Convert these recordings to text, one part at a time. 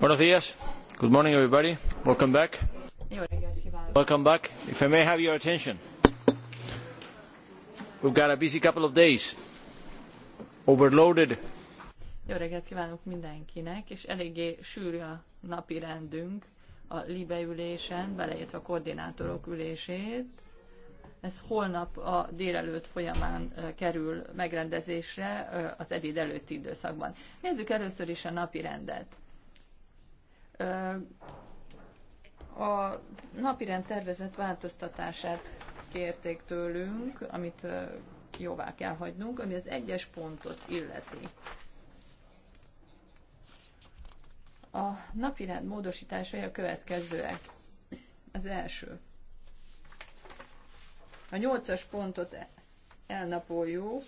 Buenos días. Good morning, everybody. Welcome back. Welcome back. If I may have your attention. We've got a busy couple of days. Overloaded. Jó reggelt kívánok mindenkinek, és eléggé sűrű a napi rendünk a LIBE ülésen, beleértve a koordinátorok ülését. Ez holnap a délelőtt folyamán kerül megrendezésre az ebéd előtti időszakban. Nézzük először is a napi rendet. A napirend tervezett változtatását kérték tőlünk, amit jóvá kell hagynunk, ami az egyes pontot illeti. A napirend módosításai a következőek. Az első. A nyolcas pontot e- elnapoljuk.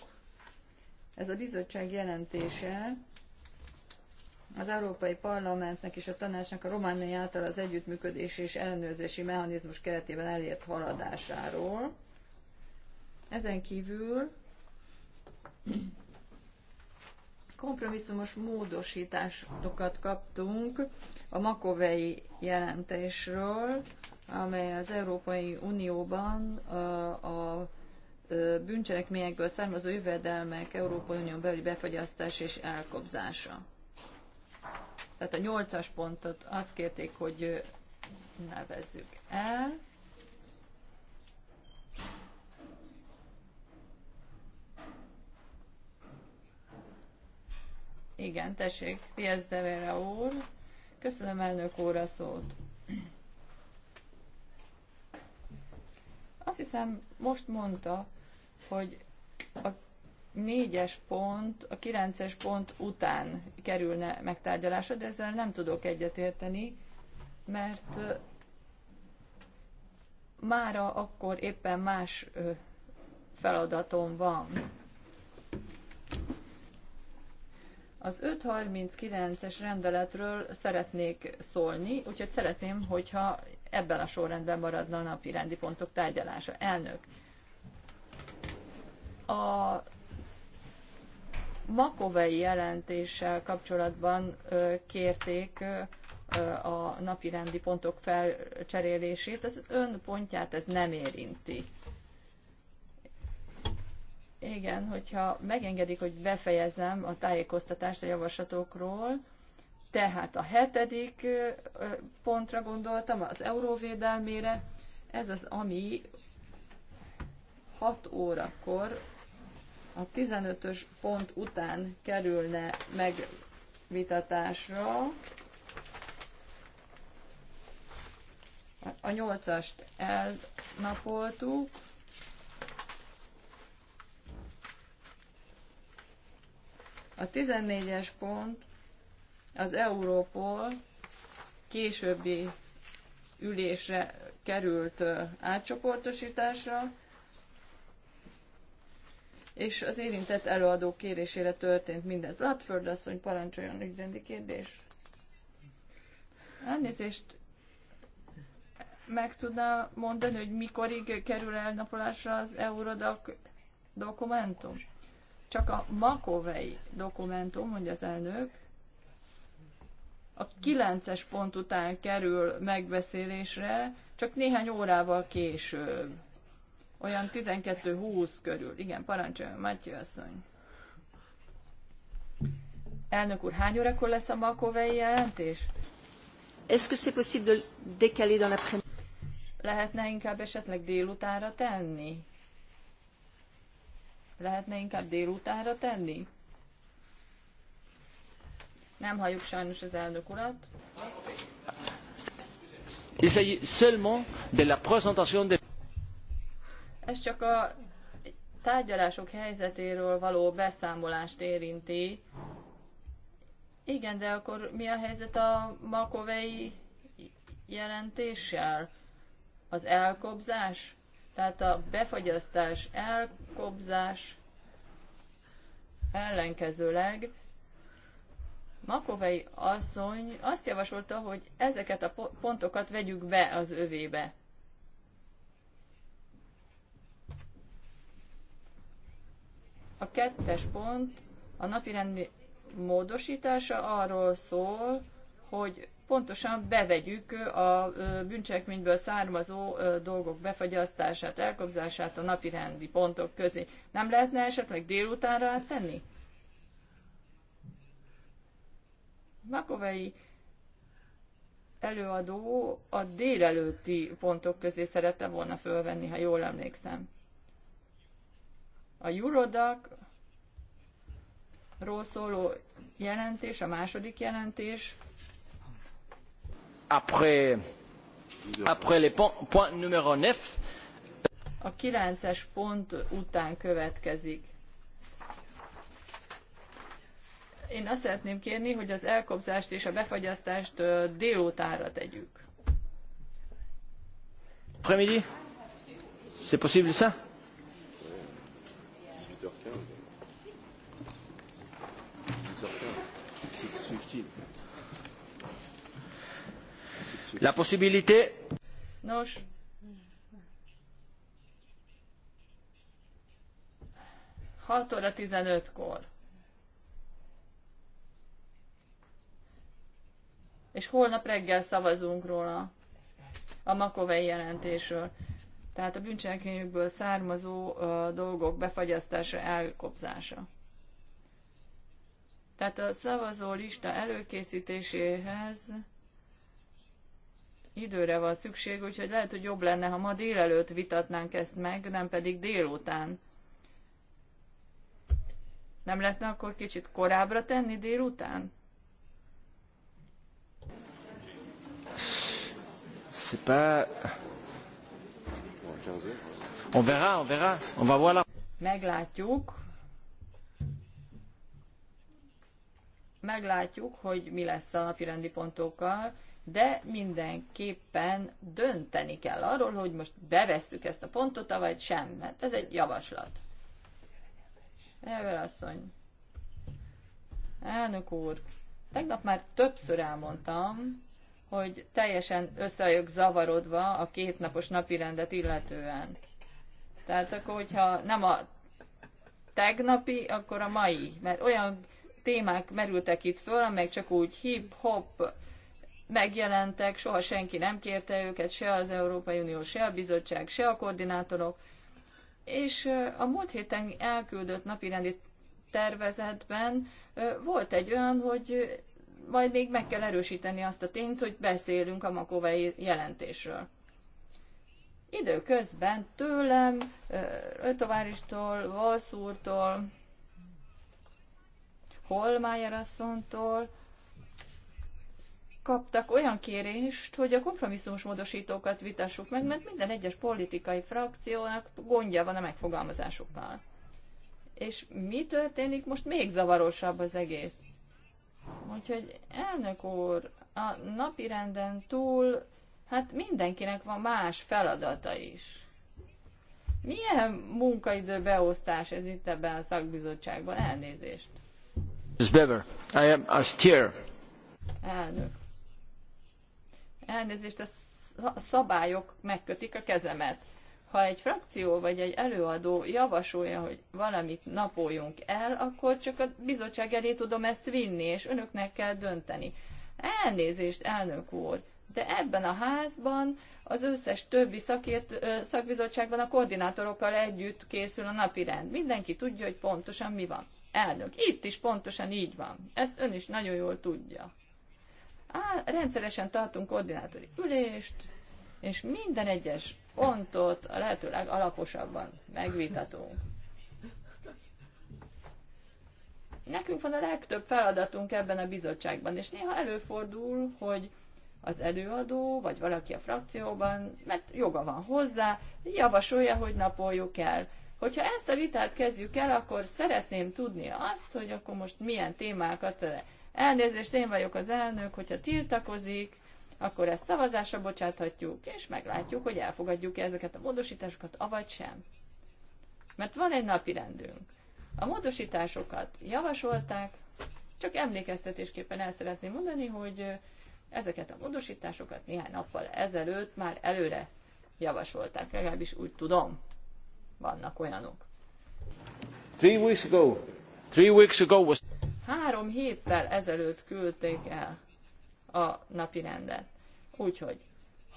Ez a bizottság jelentése az Európai Parlamentnek és a Tanácsnak a Romániai által az együttműködési és ellenőrzési mechanizmus keretében elért haladásáról. Ezen kívül kompromisszumos módosításokat kaptunk a Makovei jelentésről, amely az Európai Unióban a bűncselekményekből származó jövedelmek Európai Unión belüli befagyasztás és elkobzása. Tehát a nyolcas pontot azt kérték, hogy nevezzük el. Igen, tessék, Fiesdevere Devere úr. Köszönöm elnök úr szót. Azt hiszem, most mondta, hogy a négyes pont a kilences pont után kerülne megtárgyalásra, de ezzel nem tudok egyetérteni, mert mára akkor éppen más feladatom van. Az 539-es rendeletről szeretnék szólni, úgyhogy szeretném, hogyha ebben a sorrendben maradna a napi rendi pontok tárgyalása. Elnök, a Makovei jelentéssel kapcsolatban kérték a napirendi pontok felcserélését. Az ön pontját ez nem érinti. Igen, hogyha megengedik, hogy befejezem a tájékoztatást a javaslatokról, tehát a hetedik pontra gondoltam, az euróvédelmére, ez az, ami 6 órakor a 15-ös pont után kerülne megvitatásra. A 8-ast elnapoltuk. A 14-es pont az Európol későbbi ülésre került átcsoportosításra, és az érintett előadó kérésére történt mindez. Latford asszony parancsoljon ügyrendi kérdés. Elnézést, meg tudná mondani, hogy mikorig kerül elnapolásra az Eurodoc dokumentum? Csak a Makovei dokumentum, mondja az elnök, a 9-es pont után kerül megbeszélésre, csak néhány órával később. Olyan 12-20 körül. Igen, parancsoljon, Matyi asszony. Elnök úr, hány órakor lesz a Makovei jelentés? Est-ce que c'est possible de décaler dans l'après-midi? Lehetne inkább esetleg délutára tenni? Lehetne inkább délutára tenni? Nem halljuk sajnos az elnök urat. Il s'agit seulement de la présentation de... Ez csak a tárgyalások helyzetéről való beszámolást érinti. Igen, de akkor mi a helyzet a makovei jelentéssel? Az elkobzás? Tehát a befagyasztás, elkobzás ellenkezőleg Makovei asszony azt javasolta, hogy ezeket a pontokat vegyük be az övébe. A kettes pont a napirendi módosítása arról szól, hogy pontosan bevegyük a bűncselekményből származó dolgok befagyasztását, elkobzását a napirendi pontok közé. Nem lehetne esetleg délutánra áttenni? Makovei előadó a délelőtti pontok közé szerette volna fölvenni, ha jól emlékszem. A Eurodac ról szóló jelentés, a második jelentés. Après, après les points, point numéro 9. A kilences pont után következik. Én azt szeretném kérni, hogy az elkobzást és a befagyasztást délutánra tegyük. Après-midi? C'est possible ça? La possibilité... Nos. Hat óra tizenötkor. És holnap reggel szavazunk róla a Makovei jelentésről. Tehát a bűncselekményükből származó ö, dolgok befagyasztása, elkobzása. Tehát a szavazó lista előkészítéséhez időre van szükség, úgyhogy lehet, hogy jobb lenne, ha ma délelőtt vitatnánk ezt meg, nem pedig délután. Nem lehetne akkor kicsit korábbra tenni délután? C'est pas... On verra, on verra, on va voir la... Meglátjuk. Meglátjuk, hogy mi lesz a rendi pontokkal de mindenképpen dönteni kell arról, hogy most bevesszük ezt a pontot, vagy sem, mert ez egy javaslat. Evel asszony. Elnök úr, tegnap már többször elmondtam, hogy teljesen összejök zavarodva a kétnapos rendet illetően. Tehát akkor, hogyha nem a tegnapi, akkor a mai, mert olyan témák merültek itt föl, amelyek csak úgy hip-hop megjelentek, soha senki nem kérte őket, se az Európai Unió, se a bizottság, se a koordinátorok. És a múlt héten elküldött napirendi tervezetben volt egy olyan, hogy majd még meg kell erősíteni azt a tényt, hogy beszélünk a makovai jelentésről. Időközben tőlem, Ötováristól, Valszúrtól, Holmájer asszonytól, kaptak olyan kérést, hogy a kompromisszumos módosítókat vitassuk meg, mert minden egyes politikai frakciónak gondja van a megfogalmazásukkal. És mi történik? Most még zavarosabb az egész. Úgyhogy elnök úr, a napirenden túl, hát mindenkinek van más feladata is. Milyen munkaidő beosztás ez itt ebben a szakbizottságban? Elnézést. Mrs. Weber, I am austere. Elnök elnézést, a szabályok megkötik a kezemet. Ha egy frakció vagy egy előadó javasolja, hogy valamit napoljunk el, akkor csak a bizottság elé tudom ezt vinni, és önöknek kell dönteni. Elnézést, elnök úr, de ebben a házban az összes többi szakért, szakbizottságban a koordinátorokkal együtt készül a napirend. Mindenki tudja, hogy pontosan mi van. Elnök, itt is pontosan így van. Ezt ön is nagyon jól tudja á, rendszeresen tartunk koordinátori ülést, és minden egyes pontot a lehető legalaposabban megvitatunk. Nekünk van a legtöbb feladatunk ebben a bizottságban, és néha előfordul, hogy az előadó, vagy valaki a frakcióban, mert joga van hozzá, javasolja, hogy napoljuk el. Hogyha ezt a vitát kezdjük el, akkor szeretném tudni azt, hogy akkor most milyen témákat szeretnénk Elnézést, én vagyok az elnök, hogyha tiltakozik, akkor ezt szavazásra bocsáthatjuk, és meglátjuk, hogy elfogadjuk -e ezeket a módosításokat, avagy sem. Mert van egy napi rendünk. A módosításokat javasolták, csak emlékeztetésképpen el szeretném mondani, hogy ezeket a módosításokat néhány nappal ezelőtt már előre javasolták, legalábbis úgy tudom. Vannak olyanok. Three weeks ago. Three weeks ago was... Három héttel ezelőtt küldték el a napi rendet. Úgyhogy,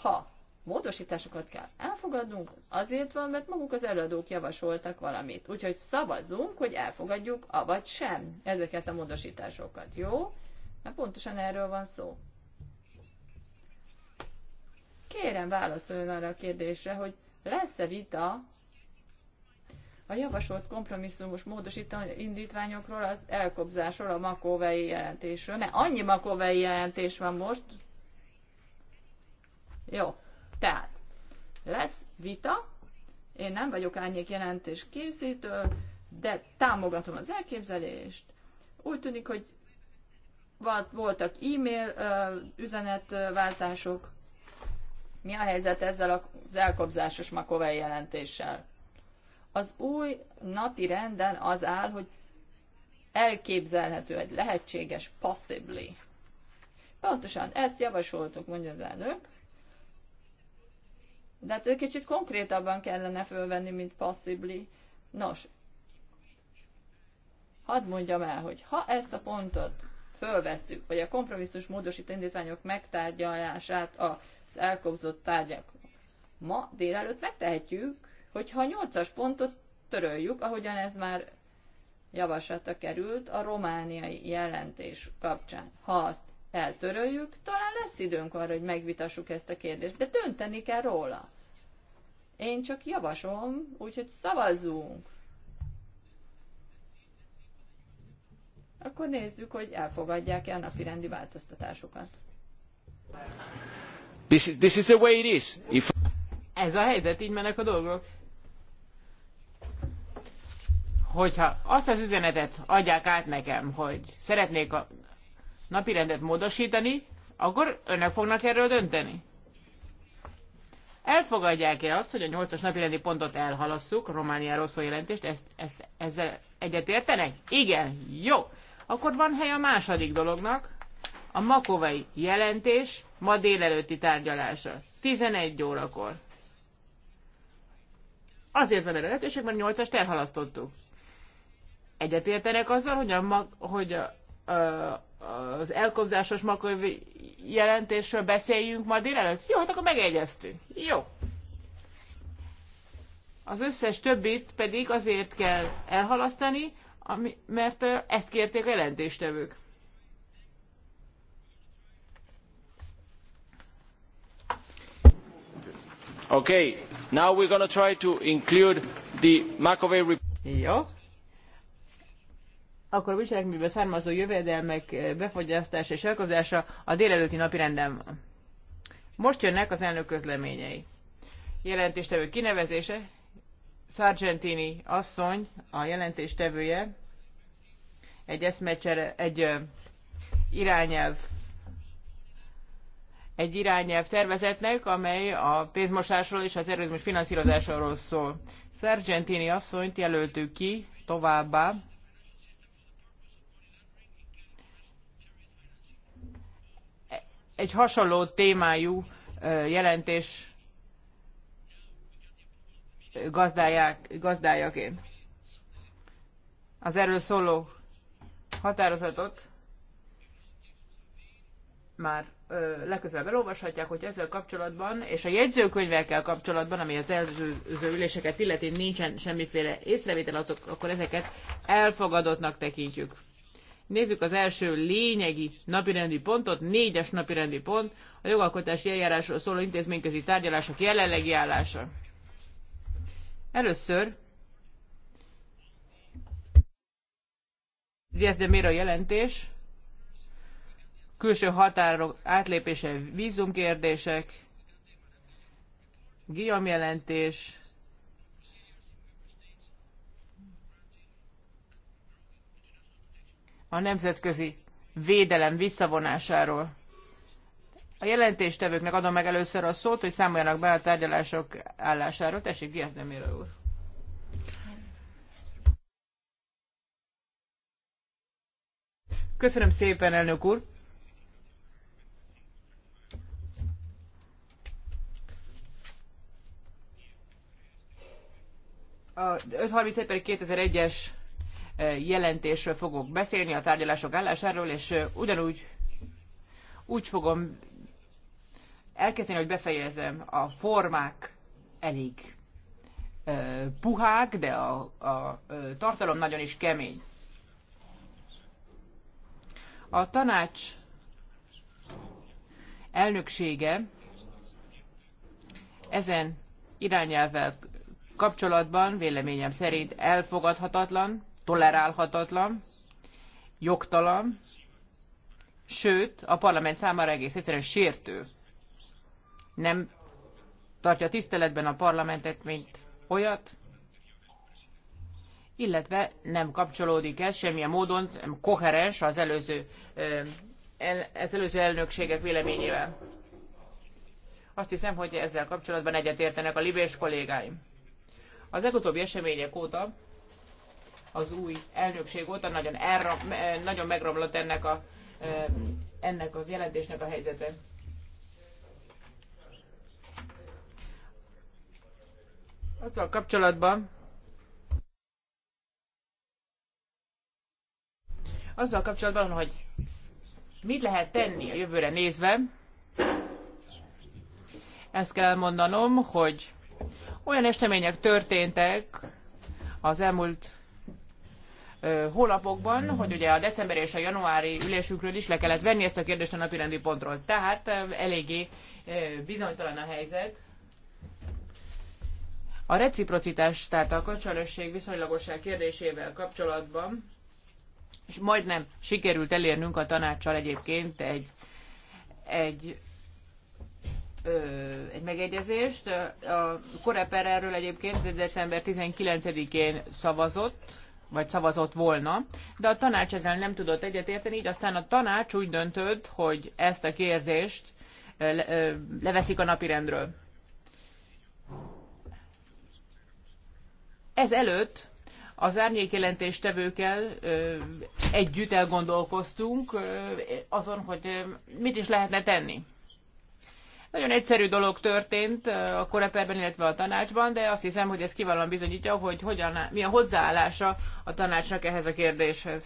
ha módosításokat kell elfogadnunk, azért van, mert maguk az előadók javasoltak valamit. Úgyhogy szavazzunk, hogy elfogadjuk, avagy sem ezeket a módosításokat. Jó? Mert pontosan erről van szó. Kérem, válaszoljon arra a kérdésre, hogy lesz-e vita a javasolt kompromisszumos módosítani indítványokról az elkobzásról, a makóvei jelentésről, mert annyi makóvei jelentés van most. Jó, tehát lesz vita, én nem vagyok árnyék jelentés készítő, de támogatom az elképzelést. Úgy tűnik, hogy voltak e-mail üzenetváltások. Mi a helyzet ezzel az elkobzásos makovei jelentéssel? Az új napi renden az áll, hogy elképzelhető egy lehetséges possibly. Pontosan ezt javasoltuk, mondja az elnök, de hát kicsit konkrétabban kellene fölvenni, mint possibly. Nos, hadd mondjam el, hogy ha ezt a pontot fölvesszük, vagy a kompromisszus módosító indítványok megtárgyalását az elkobzott tárgyak ma délelőtt megtehetjük, hogyha a nyolcas pontot töröljük, ahogyan ez már javaslata került a romániai jelentés kapcsán. Ha azt eltöröljük, talán lesz időnk arra, hogy megvitassuk ezt a kérdést, de dönteni kell róla. Én csak javasolom, úgyhogy szavazzunk. Akkor nézzük, hogy elfogadják-e a rendi változtatásokat. This is, this is the way it is. If... Ez a helyzet, így mennek a dolgok hogyha azt az üzenetet adják át nekem, hogy szeretnék a napirendet módosítani, akkor önök fognak erről dönteni. Elfogadják-e azt, hogy a 8-as napirendi pontot elhalasszuk, a Romániáról szó jelentést, ezt, ezt, ezzel egyetértenek? Igen, jó. Akkor van hely a második dolognak, a makovai jelentés ma délelőtti tárgyalása, 11 órakor. Azért van erre lehetőség, mert 8-ast elhalasztottuk egyetértenek azzal, hogy, a, mag, hogy a, a, az elkobzásos makov jelentésről beszéljünk ma délelőtt? Jó, hát akkor megegyeztünk. Jó. Az összes többit pedig azért kell elhalasztani, ami, mert ezt kérték a jelentéstevők. Okay, now we're going to try to include the McAvey report. Jó, akkor a bűncselekményből származó jövedelmek eh, befogyasztása és elkozása a délelőtti napi renden van. Most jönnek az elnök közleményei. Jelentéstevő kinevezése, Sargentini asszony, a jelentéstevője, egy eszmecsere, egy eh, irányelv egy irányelv tervezetnek, amely a pénzmosásról és a terrorizmus finanszírozásáról szól. Sargentini asszonyt jelöltük ki továbbá egy hasonló témájú jelentés gazdáják, gazdájaként. Az erről szóló határozatot már ö, legközelebb elolvashatják, hogy ezzel kapcsolatban, és a jegyzőkönyvekkel kapcsolatban, ami az előző üléseket illeti, nincsen semmiféle észrevétel, azok, akkor ezeket elfogadottnak tekintjük. Nézzük az első lényegi napirendi pontot, négyes napirendi pont, a jogalkotási eljárásról szóló intézményközi tárgyalások jelenlegi állása. Először Diaz de Mera jelentés, külső határok átlépése, vízumkérdések, Guillaume jelentés, a nemzetközi védelem visszavonásáról. A jelentéstevőknek adom meg először a szót, hogy számoljanak be a tárgyalások állásáról. Tessék, Diaz úr. Köszönöm szépen, elnök úr! A 531 per 2001-es jelentésről fogok beszélni, a tárgyalások állásáról, és ugyanúgy úgy fogom elkezdeni, hogy befejezem. A formák elég puhák, de a, a tartalom nagyon is kemény. A tanács elnöksége ezen irányelvvel kapcsolatban véleményem szerint elfogadhatatlan, tolerálhatatlan, jogtalan, sőt, a parlament számára egész egyszerűen sértő. Nem tartja tiszteletben a parlamentet, mint olyat, illetve nem kapcsolódik ez semmilyen módon, nem koherens az előző, az előző elnökségek véleményével. Azt hiszem, hogy ezzel kapcsolatban egyetértenek a libés kollégáim. Az legutóbbi események óta az új elnökség óta nagyon, elra, nagyon megromlott ennek, a, eh, ennek az jelentésnek a helyzete. Azzal kapcsolatban, azzal kapcsolatban, hogy mit lehet tenni a jövőre nézve, ezt kell mondanom, hogy olyan események történtek az elmúlt Hónapokban, hogy ugye a december és a januári ülésükről is le kellett venni ezt a kérdést a napirendi pontról. Tehát eléggé bizonytalan a helyzet. A reciprocitás, tehát a kapcsolósség viszonylagosság kérdésével kapcsolatban, és majdnem sikerült elérnünk a tanácssal egyébként egy, egy ö, egy megegyezést. A Koreper erről egyébként december 19-én szavazott, vagy szavazott volna, de a tanács ezzel nem tudott egyetérteni, így aztán a tanács úgy döntött, hogy ezt a kérdést leveszik a napirendről. Ez előtt az árnyékjelentéstevőkkel együtt elgondolkoztunk azon, hogy mit is lehetne tenni. Nagyon egyszerű dolog történt a koreperben, illetve a tanácsban, de azt hiszem, hogy ez kiválóan bizonyítja, hogy hogyan, mi a hozzáállása a tanácsnak ehhez a kérdéshez.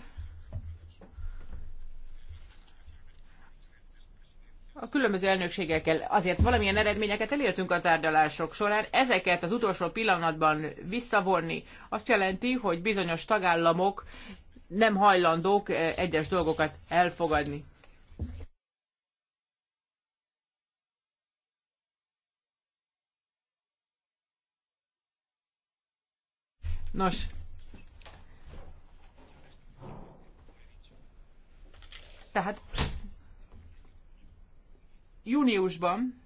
A különböző elnökségekkel azért valamilyen eredményeket elértünk a tárgyalások során, ezeket az utolsó pillanatban visszavonni azt jelenti, hogy bizonyos tagállamok nem hajlandók egyes dolgokat elfogadni. Nos, tehát júniusban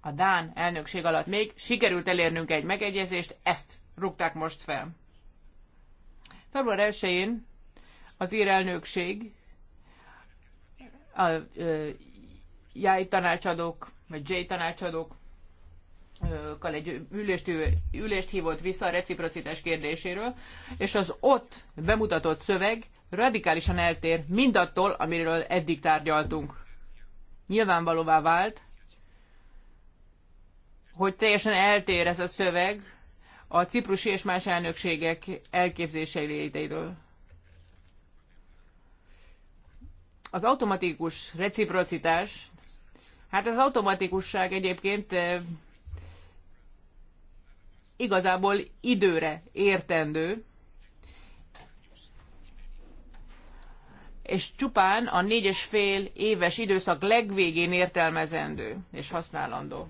a Dán elnökség alatt még sikerült elérnünk egy megegyezést, ezt rúgták most fel. Február 1-én az ír elnökség a Jai tanácsadók, vagy J tanácsadók kal egy ülést, ülést hívott vissza a reciprocitás kérdéséről, és az ott bemutatott szöveg radikálisan eltér mindattól, amiről eddig tárgyaltunk. Nyilvánvalóvá vált, hogy teljesen eltér ez a szöveg a ciprusi és más elnökségek léteiről. Az automatikus reciprocitás, hát az automatikusság egyébként eh, igazából időre értendő, és csupán a négy és fél éves időszak legvégén értelmezendő és használandó.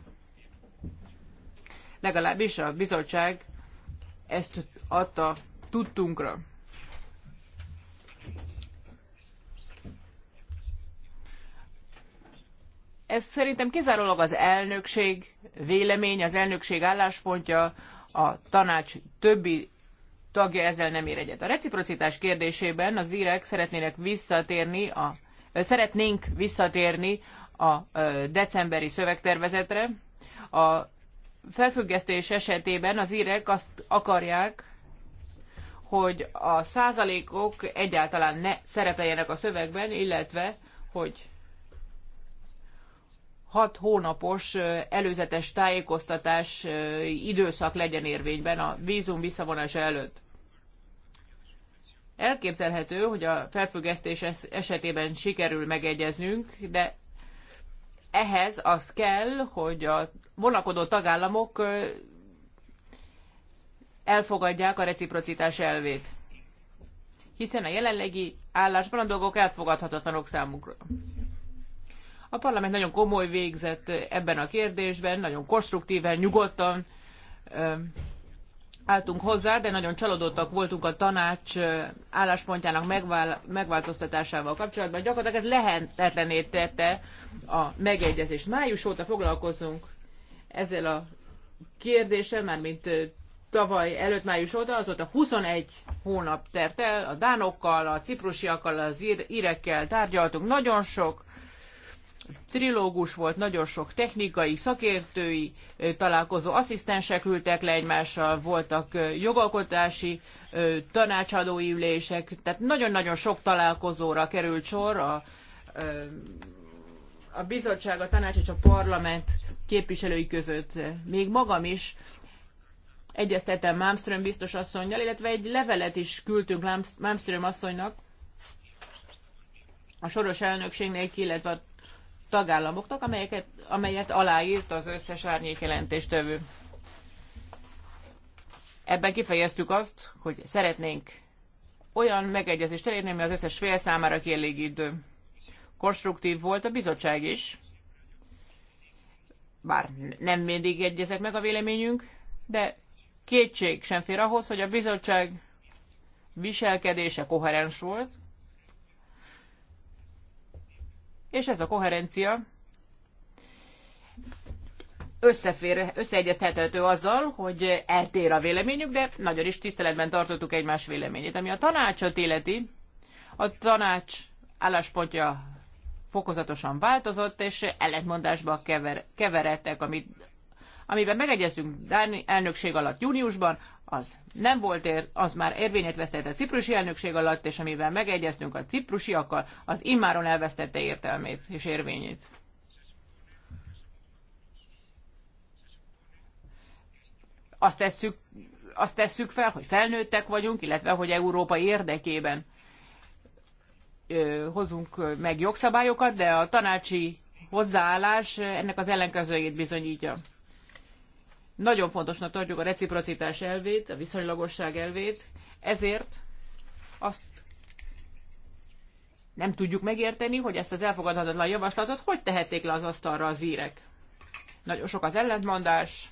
Legalábbis a bizottság ezt adta tudtunkra. Ez szerintem kizárólag az elnökség vélemény, az elnökség álláspontja, a tanács többi tagja ezzel nem ér egyet. A reciprocitás kérdésében az írek szeretnének visszatérni a, szeretnénk visszatérni a decemberi szövegtervezetre. A felfüggesztés esetében az írek azt akarják, hogy a százalékok egyáltalán ne szerepeljenek a szövegben, illetve hogy hat hónapos előzetes tájékoztatás időszak legyen érvényben a vízum visszavonása előtt. Elképzelhető, hogy a felfüggesztés esetében sikerül megegyeznünk, de ehhez az kell, hogy a vonakodó tagállamok elfogadják a reciprocitás elvét. Hiszen a jelenlegi állásban a dolgok elfogadhatatlanok számukra. A parlament nagyon komoly végzett ebben a kérdésben, nagyon konstruktíven, nyugodtan álltunk hozzá, de nagyon csalódottak voltunk a tanács álláspontjának megváltoztatásával kapcsolatban. Gyakorlatilag ez lehetetlené tette a megegyezést. Május óta foglalkozunk ezzel a kérdéssel, mármint tavaly előtt május óta, azóta 21 hónap tert el, a dánokkal, a ciprusiakkal, az írekkel tárgyaltunk, nagyon sok trilógus volt, nagyon sok technikai, szakértői találkozó, asszisztensek ültek le egymással, voltak jogalkotási tanácsadói ülések, tehát nagyon-nagyon sok találkozóra került sor a, a bizottság, a tanács és a parlament képviselői között. Még magam is egyeztettem Malmström biztos asszonynal, illetve egy levelet is küldtünk Malmström asszonynak, a soros elnökségnek, illetve a tagállamoknak, amelyeket, amelyet aláírt az összes árnyékjelentéstevő. Ebben kifejeztük azt, hogy szeretnénk olyan megegyezést elérni, ami az összes fél számára kielégítő. Konstruktív volt a bizottság is, bár nem mindig egyezett meg a véleményünk, de kétség sem fér ahhoz, hogy a bizottság viselkedése koherens volt, és ez a koherencia összefér, összeegyeztethető azzal, hogy eltér a véleményük, de nagyon is tiszteletben tartottuk egymás véleményét. Ami a tanácsot illeti, a tanács álláspontja fokozatosan változott, és ellentmondásba kever, keveredtek, amit, amiben megegyeztünk Dáni elnökség alatt júniusban, az nem volt, ér, az már érvényet vesztette a ciprusi elnökség alatt, és amivel megegyeztünk a ciprusiakkal, az immáron elvesztette értelmét és érvényét. Azt tesszük, azt tesszük fel, hogy felnőttek vagyunk, illetve hogy Európa érdekében ö, hozunk meg jogszabályokat, de a tanácsi hozzáállás ennek az ellenkezőjét bizonyítja. Nagyon fontosnak tartjuk a reciprocitás elvét, a viszonylagosság elvét, ezért azt nem tudjuk megérteni, hogy ezt az elfogadhatatlan javaslatot hogy tehették le az asztalra az írek. Nagyon sok az ellentmondás.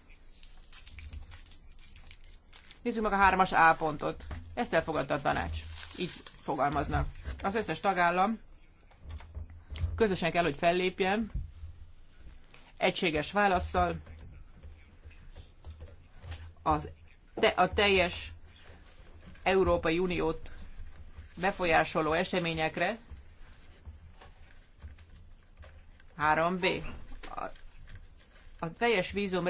Nézzük meg a hármas A pontot. Ezt elfogadta a tanács. Így fogalmaznak. Az összes tagállam közösen kell, hogy fellépjen, egységes válaszsal, az, te, a teljes Európai Uniót befolyásoló eseményekre. 3B. A, a teljes vízum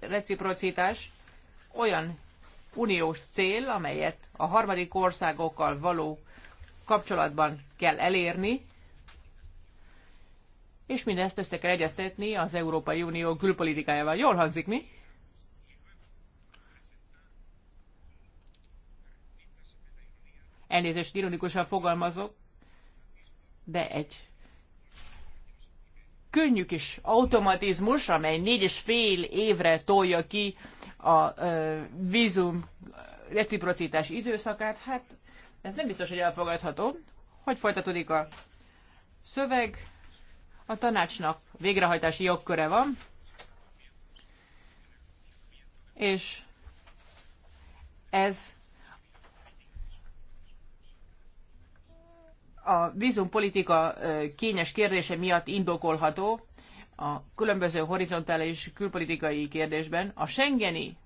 reciprocitás olyan uniós cél, amelyet a harmadik országokkal való kapcsolatban kell elérni, és mindezt össze kell egyeztetni az Európai Unió külpolitikájával. Jól hangzik mi? elnézést ironikusan fogalmazok, de egy könnyű kis automatizmus, amely négy és fél évre tolja ki a ö, vízum reciprocitás időszakát, hát ez nem biztos, hogy elfogadható. Hogy folytatódik a szöveg? A tanácsnak végrehajtási jogköre van, és ez a vízumpolitika kényes kérdése miatt indokolható a különböző horizontális külpolitikai kérdésben. A Schengeni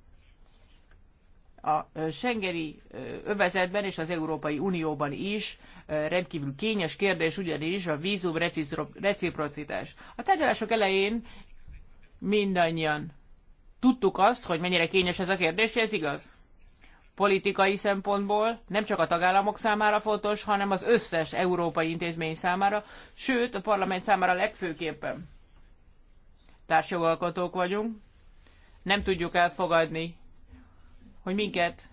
a Schengeni övezetben és az Európai Unióban is rendkívül kényes kérdés, ugyanis a vízum reciprocitás. A tárgyalások elején mindannyian tudtuk azt, hogy mennyire kényes ez a kérdés, és ez igaz politikai szempontból, nem csak a tagállamok számára fontos, hanem az összes európai intézmény számára, sőt a parlament számára legfőképpen. Társjogalkotók vagyunk, nem tudjuk elfogadni, hogy minket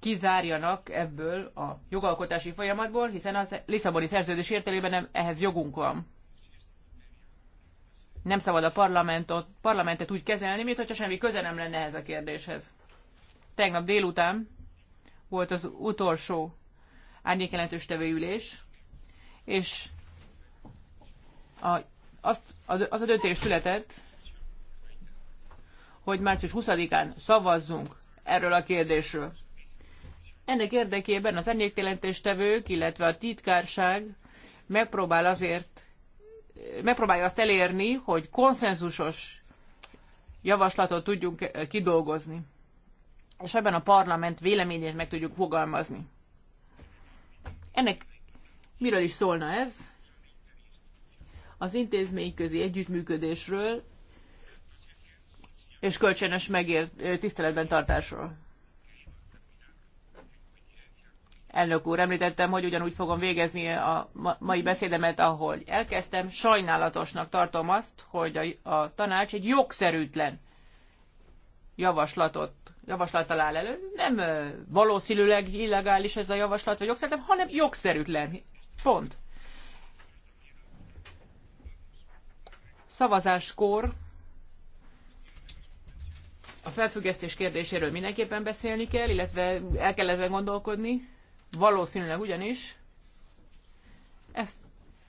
kizárjanak ebből a jogalkotási folyamatból, hiszen a Lisszaboni szerződés értelében nem, ehhez jogunk van. Nem szabad a parlamentot, parlamentet úgy kezelni, mintha semmi köze nem lenne ehhez a kérdéshez tegnap délután volt az utolsó árnyékjelentős tevőülés, és a, azt, az a döntés született, hogy március 20-án szavazzunk erről a kérdésről. Ennek érdekében az tevők, illetve a titkárság megpróbál azért, megpróbálja azt elérni, hogy konszenzusos javaslatot tudjunk kidolgozni és ebben a parlament véleményét meg tudjuk fogalmazni. Ennek miről is szólna ez? Az intézményközi együttműködésről és kölcsönös megért, tiszteletben tartásról. Elnök úr, említettem, hogy ugyanúgy fogom végezni a mai beszédemet, ahogy elkezdtem. Sajnálatosnak tartom azt, hogy a, a tanács egy jogszerűtlen javaslatot, javaslat alá elő. Nem valószínűleg illegális ez a javaslat, vagy jogszerűtlen, hanem jogszerűtlen. Pont. Szavazáskor a felfüggesztés kérdéséről mindenképpen beszélni kell, illetve el kell ezen gondolkodni. Valószínűleg ugyanis ezt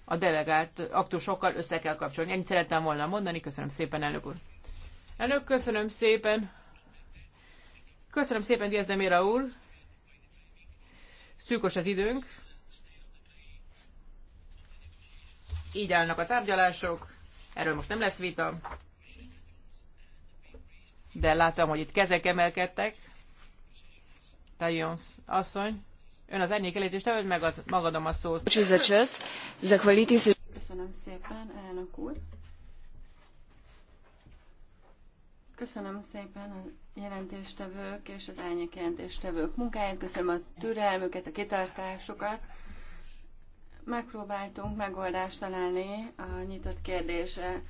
a delegált aktusokkal össze kell kapcsolni. Ennyit szerettem volna mondani, köszönöm szépen, elnök úr. Elnök, köszönöm szépen. Köszönöm szépen, Diaz úr. Szűkös az időnk. Így állnak a tárgyalások. Erről most nem lesz vita. De látom, hogy itt kezek emelkedtek. Tajons asszony, ön az ennyi te vagy meg az, magadom a szót. Köszönöm szépen, elnök úr. Köszönöm szépen a jelentéstevők és az álnyék jelentéstevők munkáját, köszönöm a türelmüket, a kitartásukat. Megpróbáltunk megoldást találni a nyitott kérdésre.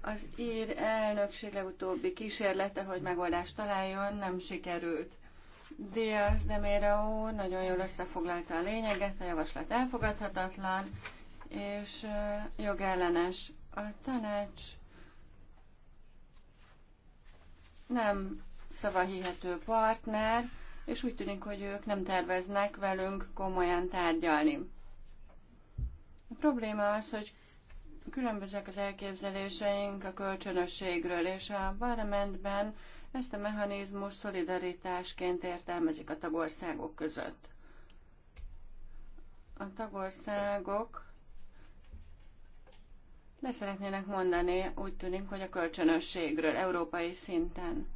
Az ír elnökség legutóbbi kísérlete, hogy megoldást találjon, nem sikerült. Diaz de Méreo nagyon jól összefoglalta a lényeget, a javaslat elfogadhatatlan és jogellenes. A tanács nem szavahihető partner, és úgy tűnik, hogy ők nem terveznek velünk komolyan tárgyalni. A probléma az, hogy különbözőek az elképzeléseink a kölcsönösségről, és a parlamentben ezt a mechanizmus szolidaritásként értelmezik a tagországok között. A tagországok le szeretnének mondani, úgy tűnik, hogy a kölcsönösségről európai szinten.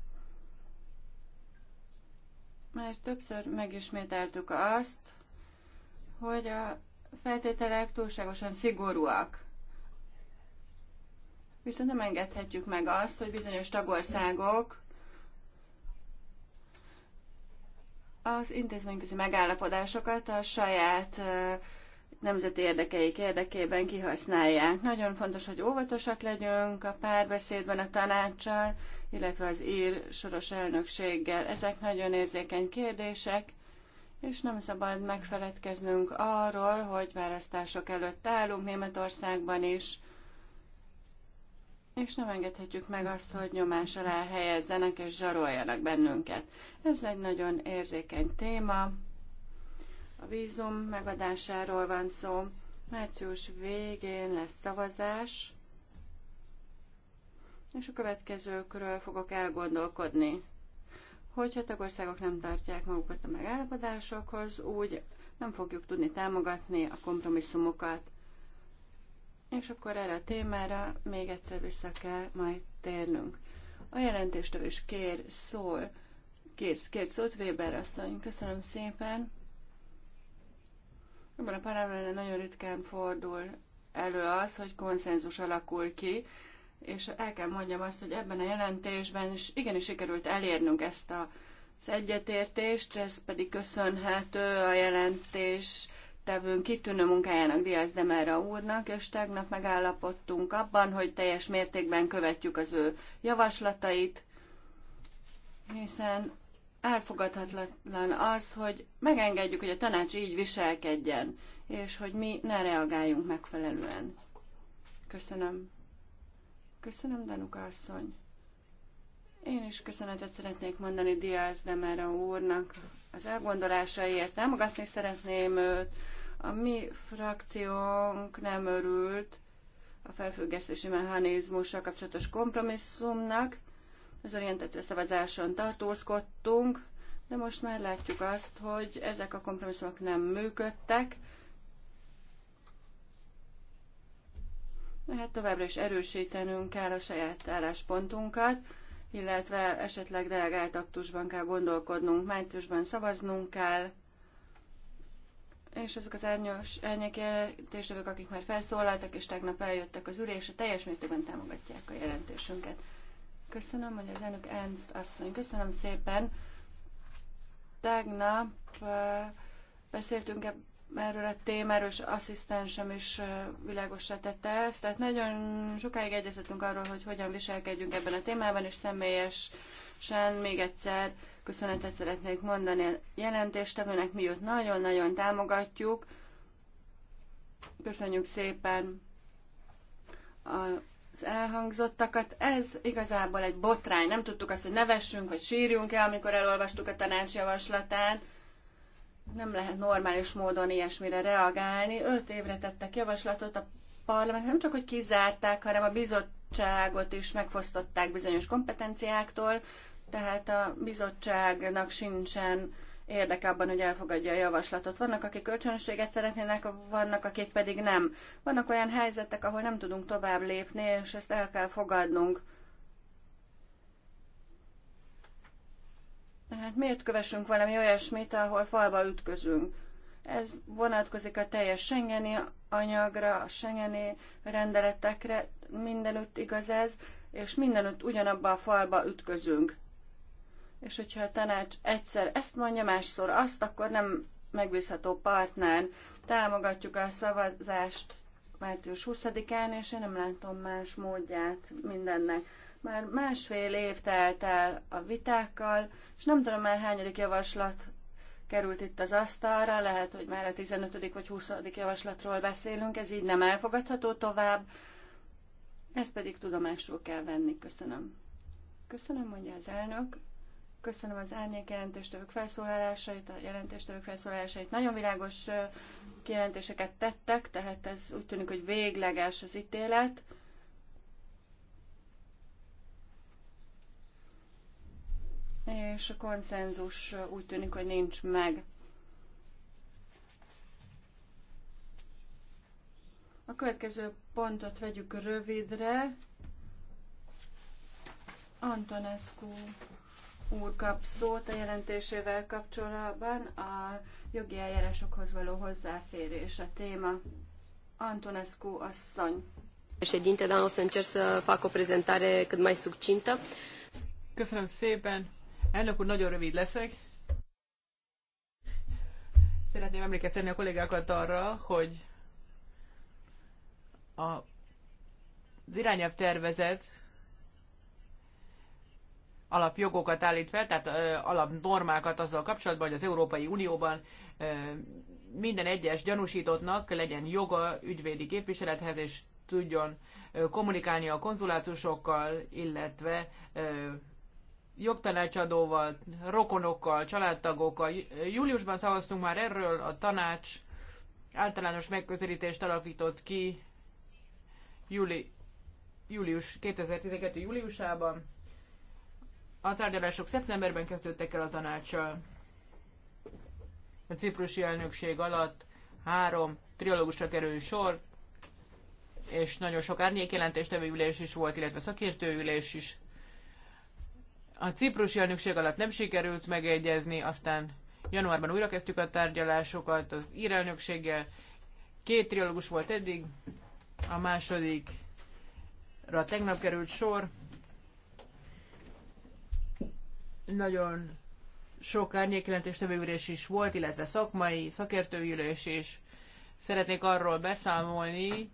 Már többször megismételtük azt, hogy a feltételek túlságosan szigorúak. Viszont nem engedhetjük meg azt, hogy bizonyos tagországok az intézményközi megállapodásokat a saját nemzeti érdekeik érdekében kihasználják. Nagyon fontos, hogy óvatosak legyünk a párbeszédben a tanácssal, illetve az ír soros elnökséggel. Ezek nagyon érzékeny kérdések, és nem szabad megfeledkeznünk arról, hogy választások előtt állunk Németországban is, és nem engedhetjük meg azt, hogy nyomás alá helyezzenek és zsaroljanak bennünket. Ez egy nagyon érzékeny téma, a vízum megadásáról van szó. Március végén lesz szavazás, és a következőkről fogok elgondolkodni. Hogyha tagországok nem tartják magukat a megállapodásokhoz, úgy nem fogjuk tudni támogatni a kompromisszumokat. És akkor erre a témára még egyszer vissza kell majd térnünk. A jelentéstől is kér szól, kér, kér szót Weber asszony. Köszönöm szépen. Ebben a parlamentben nagyon ritkán fordul elő az, hogy konszenzus alakul ki, és el kell mondjam azt, hogy ebben a jelentésben is igenis sikerült elérnünk ezt a, az egyetértést, ez pedig köszönhető a jelentés tevőn kitűnő munkájának Diaz Demera úrnak, és tegnap megállapodtunk abban, hogy teljes mértékben követjük az ő javaslatait, hiszen elfogadhatatlan az, hogy megengedjük, hogy a tanács így viselkedjen, és hogy mi ne reagáljunk megfelelően. Köszönöm. Köszönöm, Danuka asszony. Én is köszönetet szeretnék mondani Diaz Mera úrnak az elgondolásaiért. Támogatni szeretném őt. A mi frakciónk nem örült a felfüggesztési mechanizmussal kapcsolatos kompromisszumnak, az orientáció szavazáson tartózkodtunk, de most már látjuk azt, hogy ezek a kompromisszumok nem működtek, Hát továbbra is erősítenünk kell a saját álláspontunkat, illetve esetleg delegált aktusban kell gondolkodnunk, májciusban szavaznunk kell, és azok az árnyos jelentésevők, akik már felszólaltak és tegnap eljöttek az ülésre, teljes mértékben támogatják a jelentésünket. Köszönöm, hogy az elnök Ernst asszony. Köszönöm szépen. Tegnap beszéltünk erről a témáról, és asszisztensem is világosra tette ezt. Tehát nagyon sokáig egyeztettünk arról, hogy hogyan viselkedjünk ebben a témában, és személyesen még egyszer köszönetet szeretnék mondani a jelentéstevőnek, mi őt nagyon-nagyon támogatjuk. Köszönjük szépen a az elhangzottakat. Ez igazából egy botrány. Nem tudtuk azt, hogy nevessünk, vagy sírjunk-e, amikor elolvastuk a tanácsjavaslatát. Nem lehet normális módon ilyesmire reagálni. Öt évre tettek javaslatot, a parlament nem csak, hogy kizárták, hanem a bizottságot is megfosztották bizonyos kompetenciáktól, tehát a bizottságnak sincsen érdekában, hogy elfogadja a javaslatot. Vannak, akik kölcsönösséget szeretnének, vannak, akik pedig nem. Vannak olyan helyzetek, ahol nem tudunk tovább lépni, és ezt el kell fogadnunk. Hát miért kövessünk valami olyasmit, ahol falba ütközünk? Ez vonatkozik a teljes Schengeni anyagra, a Schengeni rendeletekre, mindenütt igaz ez, és mindenütt ugyanabba a falba ütközünk és hogyha a tanács egyszer ezt mondja, másszor azt, akkor nem megbízható partner. Támogatjuk a szavazást március 20-án, és én nem látom más módját mindennek. Már másfél év telt el a vitákkal, és nem tudom már hányadik javaslat került itt az asztalra, lehet, hogy már a 15. vagy 20. javaslatról beszélünk, ez így nem elfogadható tovább, ezt pedig tudomásul kell venni. Köszönöm. Köszönöm, mondja az elnök köszönöm az árnyék jelentéstevők felszólalásait, a jelentéstevők felszólalásait. Nagyon világos kijelentéseket tettek, tehát ez úgy tűnik, hogy végleges az ítélet. És a konszenzus úgy tűnik, hogy nincs meg. A következő pontot vegyük rövidre. Antonescu úr kap szót a jelentésével kapcsolatban a jogi eljárásokhoz való hozzáférés a téma. Antonescu asszony. Președinte, dar o să încerc să fac o prezentare cât mai succintă. Köszönöm szépen. Elnök úr, nagyon rövid leszek. Szeretném emlékeztetni a kollégákat arra, hogy a, az irányelv tervezet alapjogokat állít fel, tehát alapnormákat azzal kapcsolatban, hogy az Európai Unióban minden egyes gyanúsítottnak legyen joga ügyvédi képviselethez, és tudjon kommunikálni a konzulátusokkal, illetve jogtanácsadóval, rokonokkal, családtagokkal. Júliusban szavaztunk már erről, a tanács általános megközelítést alakított ki júli, július 2012. júliusában a tárgyalások szeptemberben kezdődtek el a tanácssal. A ciprusi elnökség alatt három triológusra kerül sor, és nagyon sok árnyékjelentéstevő ülés is volt, illetve szakértőülés is. A ciprusi elnökség alatt nem sikerült megegyezni, aztán januárban újra kezdtük a tárgyalásokat az ír elnökséggel. Két triológus volt eddig, a másodikra tegnap került sor, nagyon sok árnyékjelentés tevőülés is volt, illetve szakmai, szakértőülés is. Szeretnék arról beszámolni,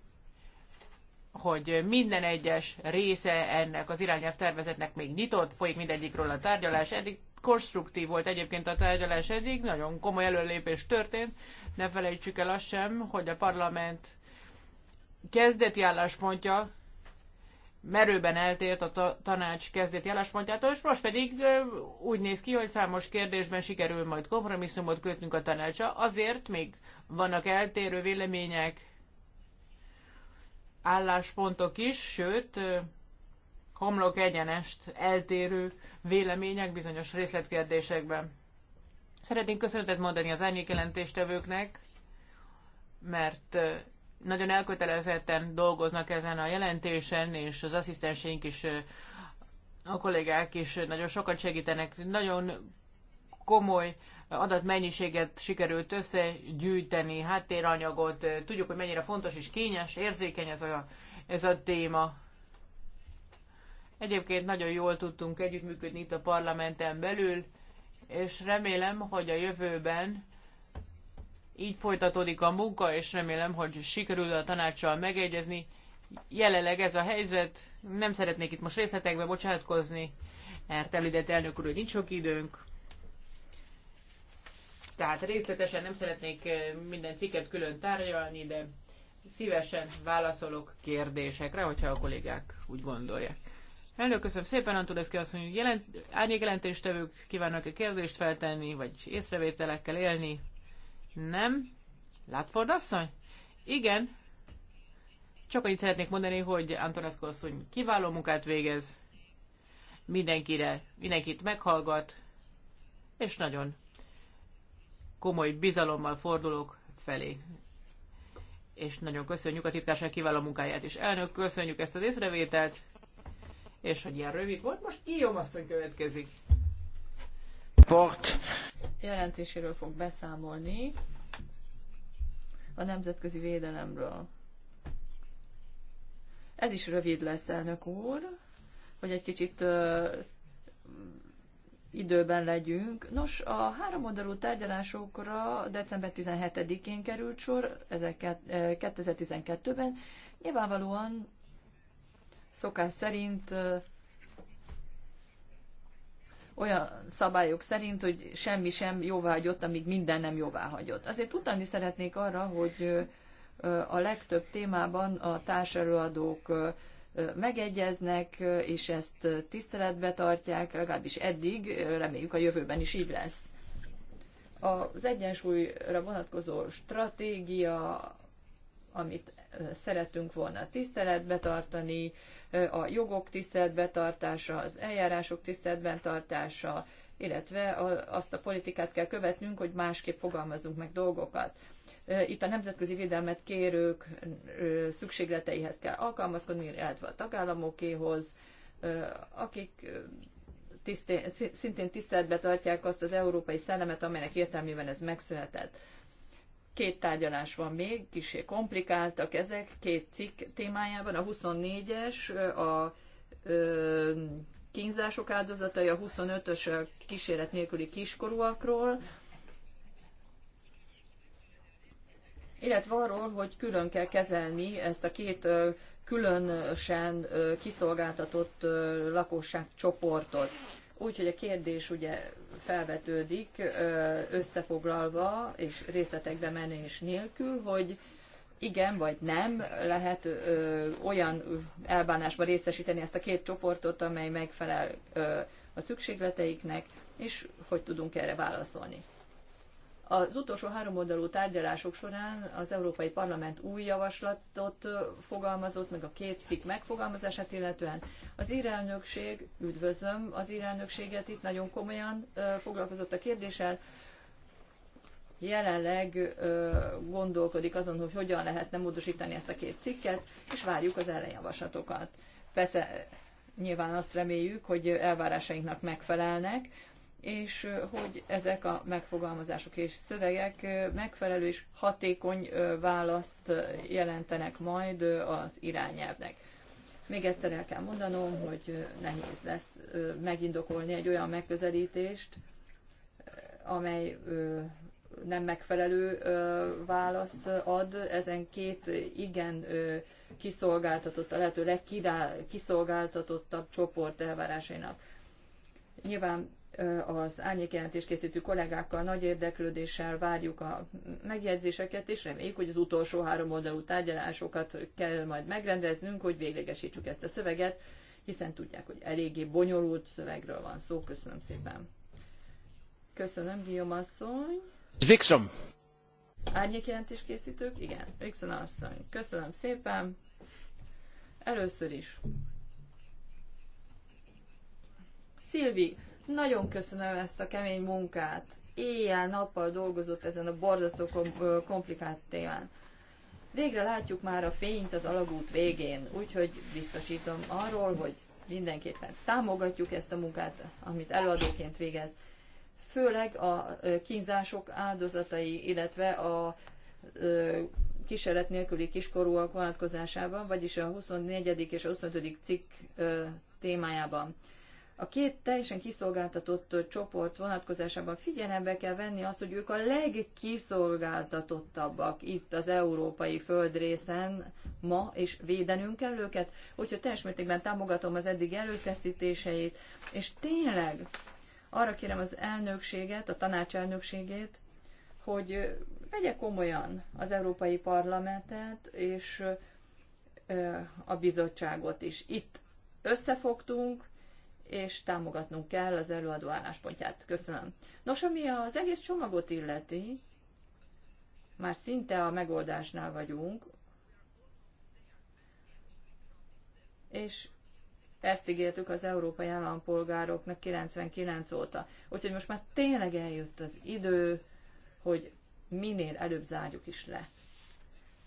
hogy minden egyes része ennek az irányelv tervezetnek még nyitott, folyik mindegyikről a tárgyalás. Eddig konstruktív volt egyébként a tárgyalás eddig, nagyon komoly előlépés történt. Ne felejtsük el azt sem, hogy a parlament kezdeti álláspontja merőben eltért a tanács kezdeti álláspontjától, és most pedig úgy néz ki, hogy számos kérdésben sikerül majd kompromisszumot kötnünk a tanácsa, azért még vannak eltérő vélemények, álláspontok is, sőt, homlok egyenest eltérő vélemények bizonyos részletkérdésekben. Szeretnénk köszönetet mondani az árnyékjelentéstevőknek, mert nagyon elkötelezetten dolgoznak ezen a jelentésen, és az asszisztenseink is, a kollégák is nagyon sokat segítenek. Nagyon komoly adatmennyiséget sikerült összegyűjteni, háttéranyagot. Tudjuk, hogy mennyire fontos és kényes, érzékeny ez a, ez a téma. Egyébként nagyon jól tudtunk együttműködni itt a parlamenten belül, és remélem, hogy a jövőben így folytatódik a munka, és remélem, hogy sikerül a tanácssal megegyezni. Jelenleg ez a helyzet, nem szeretnék itt most részletekbe bocsátkozni, mert elidett elnök úr, hogy nincs sok időnk. Tehát részletesen nem szeretnék eh, minden cikket külön tárgyalni, de szívesen válaszolok kérdésekre, hogyha a kollégák úgy gondolják. Elnök, köszönöm szépen, Antuleszki azt mondja, jelent, árnyék jelentéstevők kívánnak-e kérdést feltenni, vagy észrevételekkel élni? Nem? Látford asszony? Igen. Csak annyit szeretnék mondani, hogy Antoneszko asszony kiváló munkát végez, mindenkire, mindenkit meghallgat, és nagyon komoly bizalommal fordulok felé. És nagyon köszönjük a titkárság kiváló munkáját is. Elnök, köszönjük ezt az észrevételt, és hogy ilyen rövid volt, most Guillaume asszony következik. Port jelentéséről fog beszámolni a nemzetközi védelemről. Ez is rövid lesz, elnök úr, hogy egy kicsit ö, időben legyünk. Nos, a háromoldalú tárgyalásokra december 17-én került sor, ezeket 2012-ben. Nyilvánvalóan szokás szerint olyan szabályok szerint, hogy semmi sem jóváhagyott, amíg minden nem jóváhagyott. Azért utalni szeretnék arra, hogy a legtöbb témában a társelőadók megegyeznek, és ezt tiszteletbe tartják, legalábbis eddig, reméljük a jövőben is így lesz. Az egyensúlyra vonatkozó stratégia, amit szeretünk volna tiszteletbe tartani, a jogok tiszteletben tartása, az eljárások tiszteletben tartása, illetve azt a politikát kell követnünk, hogy másképp fogalmazunk meg dolgokat. Itt a nemzetközi védelmet kérők szükségleteihez kell alkalmazkodni, illetve a tagállamokéhoz, akik tiszté, szintén tiszteletbe tartják azt az európai szellemet, amelynek értelmében ez megszületett. Két tárgyalás van még, kisé komplikáltak ezek, két cikk témájában. A 24-es a ö, kínzások áldozatai, a 25-ös a kíséret nélküli kiskorúakról, illetve arról, hogy külön kell kezelni ezt a két ö, különösen kiszolgáltatott lakosságcsoportot. Úgyhogy a kérdés ugye felvetődik összefoglalva és részletekbe menés nélkül, hogy igen vagy nem lehet ö, olyan elbánásba részesíteni ezt a két csoportot, amely megfelel ö, a szükségleteiknek, és hogy tudunk erre válaszolni. Az utolsó háromoldalú tárgyalások során az Európai Parlament új javaslatot fogalmazott, meg a két cikk megfogalmazását illetően. Az írelnökség, üdvözlöm az írelnökséget itt, nagyon komolyan foglalkozott a kérdéssel, jelenleg ö, gondolkodik azon, hogy hogyan lehetne módosítani ezt a két cikket, és várjuk az ellenjavaslatokat. Persze nyilván azt reméljük, hogy elvárásainknak megfelelnek, és hogy ezek a megfogalmazások és szövegek megfelelő és hatékony választ jelentenek majd az irányelvnek. Még egyszer el kell mondanom, hogy nehéz lesz megindokolni egy olyan megközelítést, amely nem megfelelő választ ad. Ezen két igen kiszolgáltatott, a lehető legkiszolgáltatottabb csoport elvárásainak. Nyilván az árnyékjelentés készítő kollégákkal nagy érdeklődéssel várjuk a megjegyzéseket, és reméljük, hogy az utolsó három oldalú tárgyalásokat kell majd megrendeznünk, hogy véglegesítsük ezt a szöveget, hiszen tudják, hogy eléggé bonyolult szövegről van szó. Köszönöm szépen. Köszönöm, Guillaume asszony. Vixom. Árnyékjelentés készítők? Igen, Vixom asszony. Köszönöm szépen. Először is. Szilvi, nagyon köszönöm ezt a kemény munkát. Éjjel-nappal dolgozott ezen a borzasztó kom- komplikált témán. Végre látjuk már a fényt az alagút végén, úgyhogy biztosítom arról, hogy mindenképpen támogatjuk ezt a munkát, amit előadóként végez. Főleg a kínzások áldozatai, illetve a kísérlet nélküli kiskorúak vonatkozásában, vagyis a 24. és 25. cikk témájában a két teljesen kiszolgáltatott csoport vonatkozásában figyelembe kell venni azt, hogy ők a legkiszolgáltatottabbak itt az európai földrészen ma, és védenünk kell őket. Úgyhogy teljes mértékben támogatom az eddig előfeszítéseit, és tényleg arra kérem az elnökséget, a tanács elnökségét, hogy vegye komolyan az Európai Parlamentet és a bizottságot is. Itt összefogtunk, és támogatnunk kell az előadó álláspontját. Köszönöm. Nos, ami az egész csomagot illeti, már szinte a megoldásnál vagyunk, és ezt ígértük az európai állampolgároknak 99 óta. Úgyhogy most már tényleg eljött az idő, hogy minél előbb zárjuk is le.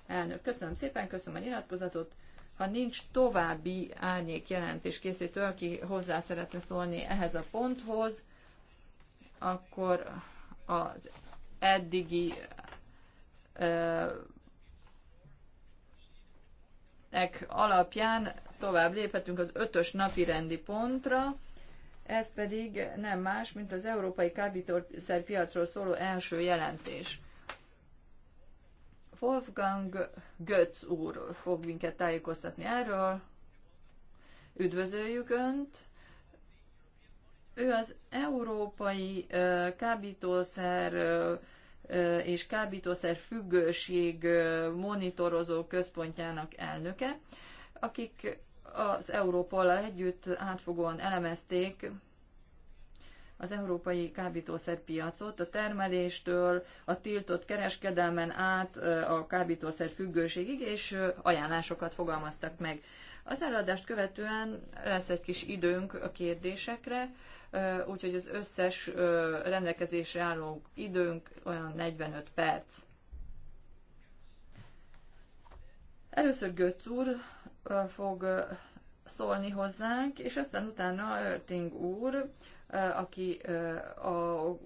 Elnök, köszönöm szépen, köszönöm a nyilatkozatot. Ha nincs további árnyék jelentés készítő, aki hozzá szeretne szólni ehhez a ponthoz, akkor az eddigi ek alapján tovább léphetünk az ötös napi rendi pontra, ez pedig nem más, mint az európai kábítószerpiacról szóló első jelentés. Wolfgang Götz úr fog minket tájékoztatni erről. Üdvözöljük Önt! Ő az Európai Kábítószer és Kábítószer Függőség Monitorozó Központjának elnöke, akik az Európollal együtt átfogóan elemezték az európai kábítószerpiacot, a termeléstől, a tiltott kereskedelmen át a kábítószer függőségig, és ajánlásokat fogalmaztak meg. Az eladást követően lesz egy kis időnk a kérdésekre, úgyhogy az összes rendelkezésre álló időnk olyan 45 perc. Először Götz úr fog szólni hozzánk, és aztán utána Örting úr, aki a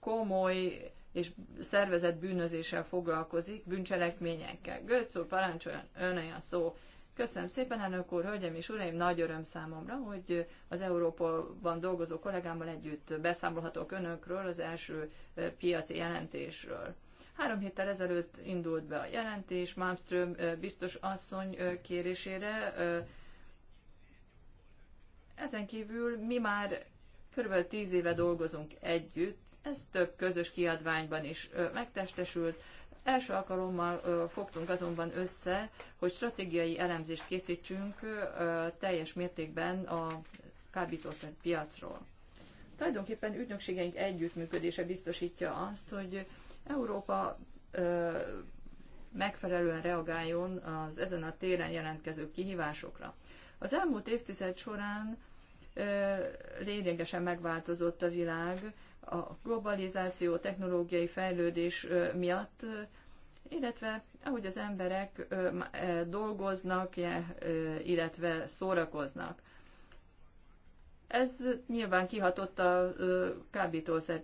komoly és szervezett bűnözéssel foglalkozik, bűncselekményekkel. úr, parancsoljon, ön a szó. Köszönöm szépen, elnök úr, hölgyem és uraim, nagy öröm számomra, hogy az Európában dolgozó kollégámmal együtt beszámolhatok önökről az első piaci jelentésről. Három héttel ezelőtt indult be a jelentés, Malmström biztos asszony kérésére. Ezen kívül mi már Körülbelül tíz éve dolgozunk együtt, ez több közös kiadványban is megtestesült. Első alkalommal fogtunk azonban össze, hogy stratégiai elemzést készítsünk teljes mértékben a kábítószer piacról. Tulajdonképpen ügynökségeink együttműködése biztosítja azt, hogy Európa megfelelően reagáljon az ezen a téren jelentkező kihívásokra. Az elmúlt évtized során lényegesen megváltozott a világ a globalizáció, technológiai fejlődés miatt, illetve ahogy az emberek dolgoznak, illetve szórakoznak. Ez nyilván kihatott a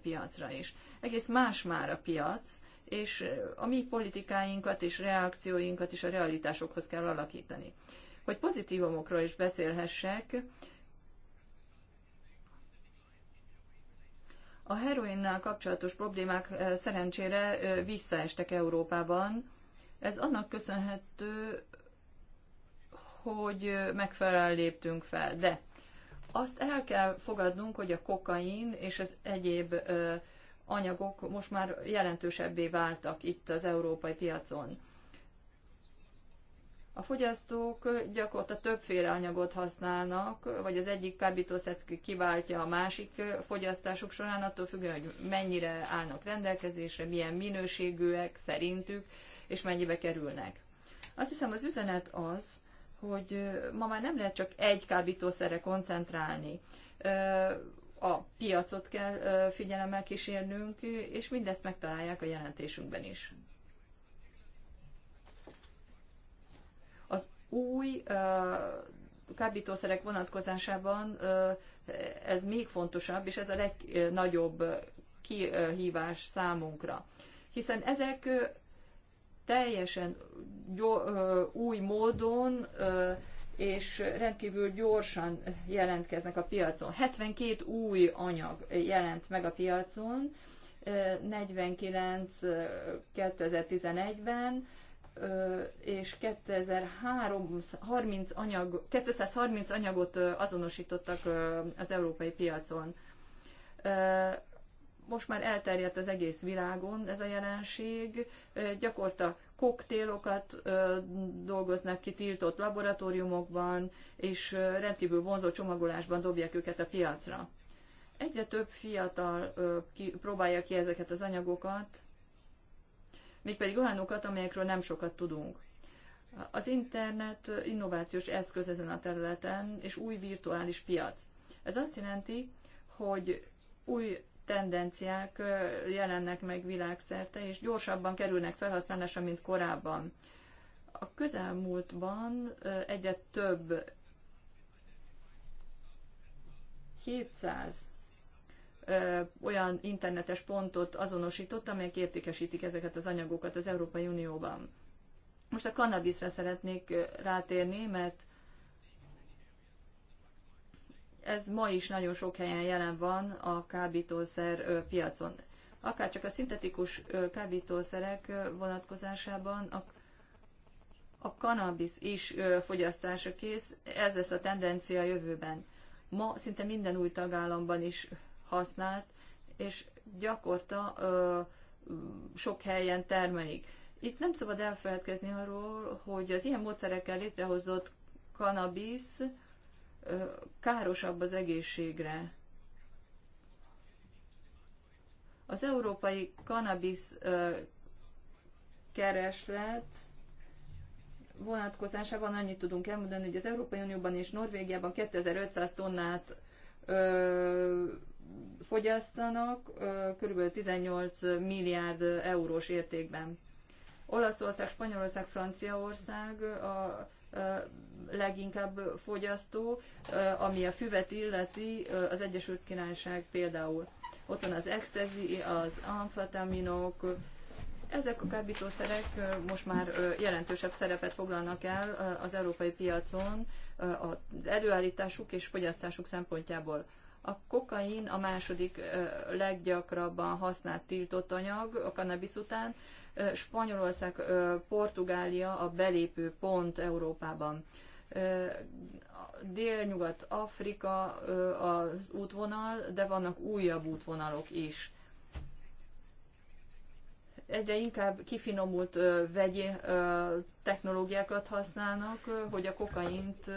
piacra is. Egész más már a piac, és a mi politikáinkat és reakcióinkat is a realitásokhoz kell alakítani. Hogy pozitívumokról is beszélhessek, A heroinnal kapcsolatos problémák szerencsére visszaestek Európában. Ez annak köszönhető, hogy megfelelően léptünk fel. De azt el kell fogadnunk, hogy a kokain és az egyéb anyagok most már jelentősebbé váltak itt az európai piacon. A fogyasztók gyakorta többféle anyagot használnak, vagy az egyik kábítószer kiváltja a másik fogyasztásuk során, attól függően, hogy mennyire állnak rendelkezésre, milyen minőségűek szerintük, és mennyibe kerülnek. Azt hiszem az üzenet az, hogy ma már nem lehet csak egy kábítószerre koncentrálni. A piacot kell figyelemmel kísérnünk, és mindezt megtalálják a jelentésünkben is. új kábítószerek vonatkozásában ez még fontosabb, és ez a legnagyobb kihívás számunkra. Hiszen ezek teljesen új módon és rendkívül gyorsan jelentkeznek a piacon. 72 új anyag jelent meg a piacon, 49 2011-ben, és 2030 anyag, 230 anyagot azonosítottak az európai piacon. Most már elterjedt az egész világon ez a jelenség. Gyakorta koktélokat dolgoznak ki tiltott laboratóriumokban, és rendkívül vonzó csomagolásban dobják őket a piacra. Egyre több fiatal próbálja ki ezeket az anyagokat, mégpedig olyanokat, amelyekről nem sokat tudunk. Az internet innovációs eszköz ezen a területen, és új virtuális piac. Ez azt jelenti, hogy új tendenciák jelennek meg világszerte, és gyorsabban kerülnek felhasználásra, mint korábban. A közelmúltban egyre több 700 olyan internetes pontot azonosított, amelyek értékesítik ezeket az anyagokat az Európai Unióban. Most a kannabiszra szeretnék rátérni, mert ez ma is nagyon sok helyen jelen van a kábítószer piacon. Akár csak a szintetikus kábítószerek vonatkozásában a, a kanabisz is fogyasztásra kész, ez lesz a tendencia a jövőben. Ma szinte minden új tagállamban is használt, és gyakorta ö, sok helyen termelik. Itt nem szabad elfeledkezni arról, hogy az ilyen módszerekkel létrehozott kanabisz károsabb az egészségre. Az európai kanabisz kereslet vonatkozásában annyit tudunk elmondani, hogy az Európai Unióban és Norvégiában 2500 tonnát ö, fogyasztanak, kb. 18 milliárd eurós értékben. Olaszország, Spanyolország, Franciaország a leginkább fogyasztó, ami a füvet illeti, az Egyesült Királyság például. Ott van az ecstasy, az amfetaminok, ezek a kábítószerek most már jelentősebb szerepet foglalnak el az európai piacon az előállításuk és fogyasztásuk szempontjából. A kokain a második leggyakrabban használt tiltott anyag a kannabisz után. Spanyolország, Portugália a belépő pont Európában. Délnyugat-Afrika az útvonal, de vannak újabb útvonalok is. Egyre inkább kifinomult vegyi technológiákat használnak, hogy a kokaint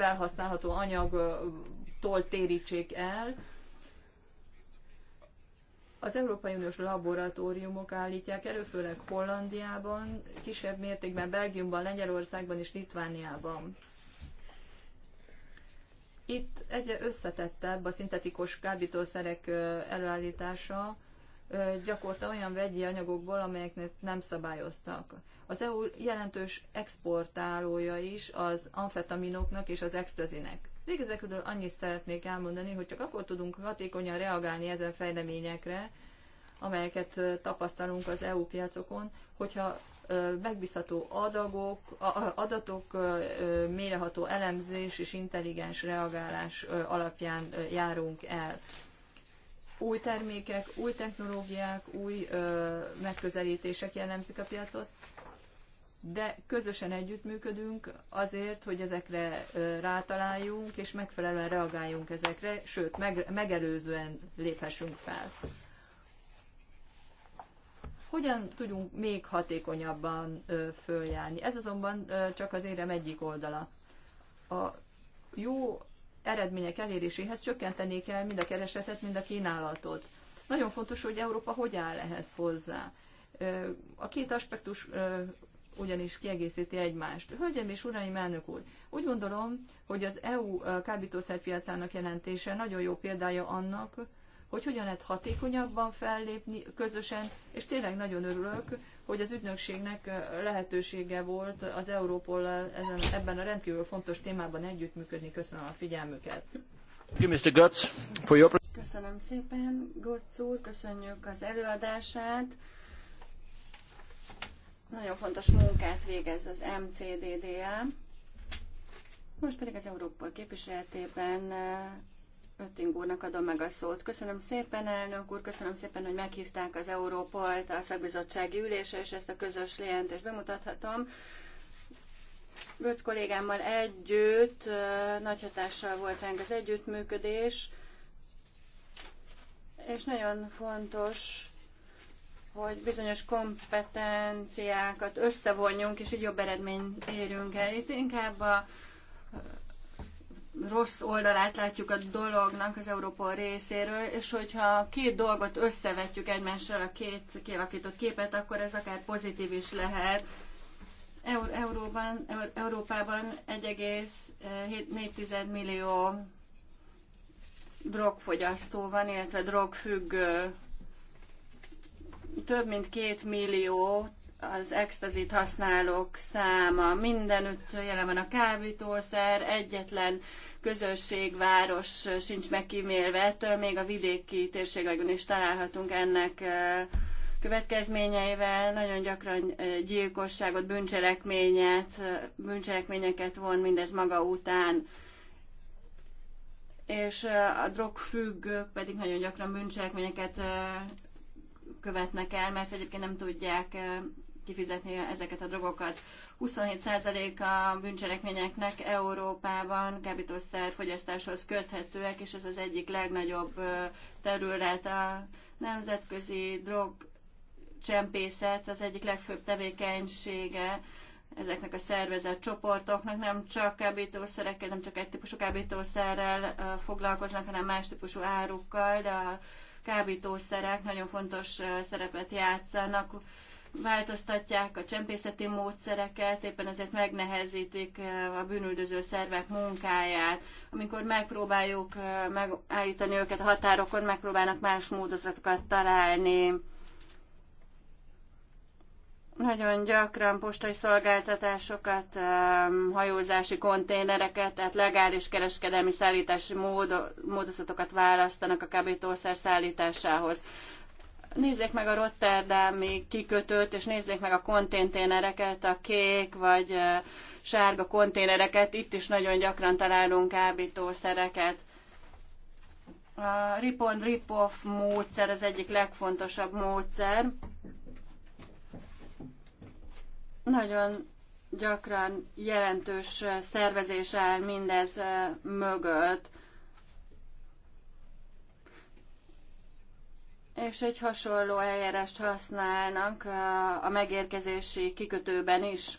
felhasználható anyagtól térítsék el. Az Európai Uniós laboratóriumok állítják elő, főleg Hollandiában, kisebb mértékben Belgiumban, Lengyelországban és Litvániában. Itt egyre összetettebb a szintetikus kábítószerek előállítása, gyakorta olyan vegyi anyagokból, amelyeknek nem szabályoztak. Az EU jelentős exportálója is az amfetaminoknak és az extazinek. Végezetül annyit szeretnék elmondani, hogy csak akkor tudunk hatékonyan reagálni ezen fejleményekre, amelyeket tapasztalunk az EU piacokon, hogyha megbízható adagok, adatok, méreható elemzés és intelligens reagálás alapján járunk el. Új termékek, új technológiák, új megközelítések jellemzik a piacot, de közösen együttműködünk azért, hogy ezekre rátaláljunk, és megfelelően reagáljunk ezekre, sőt, meg, megelőzően léphessünk fel. Hogyan tudunk még hatékonyabban följárni? Ez azonban csak az érem egyik oldala. A jó eredmények eléréséhez csökkenteni kell mind a keresletet, mind a kínálatot. Nagyon fontos, hogy Európa hogy áll ehhez hozzá. A két aspektus ugyanis kiegészíti egymást. Hölgyem és uraim, elnök úr, úgy gondolom, hogy az EU kábítószerpiacának jelentése nagyon jó példája annak, hogy hogyan lehet hatékonyabban fellépni közösen, és tényleg nagyon örülök, hogy az ügynökségnek lehetősége volt az Európol ezen, ebben a rendkívül fontos témában együttműködni. Köszönöm a figyelmüket. Köszönöm szépen, Götz úr, köszönjük az előadását. Nagyon fontos munkát végez az MCDDA. Most pedig az Európa képviseletében eh, Ötting úrnak adom meg a szót. Köszönöm szépen, elnök úr, köszönöm szépen, hogy meghívták az Európolt a szakbizottsági ülése, és ezt a közös jelentést bemutathatom. Götz kollégámmal együtt eh, nagy hatással volt ránk az együttműködés, és nagyon fontos hogy bizonyos kompetenciákat összevonjunk, és így jobb eredményt érünk el. Itt inkább a rossz oldalát látjuk a dolognak az Európa részéről, és hogyha két dolgot összevetjük egymással, a két kialakított képet, akkor ez akár pozitív is lehet. Euróban, Európában 1,4 eh, millió drogfogyasztó van, illetve drogfüggő több mint két millió az extazit használók száma. Mindenütt jelen van a kábítószer, egyetlen közösség, város sincs megkímélve, ettől még a vidéki térségekben is találhatunk ennek következményeivel. Nagyon gyakran gyilkosságot, bűncselekményet, bűncselekményeket von mindez maga után és a drogfüggők pedig nagyon gyakran bűncselekményeket követnek el, mert egyébként nem tudják kifizetni ezeket a drogokat. 27% a bűncselekményeknek Európában kábítószer fogyasztáshoz köthetőek, és ez az egyik legnagyobb terület a nemzetközi drogcsempészet, az egyik legfőbb tevékenysége ezeknek a szervezett csoportoknak nem csak kábítószerekkel, nem csak egy típusú kábítószerrel foglalkoznak, hanem más típusú árukkal, de a kábítószerek nagyon fontos szerepet játszanak, változtatják a csempészeti módszereket, éppen ezért megnehezítik a bűnüldöző szervek munkáját. Amikor megpróbáljuk megállítani őket a határokon, megpróbálnak más módozatokat találni. Nagyon gyakran postai szolgáltatásokat, hajózási konténereket, tehát legális kereskedelmi szállítási mód, módozatokat választanak a kábítószer szállításához. Nézzék meg a Rotterdami kikötőt, és nézzék meg a konténereket, a kék vagy sárga konténereket. Itt is nagyon gyakran találunk kábítószereket. A ripon rip-off módszer az egyik legfontosabb módszer. Nagyon gyakran jelentős szervezés áll mindez eh, mögött. És egy hasonló eljárást használnak eh, a megérkezési kikötőben is.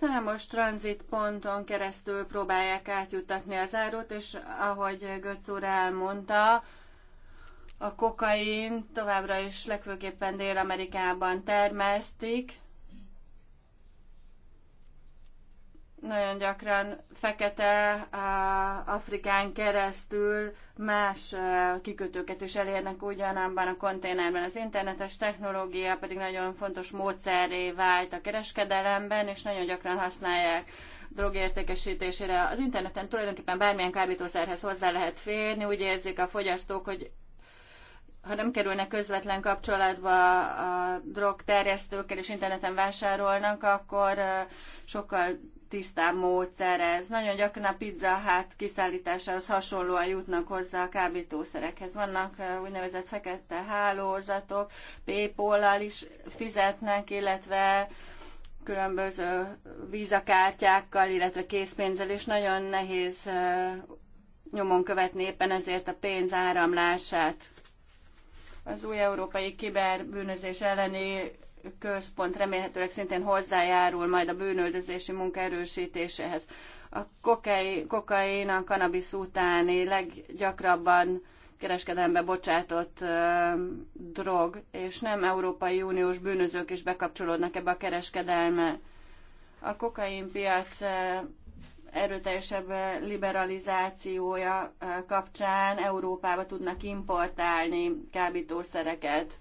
Számos tranzitponton keresztül próbálják átjuttatni az árut, és ahogy Götz úr elmondta, a kokain továbbra is legfőképpen Dél-Amerikában termesztik. Nagyon gyakran fekete Afrikán keresztül más kikötőket is elérnek ugyanabban a konténerben. Az internetes technológia pedig nagyon fontos módszerré vált a kereskedelemben, és nagyon gyakran használják drogértékesítésére. Az interneten tulajdonképpen bármilyen kábítószerhez hozzá lehet férni, úgy érzik a fogyasztók, hogy ha nem kerülnek közvetlen kapcsolatba a drogterjesztőkkel és interneten vásárolnak, akkor sokkal tisztább módszer ez. Nagyon gyakran a pizza hát kiszállításához hasonlóan jutnak hozzá a kábítószerekhez. Vannak úgynevezett fekete hálózatok, paypal is fizetnek, illetve különböző vízakártyákkal, illetve készpénzzel, és nagyon nehéz nyomon követni éppen ezért a pénz áramlását. Az új európai kiberbűnözés elleni központ remélhetőleg szintén hozzájárul majd a bűnöldözési munka erősítéséhez. A kokain, kokain a kanabisz utáni leggyakrabban kereskedelembe bocsátott ö, drog, és nem Európai Uniós bűnözők is bekapcsolódnak ebbe a kereskedelme. A kokain piac erőteljesebb liberalizációja eh, kapcsán Európába tudnak importálni kábítószereket.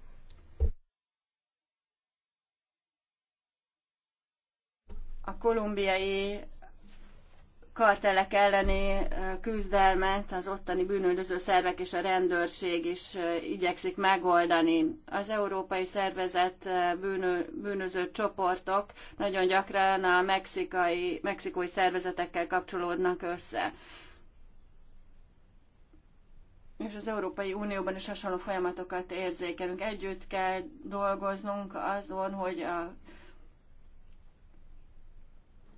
A kolumbiai kartellek elleni küzdelmet az ottani bűnöldöző szervek és a rendőrség is igyekszik megoldani. Az európai szervezet bűnö, bűnöző csoportok nagyon gyakran a mexikai, mexikói szervezetekkel kapcsolódnak össze. És az Európai Unióban is hasonló folyamatokat érzékelünk. Együtt kell dolgoznunk azon, hogy a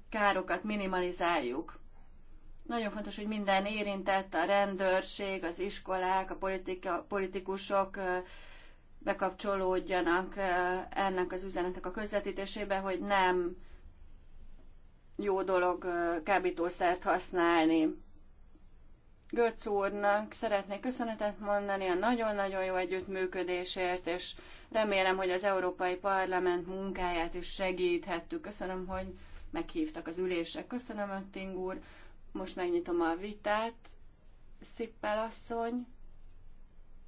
károkat minimalizáljuk. Nagyon fontos, hogy minden érintett, a rendőrség, az iskolák, a politika, politikusok bekapcsolódjanak ennek az üzenetnek a közvetítésébe, hogy nem jó dolog kábítószert használni. Götz úrnak szeretnék köszönetet mondani a nagyon-nagyon jó együttműködésért, és remélem, hogy az Európai Parlament munkáját is segíthettük. Köszönöm, hogy meghívtak az ülések. Köszönöm, Ötting úr. Most megnyitom a vitát. Szippel asszony,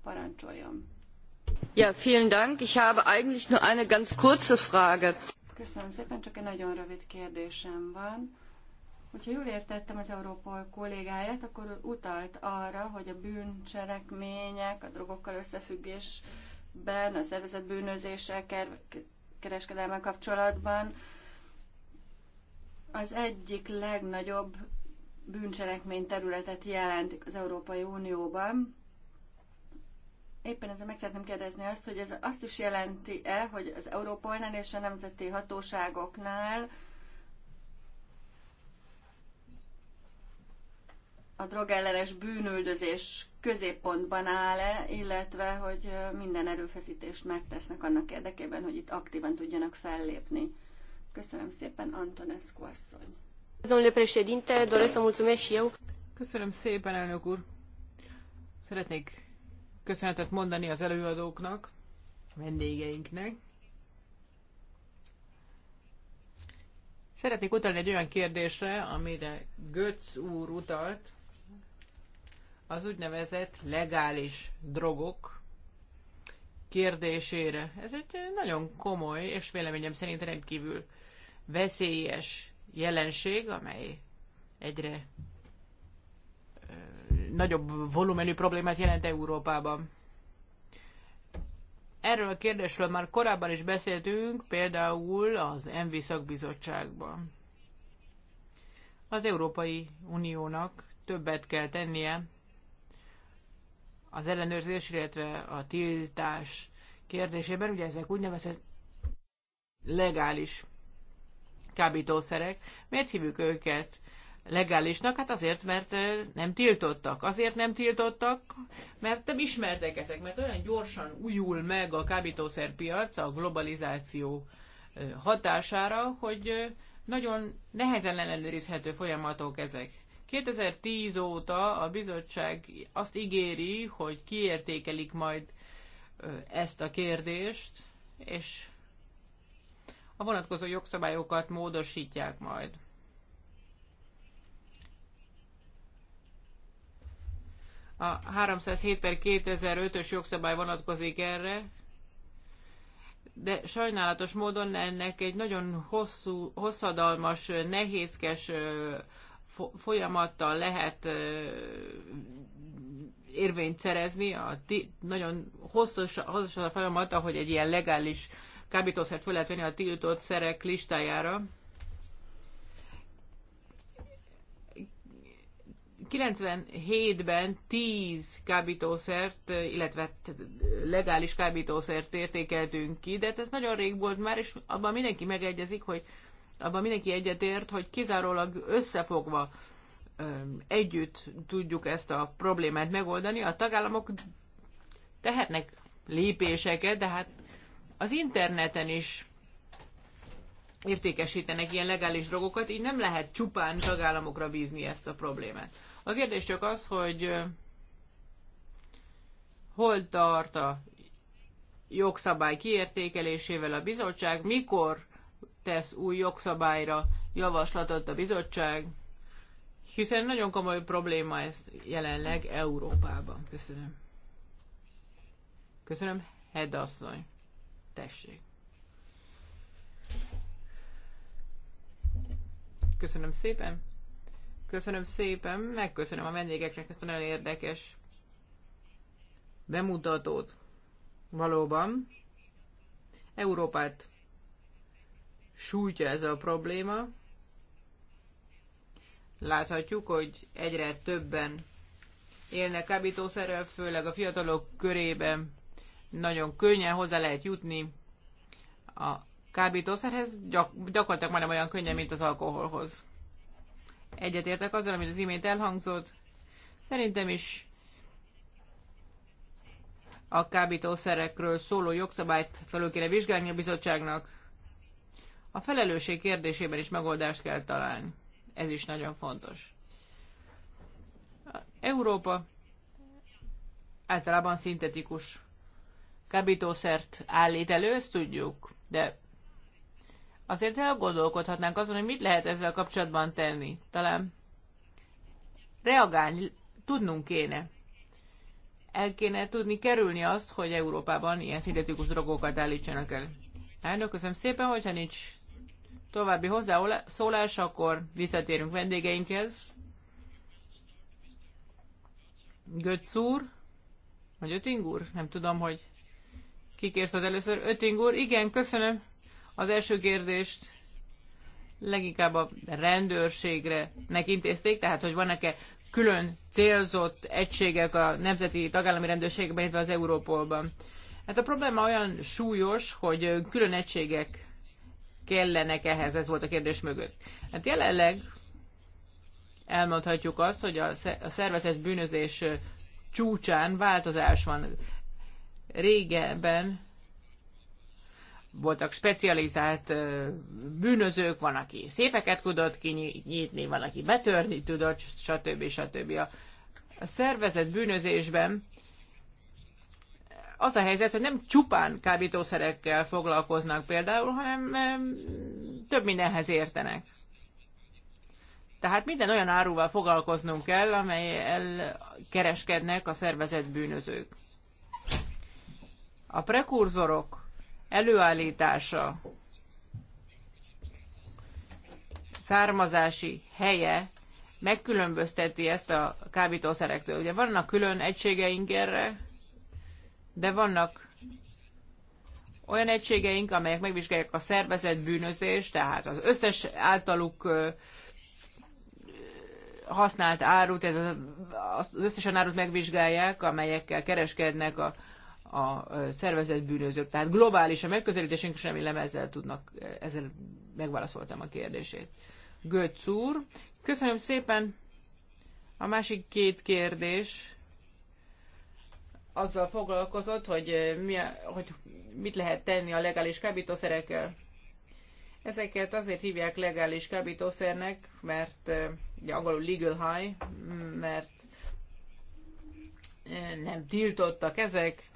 parancsoljon. Ja, vielen Dank. Ich habe eigentlich nur eine ganz kurze Frage. Köszönöm szépen, csak egy nagyon rövid kérdésem van. Hogyha jól értettem az Európol kollégáját, akkor utalt arra, hogy a bűncselekmények, a drogokkal összefüggésben, a szervezett bűnözéssel, kereskedelme kapcsolatban az egyik legnagyobb bűncselekmény területet jelent az Európai Unióban. Éppen ezzel meg szeretném kérdezni azt, hogy ez azt is jelenti-e, hogy az Európolnál és a nemzeti hatóságoknál a drogellenes bűnüldözés középpontban áll-e, illetve hogy minden erőfeszítést megtesznek annak érdekében, hogy itt aktívan tudjanak fellépni. Köszönöm szépen, Antonescu asszony. Domnule președinte, doresc să mulțumesc și eu. Köszönöm szépen, elnök úr. Szeretnék köszönetet mondani az előadóknak, vendégeinknek. Szeretnék utalni egy olyan kérdésre, amire Götz úr utalt, az úgynevezett legális drogok kérdésére. Ez egy nagyon komoly, és véleményem szerint rendkívül veszélyes jelenség, amely egyre nagyobb volumenű problémát jelent Európában. Erről a kérdésről már korábban is beszéltünk, például az ENVI szakbizottságban. Az Európai Uniónak többet kell tennie az ellenőrzés, illetve a tiltás kérdésében, ugye ezek úgynevezett legális kábítószerek. Miért hívjuk őket legálisnak? Hát azért, mert nem tiltottak. Azért nem tiltottak, mert nem ismertek ezek, mert olyan gyorsan újul meg a kábítószerpiac a globalizáció hatására, hogy nagyon nehezen ellenőrizhető folyamatok ezek. 2010 óta a bizottság azt ígéri, hogy kiértékelik majd ezt a kérdést, és a vonatkozó jogszabályokat módosítják majd. A 307 per 2005-ös jogszabály vonatkozik erre, de sajnálatos módon ennek egy nagyon hosszú, hosszadalmas, nehézkes folyamattal lehet érvényt szerezni. A ti, nagyon hosszos, hosszos a folyamat, ahogy egy ilyen legális kábítószert fel lehet venni a tiltott szerek listájára. 97-ben 10 kábítószert, illetve legális kábítószert értékeltünk ki, de hát ez nagyon rég volt már, és abban mindenki megegyezik, hogy abban mindenki egyetért, hogy kizárólag összefogva együtt tudjuk ezt a problémát megoldani. A tagállamok tehetnek lépéseket, de hát az interneten is értékesítenek ilyen legális drogokat, így nem lehet csupán tagállamokra bízni ezt a problémát. A kérdés csak az, hogy hol tart a jogszabály kiértékelésével a bizottság, mikor tesz új jogszabályra javaslatot a bizottság, hiszen nagyon komoly probléma ez jelenleg Európában. Köszönöm. Köszönöm, Hedasszony. Tessék. Köszönöm szépen. Köszönöm szépen. Megköszönöm a vendégeknek ezt a nagyon érdekes bemutatót. Valóban. Európát sújtja ez a probléma. Láthatjuk, hogy egyre többen élnek kábítószerrel, főleg a fiatalok körében nagyon könnyen hozzá lehet jutni a kábítószerhez, gyak, gyakorlatilag majdnem olyan könnyen, mint az alkoholhoz. Egyetértek azzal, amit az imént elhangzott. Szerintem is a kábítószerekről szóló jogszabályt felül kéne vizsgálni a bizottságnak. A felelősség kérdésében is megoldást kell találni. Ez is nagyon fontos. Európa általában szintetikus kábítószert állít elő, ezt tudjuk, de azért elgondolkodhatnánk azon, hogy mit lehet ezzel kapcsolatban tenni. Talán reagálni tudnunk kéne. El kéne tudni kerülni azt, hogy Európában ilyen szintetikus drogokat állítsanak el. Elnök, köszönöm szépen, hogyha nincs további hozzászólás, akkor visszatérünk vendégeinkhez. Götz úr, vagy Öting úr, nem tudom, hogy Kikérszod először. Öting úr, igen, köszönöm. Az első kérdést leginkább a rendőrségre nekintézték, tehát hogy vannak-e külön célzott egységek a nemzeti tagállami rendőrségben, illetve az Európolban. Ez a probléma olyan súlyos, hogy külön egységek kellenek ehhez, ez volt a kérdés mögött. Hát jelenleg elmondhatjuk azt, hogy a szervezet bűnözés csúcsán változás van régebben voltak specializált bűnözők, van, aki széfeket tudott kinyitni, van, aki betörni tudott, stb. stb. A szervezett bűnözésben az a helyzet, hogy nem csupán kábítószerekkel foglalkoznak például, hanem több mindenhez értenek. Tehát minden olyan áruval foglalkoznunk kell, amelyel kereskednek a szervezett bűnözők. A prekurzorok előállítása, származási helye megkülönbözteti ezt a kábítószerektől. Ugye vannak külön egységeink erre, de vannak olyan egységeink, amelyek megvizsgálják a szervezet bűnözést, tehát az összes általuk használt árut, ez az összesen árut megvizsgálják, amelyekkel kereskednek a a szervezett bűnözők. Tehát globális a megközelítésünk, és remélem ezzel tudnak, ezzel megválaszoltam a kérdését. Götz úr, köszönöm szépen. A másik két kérdés azzal foglalkozott, hogy, mi, hogy mit lehet tenni a legális kábítószerekkel. Ezeket azért hívják legális kábítószernek, mert ugye angolul legal high, mert nem tiltottak ezek,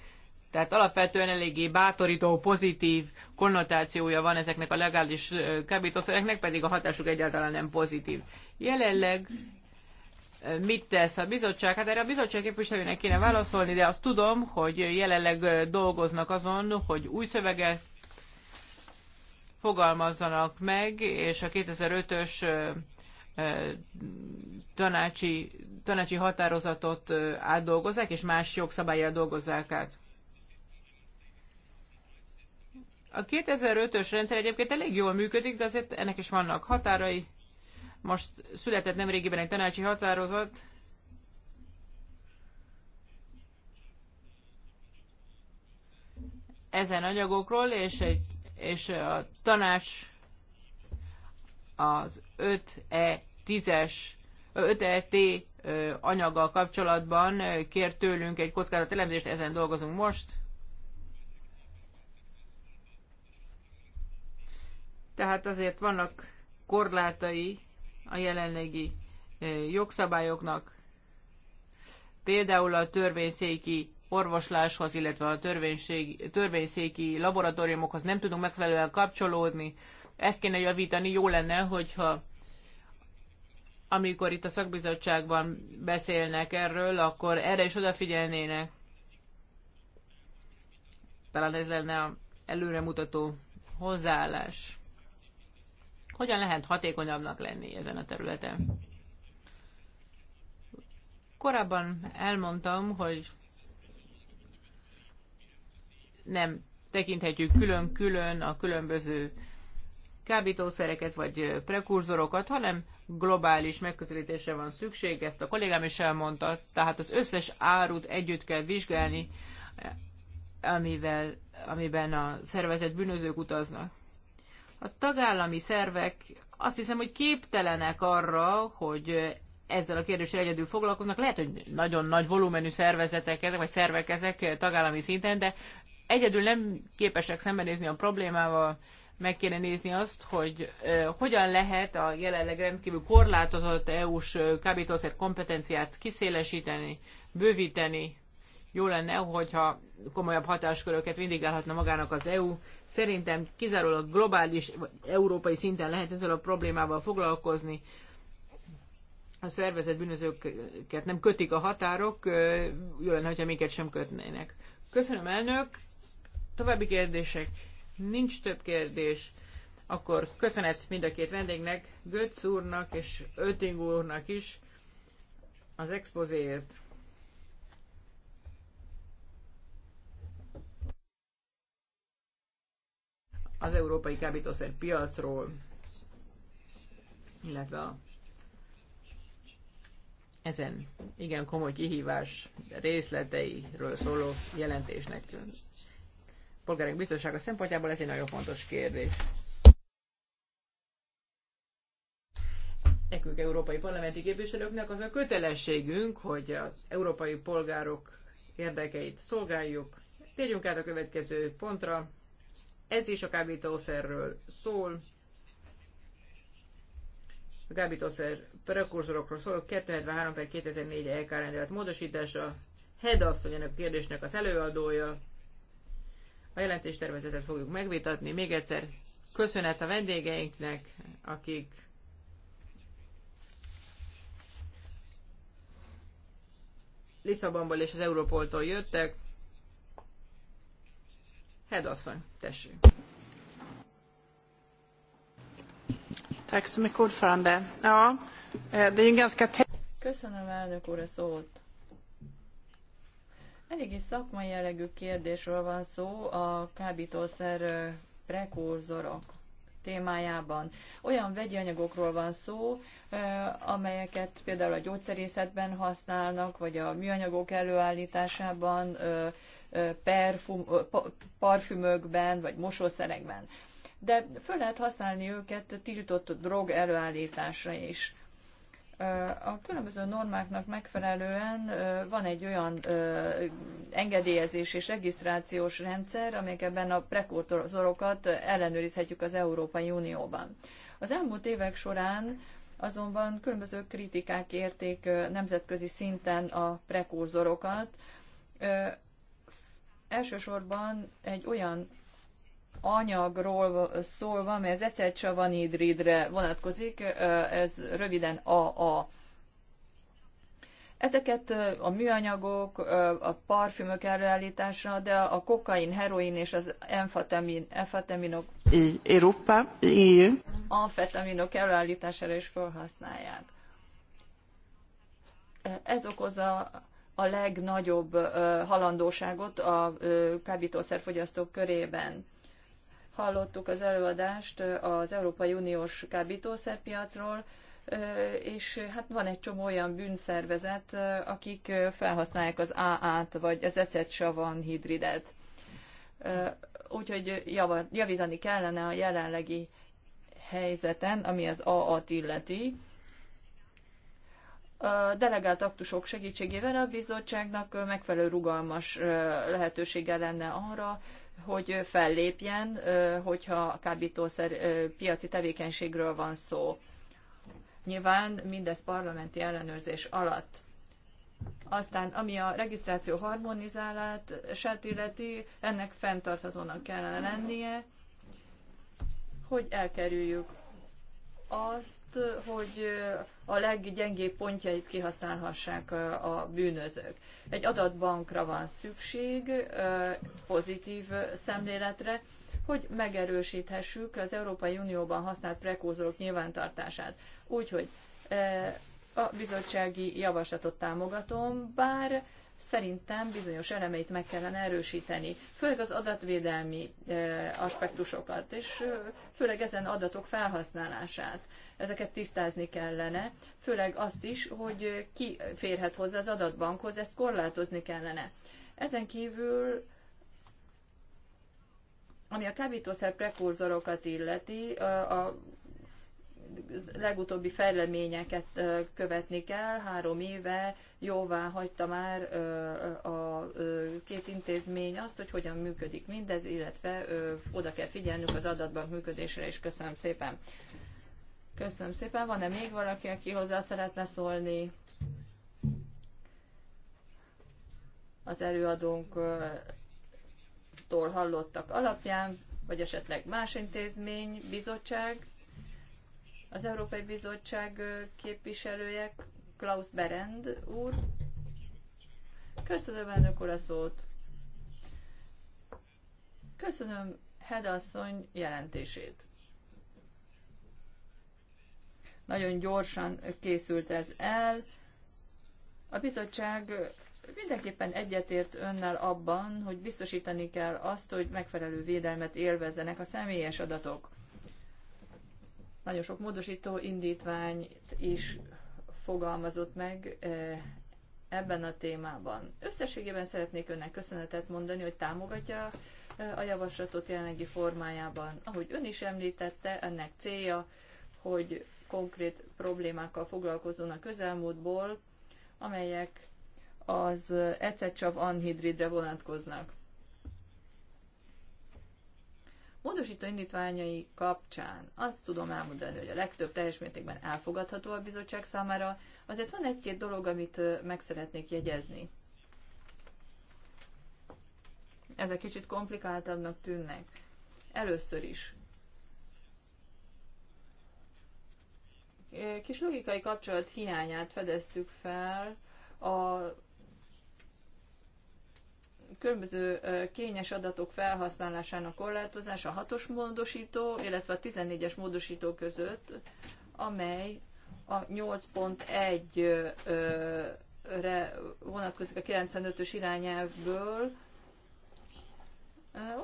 tehát alapvetően eléggé bátorító, pozitív konnotációja van ezeknek a legális kábítószereknek, pedig a hatásuk egyáltalán nem pozitív. Jelenleg mit tesz a bizottság? Hát erre a bizottság képviselőnek kéne válaszolni, de azt tudom, hogy jelenleg dolgoznak azon, hogy új szöveget fogalmazzanak meg, és a 2005-ös tanácsi, tanácsi határozatot átdolgozzák, és más jogszabályjal dolgozzák át. A 2005-ös rendszer egyébként elég jól működik, de azért ennek is vannak határai. Most született nemrégiben egy tanácsi határozat, ezen anyagokról, és, egy, és a tanács az 5E10-es, 5ET e anyaggal kapcsolatban kér tőlünk egy elemzést. ezen dolgozunk most. tehát azért vannak korlátai a jelenlegi jogszabályoknak, például a törvényszéki orvosláshoz, illetve a törvényszéki laboratóriumokhoz nem tudunk megfelelően kapcsolódni. Ezt kéne javítani, jó lenne, hogyha amikor itt a szakbizottságban beszélnek erről, akkor erre is odafigyelnének. Talán ez lenne a előremutató hozzáállás. Hogyan lehet hatékonyabbnak lenni ezen a területen? Korábban elmondtam, hogy nem tekinthetjük külön-külön a különböző kábítószereket vagy prekurzorokat, hanem globális megközelítésre van szükség, ezt a kollégám is elmondta, tehát az összes árut együtt kell vizsgálni, amivel, amiben a szervezet bűnözők utaznak. A tagállami szervek azt hiszem, hogy képtelenek arra, hogy ezzel a kérdéssel egyedül foglalkoznak. Lehet, hogy nagyon nagy volumenű szervezetek ezek, vagy szervek ezek tagállami szinten, de egyedül nem képesek szembenézni a problémával, meg kéne nézni azt, hogy uh, hogyan lehet a jelenleg rendkívül korlátozott EU-s kábítószer kompetenciát kiszélesíteni, bővíteni. Jó lenne, hogyha komolyabb hatásköröket vindikálhatna magának az EU. Szerintem kizárólag globális, vagy európai szinten lehet ezzel a problémával foglalkozni. A szervezet bűnözőket nem kötik a határok, jó lenne, hogyha minket sem kötnének. Köszönöm, elnök! További kérdések? Nincs több kérdés. Akkor köszönet mind a két vendégnek, Götz úrnak és Öting úrnak is az expozéért. az európai kábítószer piacról, illetve a ezen igen komoly kihívás részleteiről szóló jelentésnek. Polgárok biztonsága szempontjából ez egy nagyon fontos kérdés. Nekünk, európai parlamenti képviselőknek az a kötelességünk, hogy az európai polgárok érdekeit szolgáljuk. Térjünk át a következő pontra, ez is a kábítószerről szól. A kábítószer prekurzorokról szól, 273 per 2004 EK rendelet módosítása. Head asszony ennek a kérdésnek az előadója. A jelentéstervezetet fogjuk megvitatni. Még egyszer köszönet a vendégeinknek, akik Lisszabonból és az Európoltól jöttek. Hed asszony, tessék. Tack så mycket ordförande. Ja, eh, det är ganska... Köszönöm elnök úr a szót. Eléggé szakmai jellegű kérdésről van szó a kábítószer prekurzorok témájában. Olyan vegyi anyagokról van szó, amelyeket például a gyógyszerészetben használnak, vagy a műanyagok előállításában perfum, parfümökben vagy mosószerekben. De föl lehet használni őket tiltott drog előállításra is. A különböző normáknak megfelelően van egy olyan engedélyezés és regisztrációs rendszer, amelyekben a prekurzorokat ellenőrizhetjük az Európai Unióban. Az elmúlt évek során azonban különböző kritikák érték nemzetközi szinten a prekurzorokat, Elsősorban egy olyan anyagról szólva, amely az etetcsavanidridre vonatkozik, ez röviden AA. Ezeket a műanyagok, a parfümök előállítása, de a kokain, heroin és az amfetamin, amfetaminok, Európa, EU. amfetaminok előállítására is felhasználják. Ez okozza a legnagyobb halandóságot a kábítószerfogyasztók körében. Hallottuk az előadást az Európai Uniós kábítószerpiacról, és hát van egy csomó olyan bűnszervezet, akik felhasználják az AA-t, vagy az ecetsavan hidridet. Úgyhogy javítani kellene a jelenlegi helyzeten, ami az AA-t illeti, a delegált aktusok segítségével a bizottságnak megfelelő rugalmas lehetősége lenne arra, hogy fellépjen, hogyha kábítószer piaci tevékenységről van szó. Nyilván mindez parlamenti ellenőrzés alatt. Aztán, ami a regisztráció harmonizálását illeti, ennek fenntarthatónak kellene lennie, hogy elkerüljük azt, hogy a leggyengébb pontjait kihasználhassák a bűnözők. Egy adatbankra van szükség, pozitív szemléletre, hogy megerősíthessük az Európai Unióban használt prekózorok nyilvántartását. Úgyhogy a bizottsági javaslatot támogatom, bár szerintem bizonyos elemeit meg kellene erősíteni, főleg az adatvédelmi aspektusokat, és főleg ezen adatok felhasználását. Ezeket tisztázni kellene, főleg azt is, hogy ki férhet hozzá az adatbankhoz, ezt korlátozni kellene. Ezen kívül ami a kábítószer prekurzorokat illeti, a legutóbbi fejleményeket követni kell. Három éve jóvá hagyta már a két intézmény azt, hogy hogyan működik mindez, illetve oda kell figyelnünk az adatbank működésre is. Köszönöm szépen. Köszönöm szépen. Van-e még valaki, aki hozzá szeretne szólni? Az előadónktól hallottak alapján, vagy esetleg más intézmény, bizottság? Az Európai Bizottság képviselője Klaus Berend úr. Köszönöm, elnök úr, a szót. Köszönöm Hedasszony jelentését. Nagyon gyorsan készült ez el. A bizottság mindenképpen egyetért önnel abban, hogy biztosítani kell azt, hogy megfelelő védelmet élvezzenek a személyes adatok. Nagyon sok módosító indítvány is fogalmazott meg eh, ebben a témában. Összességében szeretnék önnek köszönetet mondani, hogy támogatja eh, a javaslatot jelenlegi formájában. Ahogy ön is említette, ennek célja, hogy konkrét problémákkal foglalkozzon a közelmúltból, amelyek az ecercsav anhidridre vonatkoznak módosító indítványai kapcsán azt tudom elmondani, hogy a legtöbb teljes mértékben elfogadható a bizottság számára, azért van egy-két dolog, amit meg szeretnék jegyezni. Ezek kicsit komplikáltabbnak tűnnek. Először is. Kis logikai kapcsolat hiányát fedeztük fel a különböző kényes adatok felhasználásának korlátozása a hatos módosító, illetve a 14-es módosító között, amely a 8.1-re vonatkozik a 95-ös irányelvből.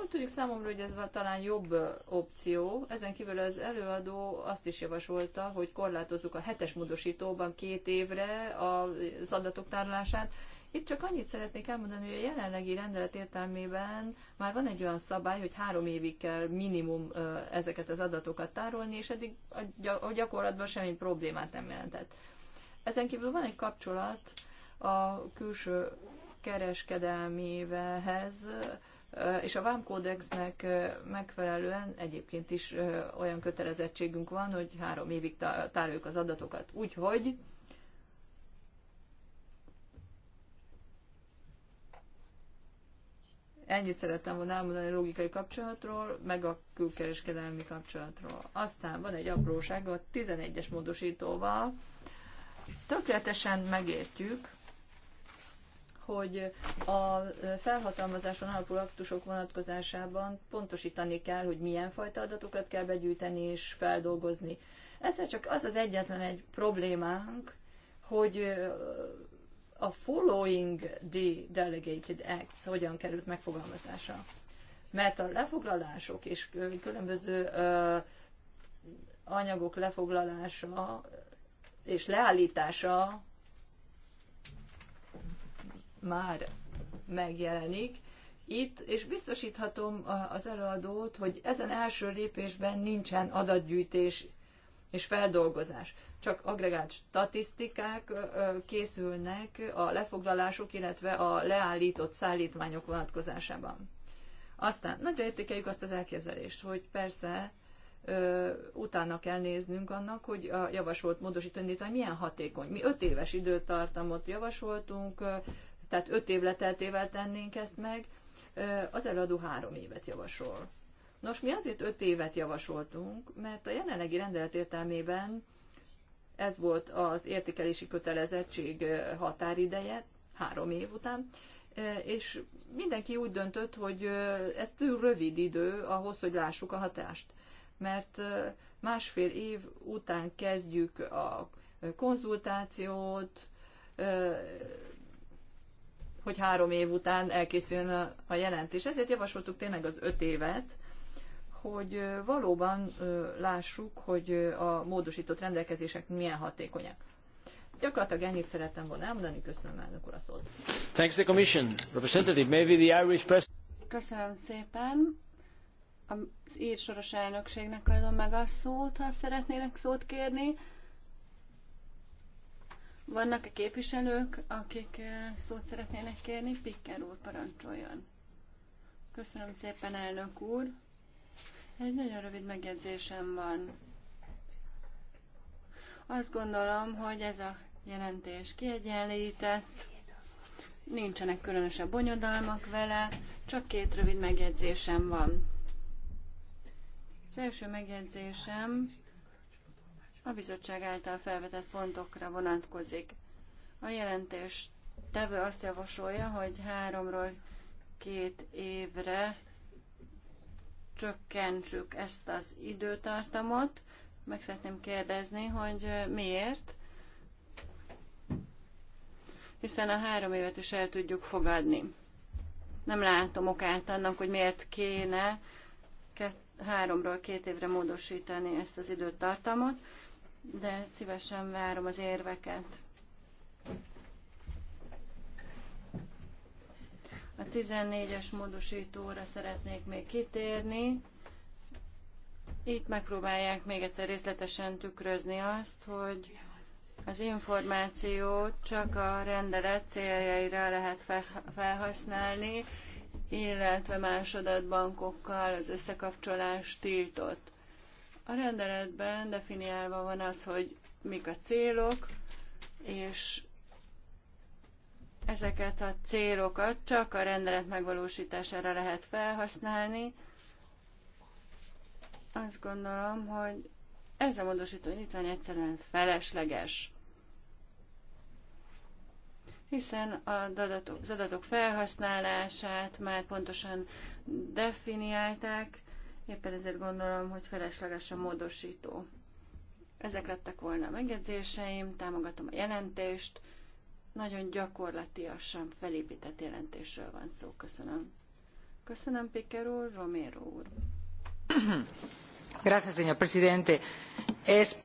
Úgy tudjuk számomra, hogy ez talán jobb opció. Ezen kívül az előadó azt is javasolta, hogy korlátozzuk a hetes módosítóban két évre az adatok tárolását itt csak annyit szeretnék elmondani, hogy a jelenlegi rendelet értelmében már van egy olyan szabály, hogy három évig kell minimum ezeket az adatokat tárolni, és eddig a gyakorlatban semmi problémát nem jelentett. Ezen kívül van egy kapcsolat a külső kereskedelmévehez, és a vámkódexnek megfelelően egyébként is olyan kötelezettségünk van, hogy három évig tároljuk az adatokat. Úgyhogy Ennyit szerettem volna elmondani a logikai kapcsolatról, meg a külkereskedelmi kapcsolatról. Aztán van egy apróság a 11-es módosítóval. Tökéletesen megértjük, hogy a felhatalmazáson alapuló aktusok vonatkozásában pontosítani kell, hogy milyen fajta adatokat kell begyűjteni és feldolgozni. Ezzel csak az az egyetlen egy problémánk, hogy a following the delegated acts hogyan került megfogalmazása, Mert a lefoglalások és különböző anyagok lefoglalása és leállítása már megjelenik itt, és biztosíthatom az előadót, hogy ezen első lépésben nincsen adatgyűjtés és feldolgozás. Csak agregált statisztikák készülnek a lefoglalások, illetve a leállított szállítmányok vonatkozásában. Aztán nagyra értékeljük azt az elképzelést, hogy persze ö, utána kell néznünk annak, hogy a javasolt módosító indítvány milyen hatékony. Mi öt éves időtartamot javasoltunk, ö, tehát öt év leteltével tennénk ezt meg, ö, az előadó három évet javasol. Nos, mi azért öt évet javasoltunk, mert a jelenlegi rendelet értelmében ez volt az értékelési kötelezettség határideje, három év után, és mindenki úgy döntött, hogy ez túl rövid idő ahhoz, hogy lássuk a hatást. Mert másfél év után kezdjük a konzultációt, hogy három év után elkészüljön a jelentés. Ezért javasoltuk tényleg az öt évet, hogy valóban lássuk, hogy a módosított rendelkezések milyen hatékonyak. Gyakorlatilag ennyit szerettem volna elmondani, köszönöm elnök úr a szót. Thanks the Commission. Representative, maybe the Irish press... Köszönöm szépen. Az ír soros elnökségnek adom meg a szót, ha szeretnének szót kérni. Vannak-e képviselők, akik szót szeretnének kérni? Pikker úr, parancsoljon. Köszönöm szépen, elnök úr. Egy nagyon rövid megjegyzésem van. Azt gondolom, hogy ez a jelentés kiegyenlített, nincsenek különösebb bonyodalmak vele, csak két rövid megjegyzésem van. Az első megjegyzésem a bizottság által felvetett pontokra vonatkozik. A jelentés tevő azt javasolja, hogy háromról két évre csökkentsük ezt az időtartamot. Meg szeretném kérdezni, hogy miért? Hiszen a három évet is el tudjuk fogadni. Nem látom okát annak, hogy miért kéne két, háromról két évre módosítani ezt az időtartamot, de szívesen várom az érveket. A 14-es módosítóra szeretnék még kitérni. Itt megpróbálják még egyszer részletesen tükrözni azt, hogy az információt csak a rendelet céljaira lehet felhasználni, illetve más adatbankokkal az összekapcsolás tiltott. A rendeletben definiálva van az, hogy mik a célok, és Ezeket a célokat csak a rendelet megvalósítására lehet felhasználni. Azt gondolom, hogy ez a módosító indítvány egyszerűen felesleges hiszen az adatok, az adatok felhasználását már pontosan definiálták, éppen ezért gondolom, hogy felesleges a módosító. Ezek lettek volna a megjegyzéseim, támogatom a jelentést, nagyon gyakorlatiasan felépített jelentésről van szó. Köszönöm. Köszönöm, Piker úr, Romero úr. Gracias, señor presidente. Es...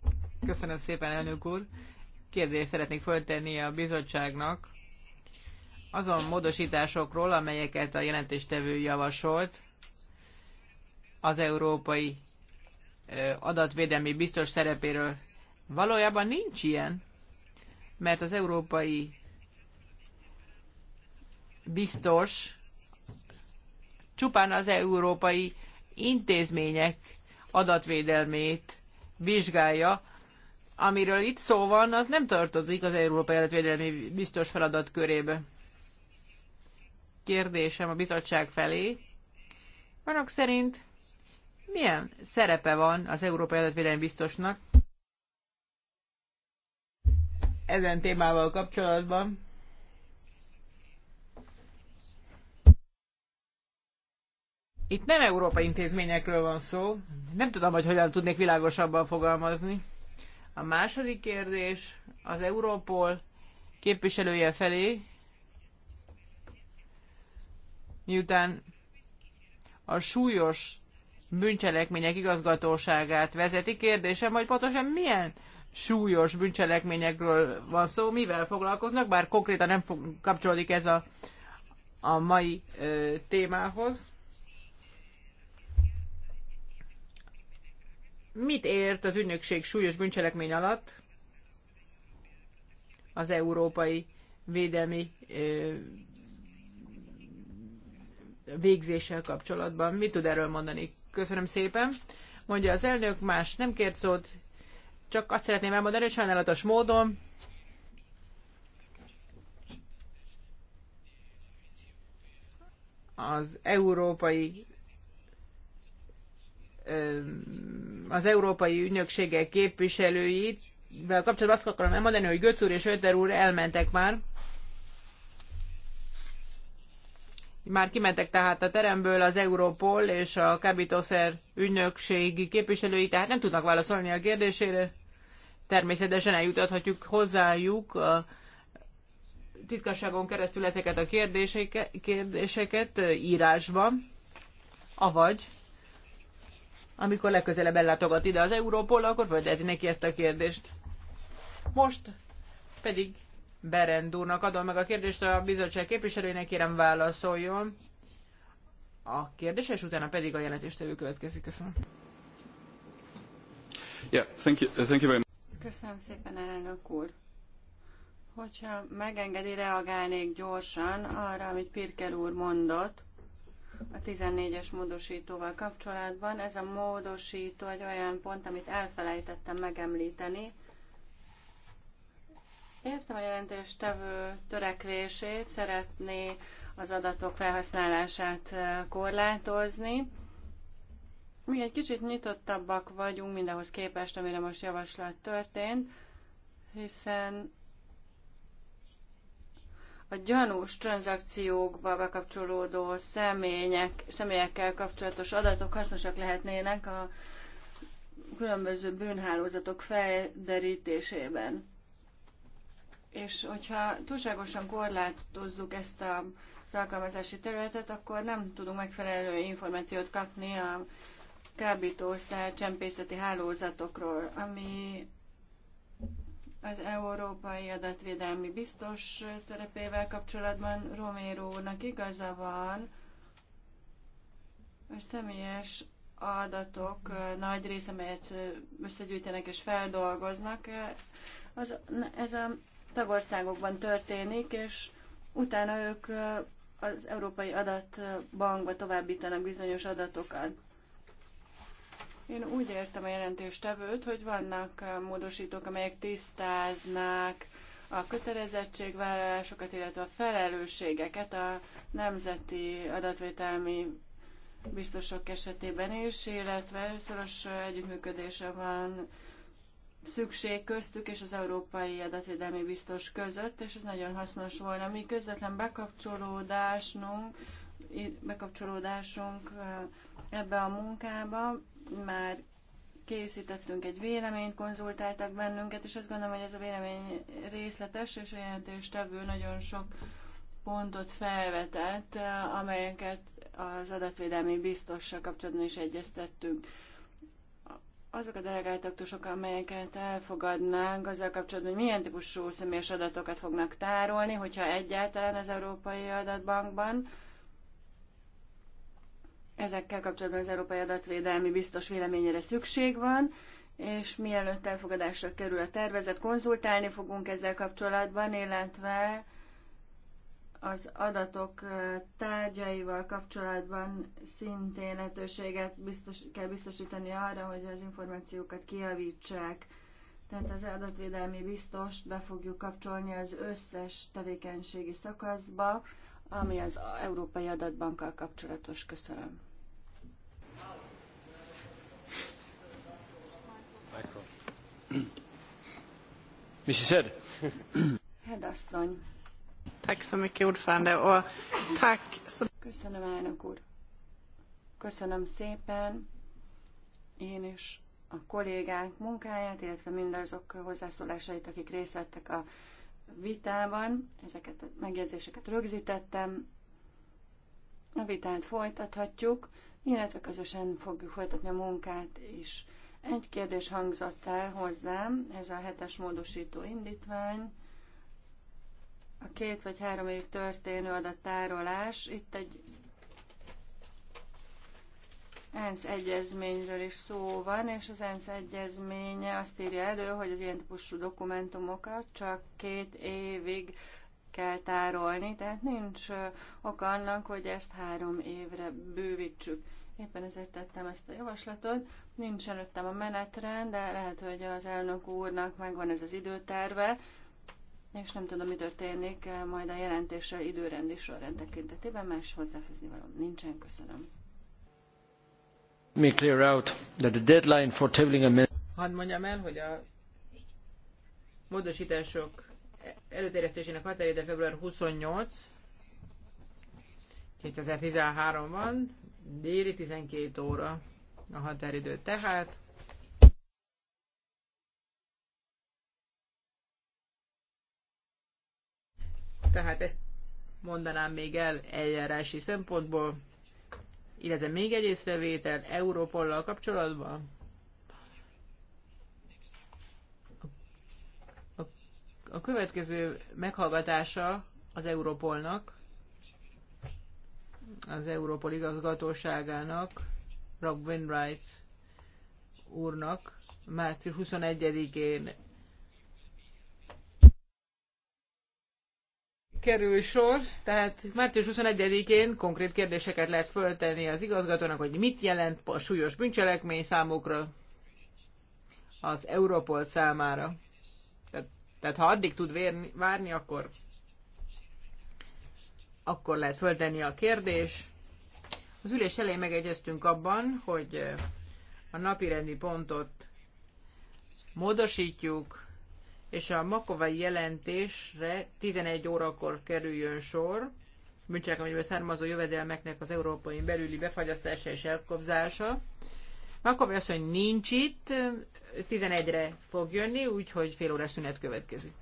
Köszönöm szépen, elnök úr. Kérdést szeretnék föltenni a bizottságnak azon módosításokról, amelyeket a jelentéstevő javasolt az európai adatvédelmi biztos szerepéről. Valójában nincs ilyen mert az európai biztos csupán az európai intézmények adatvédelmét vizsgálja, amiről itt szó van, az nem tartozik az Európai Adatvédelmi Biztos feladat körébe. Kérdésem a bizottság felé. Önök szerint milyen szerepe van az Európai Adatvédelmi Biztosnak ezen témával kapcsolatban. Itt nem európai intézményekről van szó. Nem tudom, hogy hogyan tudnék világosabban fogalmazni. A második kérdés az Európol képviselője felé, miután a súlyos bűncselekmények igazgatóságát vezeti. Kérdésem, hogy pontosan milyen súlyos bűncselekményekről van szó, mivel foglalkoznak, bár konkrétan nem fog, kapcsolódik ez a, a mai ö, témához. Mit ért az ügynökség súlyos bűncselekmény alatt az európai védelmi ö, végzéssel kapcsolatban? Mit tud erről mondani? Köszönöm szépen. Mondja az elnök, más nem kért szót, csak azt szeretném elmondani, hogy sajnálatos módon az európai az európai ügynökségek képviselőivel kapcsolatban azt akarom elmondani, hogy Götz úr és Öter úr elmentek már, Már kimentek tehát a teremből az Europol és a kábítószer ügynökségi képviselői, tehát nem tudnak válaszolni a kérdésére. Természetesen eljutathatjuk hozzájuk a titkasságon keresztül ezeket a kérdéseket, kérdéseket írásban, avagy amikor legközelebb ellátogat ide az Európol, akkor fölteti neki ezt a kérdést. Most pedig Berendúrnak adom meg a kérdést a bizottság képviselőjének, kérem válaszoljon a kérdés, és utána pedig a jelentéstevő következik. Köszönöm. Yeah, thank you, thank you very much. Köszönöm szépen, elnök úr. Hogyha megengedi, reagálnék gyorsan arra, amit Pirker úr mondott a 14-es módosítóval kapcsolatban. Ez a módosító egy olyan pont, amit elfelejtettem megemlíteni, Értem a jelentéstevő törekvését, szeretné az adatok felhasználását korlátozni. Mi egy kicsit nyitottabbak vagyunk mindahhoz képest, amire most javaslat történt, hiszen a gyanús tranzakciókba bekapcsolódó személyek, személyekkel kapcsolatos adatok hasznosak lehetnének a különböző bűnhálózatok felderítésében és hogyha túlságosan korlátozzuk ezt a, az alkalmazási területet, akkor nem tudunk megfelelő információt kapni a kábítószer csempészeti hálózatokról, ami az Európai Adatvédelmi Biztos szerepével kapcsolatban Romérónak igaza van, a személyes adatok nagy része, melyet összegyűjtenek és feldolgoznak, az, ez a tagországokban történik, és utána ők az Európai Adatbankba továbbítanak bizonyos adatokat. Én úgy értem a jelentéstevőt, hogy vannak módosítók, amelyek tisztáznák a kötelezettségvállalásokat, illetve a felelősségeket a nemzeti adatvételmi biztosok esetében is, illetve szoros együttműködése van szükség köztük és az Európai Adatvédelmi Biztos között, és ez nagyon hasznos volna. Mi közvetlen bekapcsolódásunk, bekapcsolódásunk ebbe a munkába, már készítettünk egy véleményt, konzultáltak bennünket, és azt gondolom, hogy ez a vélemény részletes, és jelentéstevő nagyon sok pontot felvetett, amelyeket az adatvédelmi biztossal kapcsolatban is egyeztettünk azok a delegáltak, aktusok, amelyeket elfogadnánk azzal kapcsolatban, hogy milyen típusú személyes adatokat fognak tárolni, hogyha egyáltalán az Európai Adatbankban. Ezekkel kapcsolatban az Európai Adatvédelmi biztos véleményére szükség van, és mielőtt elfogadásra kerül a tervezet, konzultálni fogunk ezzel kapcsolatban, illetve az adatok tárgyaival kapcsolatban szintén lehetőséget biztos, kell biztosítani arra, hogy az információkat kijavítsák. Tehát az adatvédelmi biztost be fogjuk kapcsolni az összes tevékenységi szakaszba, ami az Európai Adatbankkal kapcsolatos. Köszönöm. Mrs. Head. Head asszony. Köszönöm, elnök úr. Köszönöm szépen. Én is a kollégák munkáját, illetve mindazok hozzászólásait, akik részt vettek a vitában. Ezeket a megjegyzéseket rögzítettem. A vitát folytathatjuk, illetve közösen fogjuk folytatni a munkát is. Egy kérdés hangzott el hozzám, ez a hetes módosító indítvány a két vagy három évig történő adattárolás, itt egy ENSZ egyezményről is szó van, és az ENSZ egyezménye azt írja elő, hogy az ilyen típusú dokumentumokat csak két évig kell tárolni, tehát nincs ok annak, hogy ezt három évre bővítsük. Éppen ezért tettem ezt a javaslatot. Nincs előttem a menetrend, de lehet, hogy az elnök úrnak megvan ez az időterve, és nem tudom, mi történik eh, majd a jelentéssel időrendi sorrend tekintetében, más hozzáfűzni való nincsen. Köszönöm. Me clear out that the deadline for tabling amendments. Hadd mondjam el, hogy a módosítások előterjesztésének határideje február 28, 2013 van, déli 12 óra a határidő tehát. tehát ezt mondanám még el eljárási szempontból, illetve még egy észrevétel Európollal kapcsolatban. A következő meghallgatása az Európolnak, az Európol igazgatóságának, Rob Winwright úrnak március 21-én kerül sor, tehát március 21-én konkrét kérdéseket lehet föltenni az igazgatónak, hogy mit jelent a súlyos bűncselekmény számukra az Europol számára. Tehát, tehát ha addig tud vérni, várni, akkor, akkor lehet föltenni a kérdés. Az ülés elején megegyeztünk abban, hogy a napirendi pontot módosítjuk, és a makovai jelentésre 11 órakor kerüljön sor, amiből származó jövedelmeknek az európai belüli befagyasztása és elkobzása. Makovai asszony nincs itt, 11-re fog jönni, úgyhogy fél órás szünet következik.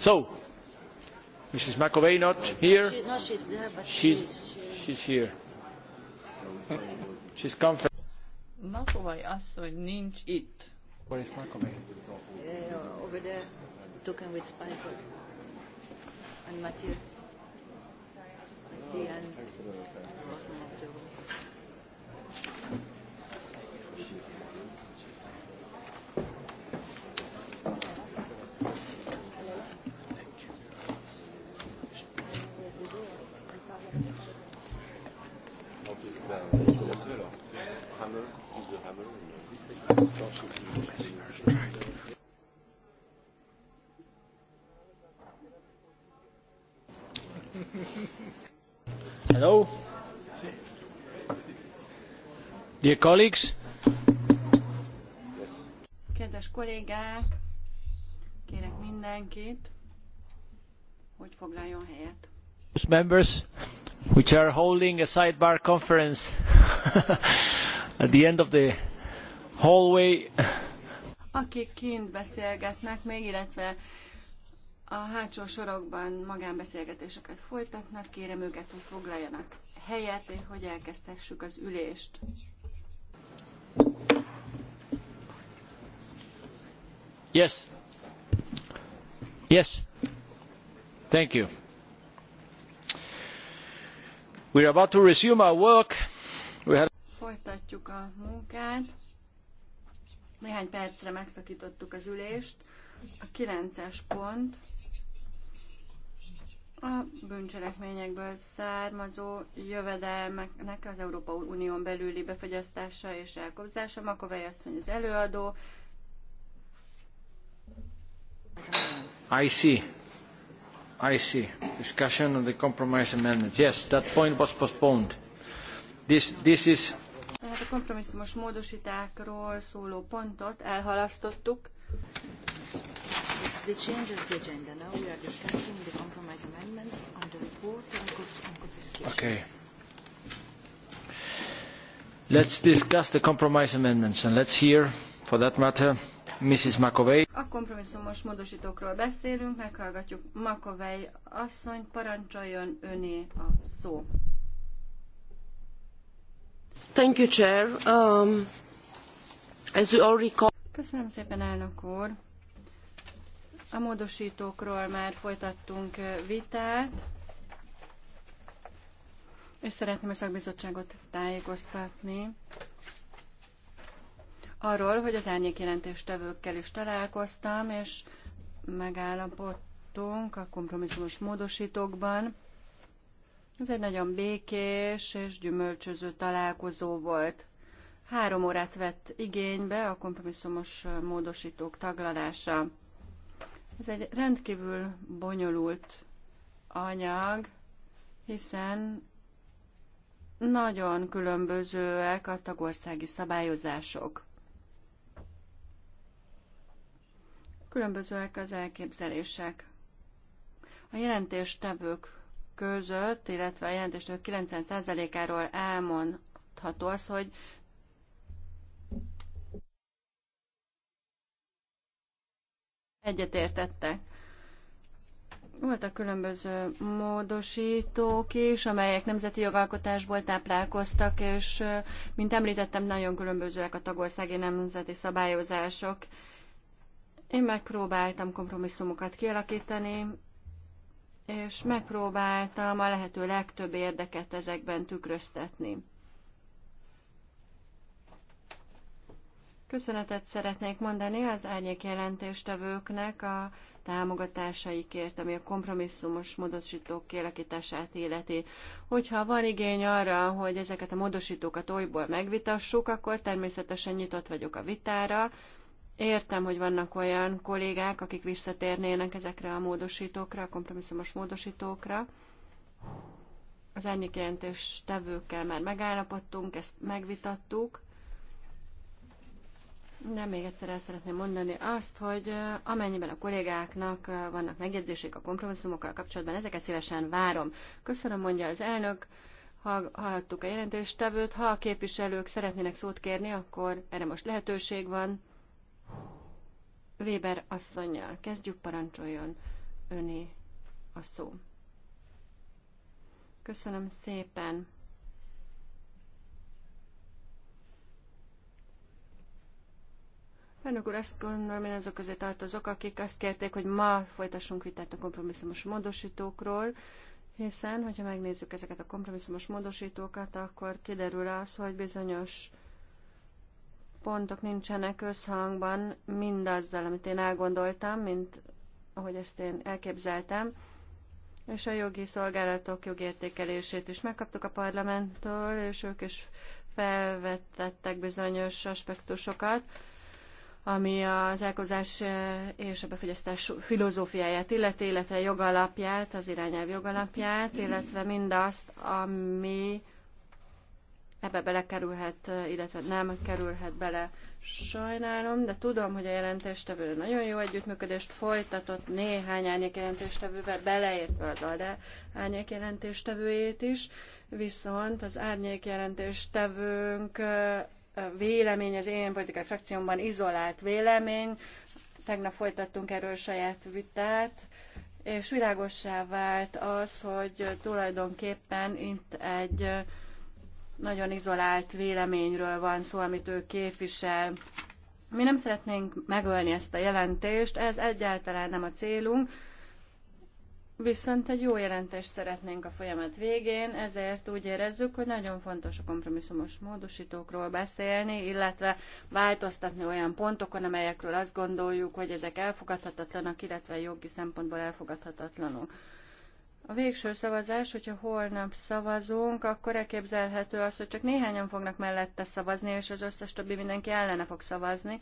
So, Mrs. McAvey not here? She, no, she's there, but she's, she's, here. she's come from... McAvey asszony nincs itt. Where is McAvey? Uh, over there, talking with Spicer and Mathieu. And Kedves kollégák, kérek mindenkit, hogy foglaljon helyet. Members which are holding a sidebar conference at the end of the hallway. Akik kint beszélgetnek még, illetve a hátsó sorokban magánbeszélgetéseket folytatnak, kérem őket, hogy foglaljanak helyet, hogy elkezdhessük az ülést. Yes. Yes. Thank you. We are about to resume our work. We Folytatjuk a munkát. Néhány percre megszakítottuk az ülést. A 9-es pont a bűncselekményekből származó jövedelmeknek az Európa Unión belüli befogyasztása és elkobzása. Makovely asszony az előadó, I see. I see. Discussion on the compromise amendment. Yes, that point was postponed. This, this is... Tehát a kompromisszumos módosítákról szóló pontot elhalasztottuk. The change of the agenda. Now we are discussing the compromise amendments on the report on confiscation. Okay. Let's discuss the compromise amendments and let's hear, for that matter, Mrs. McAvey. A kompromisszumos módosítókról beszélünk, meghallgatjuk McAvey asszony, parancsoljon öné a szó. Thank you, Chair. Um, as you all recall... Köszönöm szépen, elnök úr. A módosítókról már folytattunk vitát, és szeretném a szakbizottságot tájékoztatni arról, hogy az árnyékjelentéstevőkkel is találkoztam, és megállapodtunk a kompromisszumos módosítókban. Ez egy nagyon békés és gyümölcsöző találkozó volt. Három órát vett igénybe a kompromisszumos módosítók taglalása. Ez egy rendkívül bonyolult anyag, hiszen nagyon különbözőek a tagországi szabályozások. Különbözőek az elképzelések. A jelentéstevők között, illetve a jelentéstevők 90%-áról elmondható az, hogy egyetértettek. Voltak különböző módosítók is, amelyek nemzeti jogalkotásból táplálkoztak, és mint említettem, nagyon különbözőek a tagországi nemzeti szabályozások, én megpróbáltam kompromisszumokat kialakítani, és megpróbáltam a lehető legtöbb érdeket ezekben tükröztetni. Köszönetet szeretnék mondani az árnyék jelentéstevőknek a támogatásaikért, ami a kompromisszumos módosítók kialakítását illeti. Hogyha van igény arra, hogy ezeket a módosítókat olyból megvitassuk, akkor természetesen nyitott vagyok a vitára, Értem, hogy vannak olyan kollégák, akik visszatérnének ezekre a módosítókra, a kompromisszumos módosítókra. Az jelentés tevőkkel már megállapodtunk, ezt megvitattuk. De még egyszer el szeretném mondani azt, hogy amennyiben a kollégáknak vannak megjegyzések a kompromisszumokkal kapcsolatban, ezeket szívesen várom. Köszönöm, mondja az elnök. hallottuk a jelentéstevőt. Ha a képviselők szeretnének szót kérni, akkor erre most lehetőség van. Weber asszonynal kezdjük, parancsoljon öné a szó. Köszönöm szépen. Elnök úr, azt gondolom, én azok közé tartozok, akik azt kérték, hogy ma folytassunk vitát a kompromisszumos módosítókról, hiszen, hogyha megnézzük ezeket a kompromisszumos módosítókat, akkor kiderül az, hogy bizonyos uh, pontok nincsenek összhangban mindazzal, amit én elgondoltam, mint ahogy ezt én elképzeltem, és a jogi szolgálatok jogértékelését is megkaptuk a parlamenttől, és ők is felvettettek bizonyos aspektusokat, ami az elkozás eh, és a befogyasztás filozófiáját illeti, illetve jogalapját, az irányelv jogalapját, illetve mindazt, ami ebbe belekerülhet, illetve nem kerülhet bele. Sajnálom, de tudom, hogy a jelentéstevő nagyon jó együttműködést folytatott néhány árnyék jelentéstevővel, beleértve az ALDE árnyék jelentéstevőjét is, viszont az árnyék jelentéstevőnk vélemény az én politikai frakciómban izolált vélemény. Tegnap folytattunk erről saját vitát, és világossá vált az, hogy tulajdonképpen itt egy nagyon izolált véleményről van szó, amit ő képvisel. Mi nem szeretnénk megölni ezt a jelentést, ez egyáltalán nem a célunk, viszont egy jó jelentést szeretnénk a folyamat végén, ezért úgy érezzük, hogy nagyon fontos a kompromisszumos módosítókról beszélni, illetve változtatni olyan pontokon, amelyekről azt gondoljuk, hogy ezek elfogadhatatlanak, illetve jogi szempontból elfogadhatatlanok. A végső szavazás, hogyha holnap szavazunk, akkor elképzelhető az, hogy csak néhányan fognak mellette szavazni, és az összes többi mindenki ellene fog szavazni.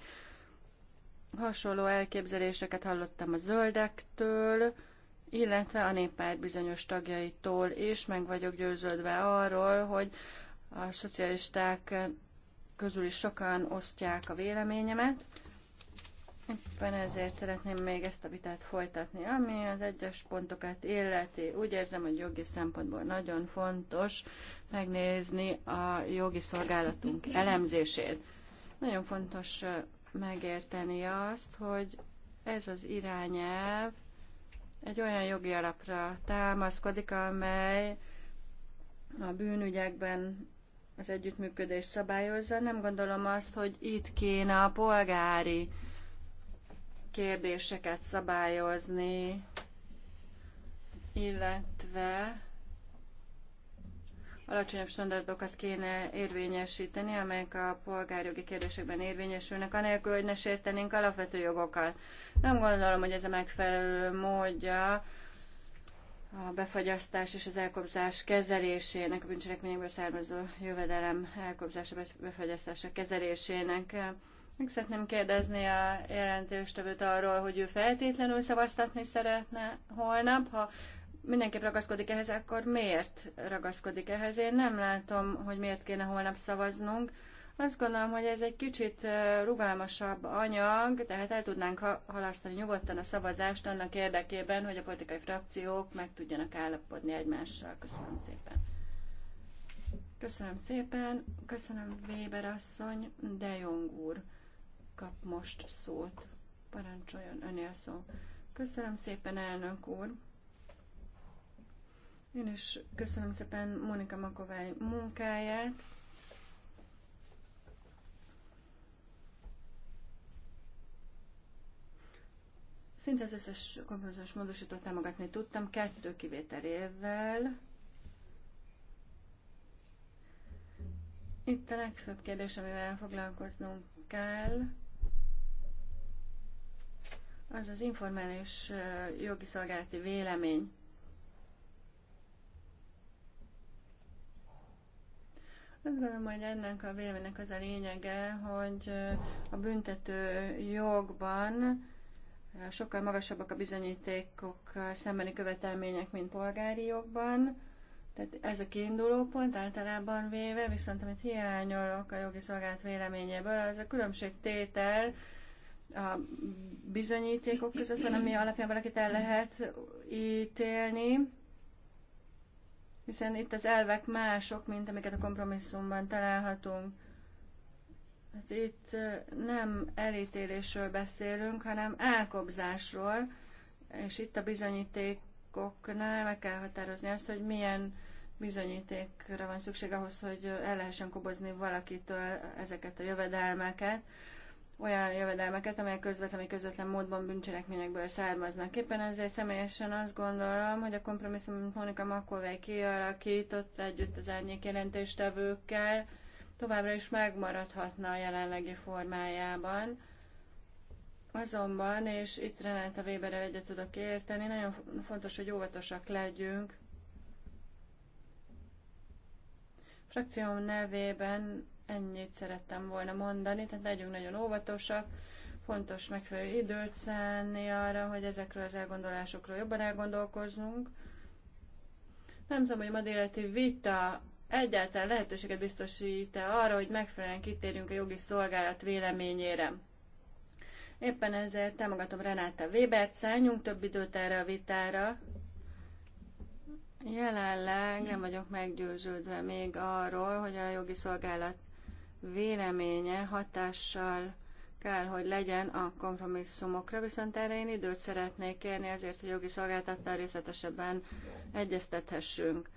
Hasonló elképzeléseket hallottam a zöldektől, illetve a néppárt bizonyos tagjaitól is, meg vagyok győződve arról, hogy a szocialisták közül is sokan osztják a véleményemet. Éppen ezért szeretném még ezt a vitát folytatni, ami az egyes pontokat illeti. Úgy érzem, hogy jogi szempontból nagyon fontos megnézni a jogi szolgálatunk elemzését. Nagyon fontos megérteni azt, hogy ez az irányelv egy olyan jogi alapra támaszkodik, amely a bűnügyekben az együttműködés szabályozza. Nem gondolom azt, hogy itt kéne a polgári kérdéseket szabályozni, illetve alacsonyabb standardokat kéne érvényesíteni, amelyek a polgárjogi kérdésekben érvényesülnek, anélkül, hogy ne sértenénk alapvető jogokat. Nem gondolom, hogy ez a megfelelő módja a befagyasztás és az elkobzás kezelésének, a bűncselekményekből származó jövedelem elkobzása, befagyasztása kezelésének. Meg szeretném kérdezni a jelentőstevőt arról, hogy ő feltétlenül szavaztatni szeretne holnap. Ha mindenképp ragaszkodik ehhez, akkor miért ragaszkodik ehhez? Én nem látom, hogy miért kéne holnap szavaznunk. Azt gondolom, hogy ez egy kicsit rugalmasabb anyag, tehát el tudnánk halasztani nyugodtan a szavazást annak érdekében, hogy a politikai frakciók meg tudjanak állapodni egymással. Köszönöm szépen. Köszönöm szépen, köszönöm Weber asszony, De Jong úr kap most szót. Parancsoljon önél szó. Köszönöm szépen, elnök úr. Én is köszönöm szépen Monika Makovály munkáját. Szinte az összes kompenzációs módosítót támogatni tudtam, kettő kivételével. Itt a legfőbb kérdés, amivel foglalkoznunk kell, az az informális jogi szolgálati vélemény. Azt gondolom, hogy ennek a véleménynek az a lényege, hogy a büntető jogban sokkal magasabbak a bizonyítékok szembeni követelmények, mint polgári jogban. Tehát ez a kiinduló pont általában véve, viszont amit hiányolok a jogi szolgált véleményéből, az a különbségtétel a bizonyítékok között van, ami alapján valakit el lehet ítélni, hiszen itt az elvek mások, mint amiket a kompromisszumban találhatunk. Hát itt nem elítélésről beszélünk, hanem elkobzásról, és itt a bizonyítékoknál meg kell határozni azt, hogy milyen bizonyítékra van szükség ahhoz, hogy el lehessen kobozni valakitől ezeket a jövedelmeket olyan jövedelmeket, amelyek közvetlen vagy közvetlen módban bűncselekményekből származnak. Éppen ezért személyesen azt gondolom, hogy a kompromisszum, amit Monika Makovej kialakított együtt az árnyék jelentéstevőkkel, továbbra is megmaradhatna a jelenlegi formájában. Azonban, és itt Renáta Weberrel egyet tudok érteni, nagyon fontos, hogy óvatosak legyünk. A frakció nevében Ennyit szerettem volna mondani, tehát legyünk nagyon óvatosak, fontos megfelelő időt szállni arra, hogy ezekről az elgondolásokról jobban elgondolkozzunk. Nem tudom, hogy a délelőtti vita egyáltalán lehetőséget biztosít-e arra, hogy megfelelően kitérjünk a jogi szolgálat véleményére. Éppen ezért támogatom Renáta Webert, szálljunk több időt erre a vitára. Jelenleg nem vagyok meggyőződve még arról, hogy a jogi szolgálat véleménye hatással kell, hogy legyen a kompromisszumokra, viszont erre én időt szeretnék kérni azért, hogy jogi szolgáltattal részletesebben egyeztethessünk.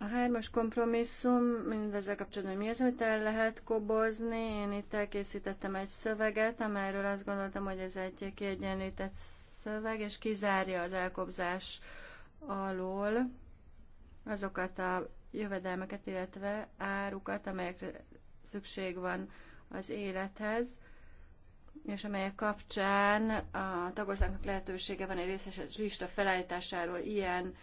A hármas kompromisszum, mindezzel kapcsolatban, hogy mi az, amit el lehet kobozni. Én itt elkészítettem egy szöveget, amelyről azt gondoltam, hogy ez egy kiegyenlített szöveg, és kizárja az elkobzás alól azokat a jövedelmeket, illetve árukat, amelyek szükség van az élethez, és amelyek kapcsán a tagországnak lehetősége van egy részes lista felállításáról ilyen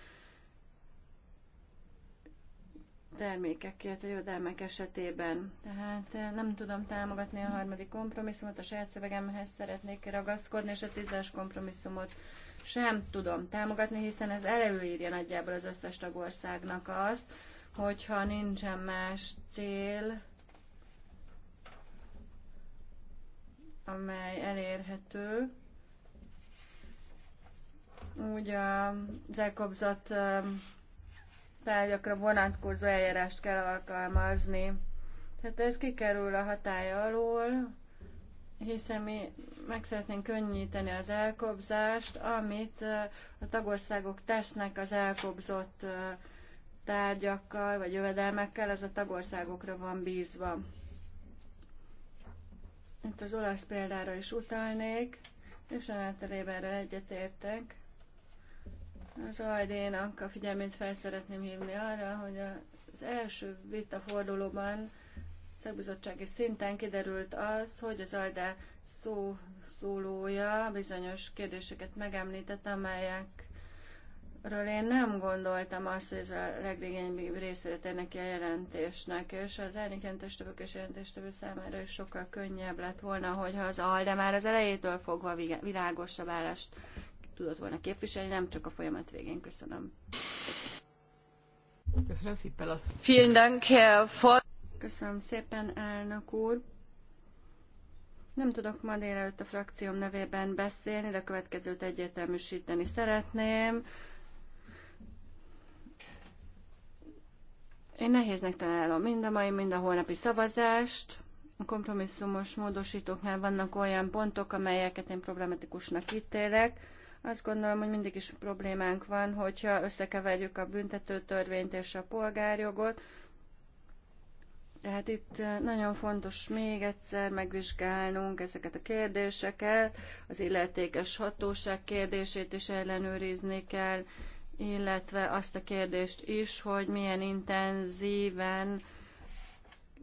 termékekért, a jövedelmek esetében. Tehát eh, nem tudom támogatni a harmadik kompromisszumot, a saját szövegemhez szeretnék ragaszkodni, és a tízes kompromisszumot sem tudom támogatni, hiszen ez előírja nagyjából az összes tagországnak azt, hogyha nincsen más cél, amely elérhető, úgy a zelkobzat um, tárgyakra vonatkozó eljárást kell alkalmazni. Tehát ez kikerül a hatája alól, hiszen mi meg szeretnénk könnyíteni az elkobzást, amit uh, a tagországok tesznek az elkobzott uh, tárgyakkal vagy jövedelmekkel, ez a tagországokra van bízva. Itt az olasz példára is utalnék, és a Weberrel egyetértek. Az Ajdénak a figyelmét fel szeretném hívni arra, hogy az első vita fordulóban szakbizottsági szinten kiderült az, hogy az Alde szó, szólója bizonyos kérdéseket megemlített, amelyek ről én nem gondoltam azt, hogy ez a legrégenyebb részére térnek ki a jelentésnek, és az elnökjelentéstevők és jelentéstövő számára is sokkal könnyebb lett volna, hogyha az AL, de már az elejétől fogva világosabb állást tudott volna képviselni, nem csak a folyamat végén. Köszönöm. Köszönöm szépen, az... Vielen Dank, Herr Köszönöm szépen, elnök úr. Nem tudok ma délelőtt a frakcióm nevében beszélni, de a következőt egyértelműsíteni szeretném. Én nehéznek találom mind a mai, mind a holnapi szavazást. A kompromisszumos módosítóknál vannak olyan pontok, amelyeket én problematikusnak ítélek. Azt gondolom, hogy mindig is problémánk van, hogyha összekeverjük a büntető törvényt és a polgárjogot. Tehát itt eh, nagyon fontos még egyszer megvizsgálnunk ezeket a kérdéseket, az illetékes hatóság kérdését is ellenőrizni kell, illetve azt a kérdést is, hogy milyen intenzíven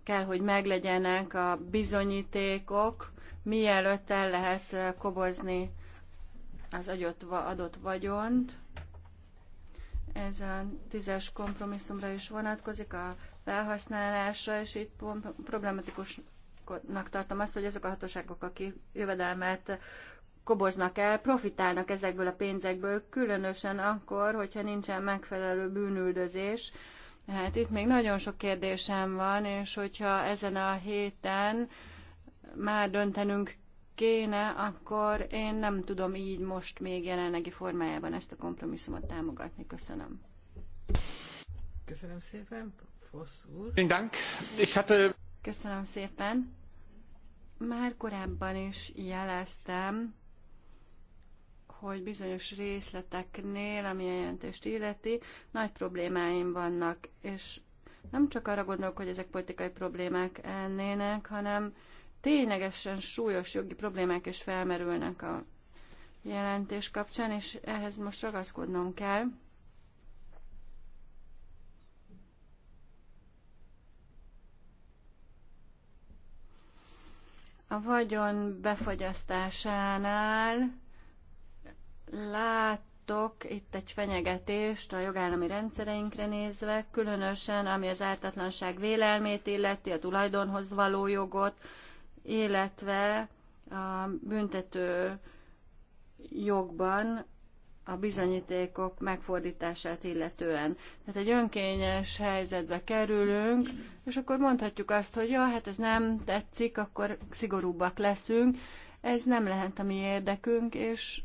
kell, hogy meglegyenek a bizonyítékok, mielőtt el lehet eh, kobozni az adott, adott vagyont. Ez a tízes kompromisszumra is vonatkozik, a felhasználásra, és itt problematikusnak tartom azt, hogy azok a hatóságok, akik jövedelmet koboznak el, profitálnak ezekből a pénzekből, különösen akkor, hogyha nincsen megfelelő bűnüldözés. Hát itt még nagyon sok kérdésem van, és hogyha ezen a héten már döntenünk kéne, akkor én nem tudom így most még jelenlegi formájában ezt a kompromisszumot támogatni. Köszönöm. Köszönöm szépen, Fosz úr. Köszönöm szépen. Már korábban is jeleztem, hogy bizonyos részleteknél, ami a jelentést illeti, nagy problémáim vannak, és nem csak arra gondolok, hogy ezek politikai problémák lennének, hanem ténylegesen súlyos jogi problémák is felmerülnek a jelentés kapcsán, és ehhez most ragaszkodnom kell. A vagyon befogyasztásánál Látok itt egy fenyegetést a jogállami rendszereinkre nézve, különösen ami az ártatlanság vélelmét illeti, a tulajdonhoz való jogot, illetve a büntető jogban a bizonyítékok megfordítását illetően. Tehát egy önkényes helyzetbe kerülünk, és akkor mondhatjuk azt, hogy ja, hát ez nem tetszik, akkor szigorúbbak leszünk. Ez nem lehet a mi érdekünk, és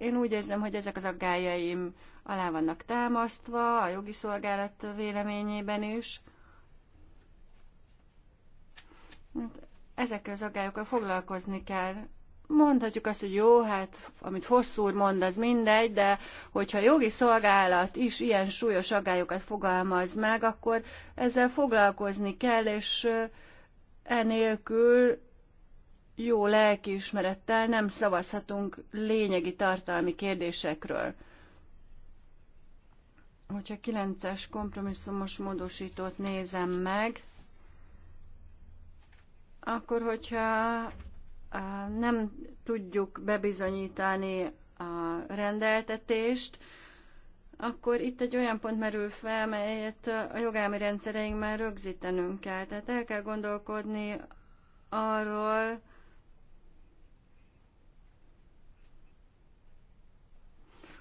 én úgy érzem, hogy ezek az aggájaim alá vannak támasztva, a jogi szolgálat véleményében is. Hát ezekkel az aggályokkal foglalkozni kell. Mondhatjuk azt, hogy jó, hát amit hosszú úr mond, az mindegy, de hogyha a jogi szolgálat is ilyen súlyos aggályokat fogalmaz meg, akkor ezzel foglalkozni kell, és enélkül jó lelkiismerettel nem szavazhatunk lényegi tartalmi kérdésekről. Hogyha 9-es kompromisszumos módosítót nézem meg, akkor hogyha nem tudjuk bebizonyítani a rendeltetést, akkor itt egy olyan pont merül fel, melyet a jogállami rendszereink már rögzítenünk kell. Tehát el kell gondolkodni arról,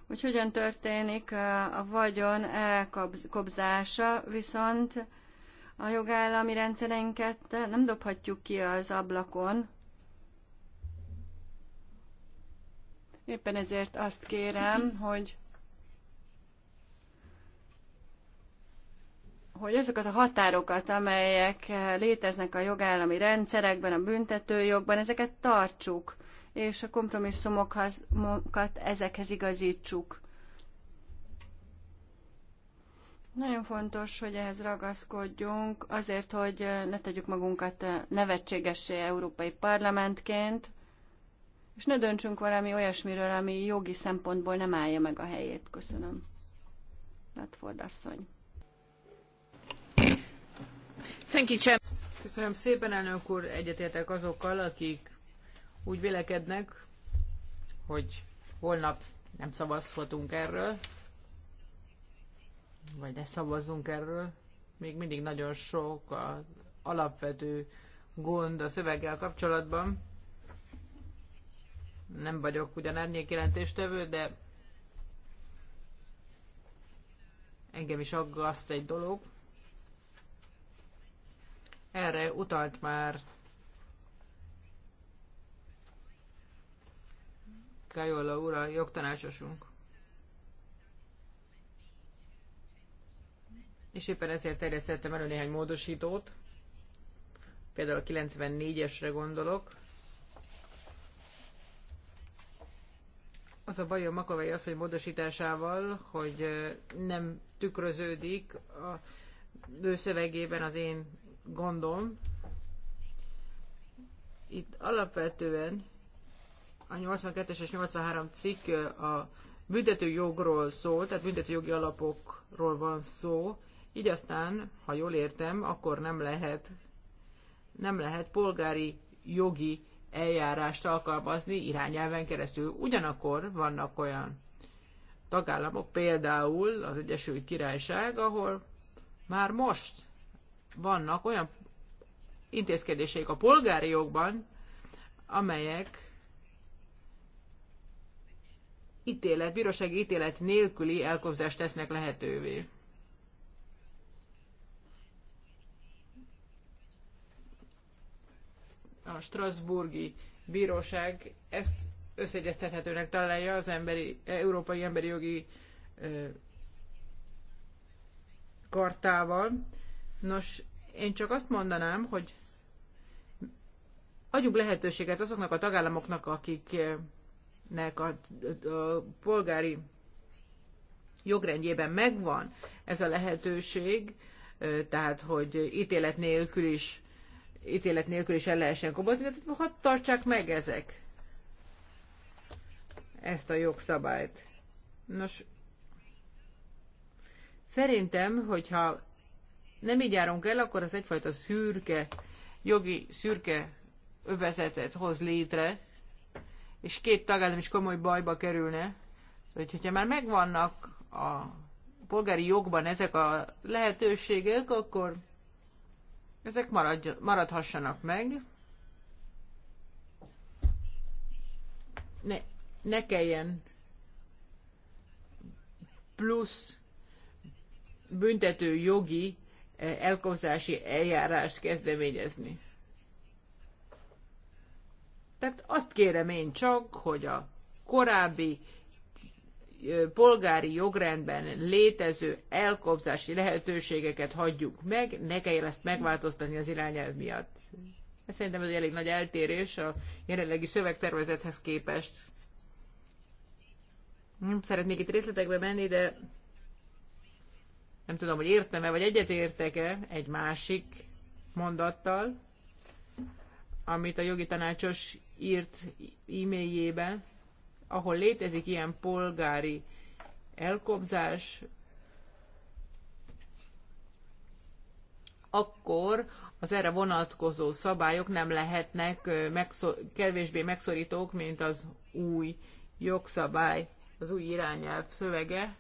hogy hogyan történik a vagyon elkobzása, viszont a jogállami rendszereinket nem dobhatjuk ki az ablakon. Éppen ezért azt kérem, hogy hogy azokat a határokat, amelyek léteznek a jogállami rendszerekben, a büntetőjogban, ezeket tartsuk és a kompromisszumokat ezekhez igazítsuk. Nagyon fontos, hogy ehhez ragaszkodjunk, azért, hogy ne tegyük magunkat nevetségessé Európai Parlamentként, és ne döntsünk valami olyasmiről, ami jogi szempontból nem állja meg a helyét. Köszönöm. Latford asszony. Thank you, Köszönöm szépen, elnök úr. Egyetértek azokkal, akik úgy vélekednek, hogy holnap nem szavazhatunk erről, vagy ne szavazzunk erről. Még mindig nagyon sok az alapvető gond a szöveggel kapcsolatban. Nem vagyok ugyan jelentéstevő, de engem is aggaszt egy dolog. Erre utalt már Kajola úr jogtanácsosunk. És éppen ezért terjesztettem elő néhány módosítót, például a 94-esre gondolok. Az a baj a Makovei hogy módosításával, hogy nem tükröződik a ő szövegében az én gondom. Itt alapvetően a 82-es és 83 cikk a büntetőjogról szól, tehát büntetőjogi alapokról van szó, így aztán, ha jól értem, akkor nem lehet, nem lehet polgári jogi eljárást alkalmazni irányelven keresztül. Ugyanakkor vannak olyan tagállamok, például az Egyesült Királyság, ahol már most vannak olyan intézkedéseik a polgári jogban, amelyek ítélet, bírósági ítélet nélküli elkobzást tesznek lehetővé. A Strasburgi Bíróság ezt összeegyeztethetőnek találja az emberi, Európai Emberi Jogi ö, Kartával. Nos, én csak azt mondanám, hogy adjuk lehetőséget azoknak a tagállamoknak, akik nek a, a polgári jogrendjében megvan ez a lehetőség, tehát hogy ítélet nélkül is, ítélet nélkül is el lehessen kobozni, tehát hadd tartsák meg ezek ezt a jogszabályt. Nos, szerintem, hogyha nem így járunk el, akkor az egyfajta szürke, jogi szürke övezetet hoz létre, és két tagállam is komoly bajba kerülne. hogy hogyha már megvannak a polgári jogban ezek a lehetőségek, akkor ezek maradj, maradhassanak meg. Ne, ne kelljen plusz büntető jogi eh, elkozási eljárást kezdeményezni. Tehát azt kérem én csak, hogy a korábbi polgári jogrendben létező elkobzási lehetőségeket hagyjuk meg, ne kell ezt megváltoztatni az irányelv miatt. Ez szerintem ez egy elég nagy eltérés a jelenlegi szövegtervezethez képest. Nem szeretnék itt részletekbe menni, de nem tudom, hogy értem-e, vagy egyetértek-e egy másik mondattal, amit a jogi tanácsos írt e-mailjébe, ahol létezik ilyen polgári elkobzás, akkor az erre vonatkozó szabályok nem lehetnek megszor- kevésbé megszorítók, mint az új jogszabály, az új irányelv szövege.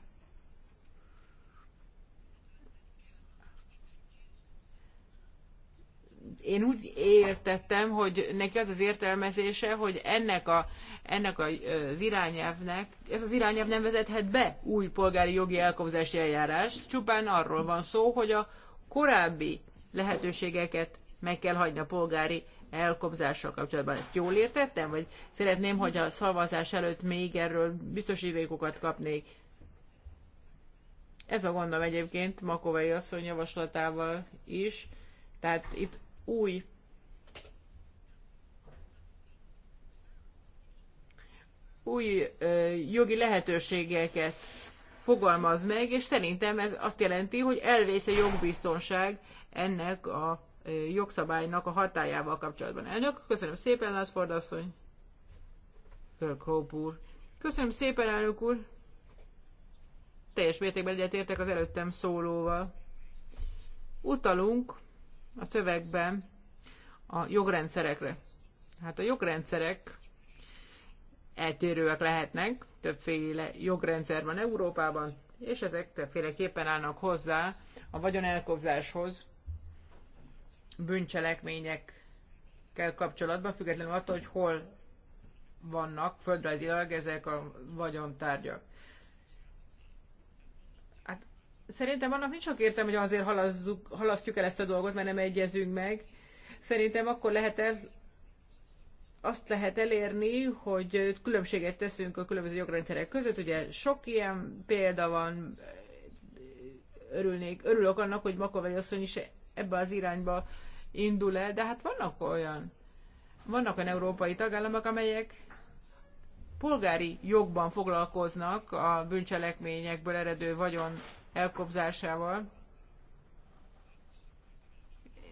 én úgy értettem, hogy neki az az értelmezése, hogy ennek, a, ennek az irányelvnek, ez az irányelv nem vezethet be új polgári jogi elkobzási eljárást, csupán arról van szó, hogy a korábbi lehetőségeket meg kell hagyni a polgári elkobzással kapcsolatban. Ezt jól értettem? Vagy szeretném, hogy a szavazás előtt még erről biztosítékokat kapnék? Ez a gondom egyébként Makovei asszony javaslatával is. Tehát itt új. új ö, jogi lehetőségeket fogalmaz meg, és szerintem ez azt jelenti, hogy elvész a jogbiztonság ennek a ö, jogszabálynak a hatájával kapcsolatban. Elnök, köszönöm szépen, Lászford fordasszony. Kirkhope úr. Köszönöm szépen, elnök úr. Teljes mértékben egyetértek az előttem szólóval. Utalunk a szövegben a jogrendszerekre. Hát a jogrendszerek eltérőek lehetnek, többféle jogrendszer van Európában, és ezek többféleképpen állnak hozzá a vagyonelkobzáshoz, bűncselekményekkel kapcsolatban, függetlenül attól, hogy hol vannak földrajzilag ezek a vagyontárgyak. Szerintem annak nincs sok értelme, hogy azért halazzuk, halasztjuk el ezt a dolgot, mert nem egyezünk meg. Szerintem akkor lehet el, azt lehet elérni, hogy különbséget teszünk a különböző jogrendszerek között. Ugye sok ilyen példa van, örülnék, örülök annak, hogy Makovely asszony is ebbe az irányba indul el, de hát vannak olyan, vannak olyan európai tagállamok, amelyek polgári jogban foglalkoznak a bűncselekményekből eredő vagyon elkobzásával,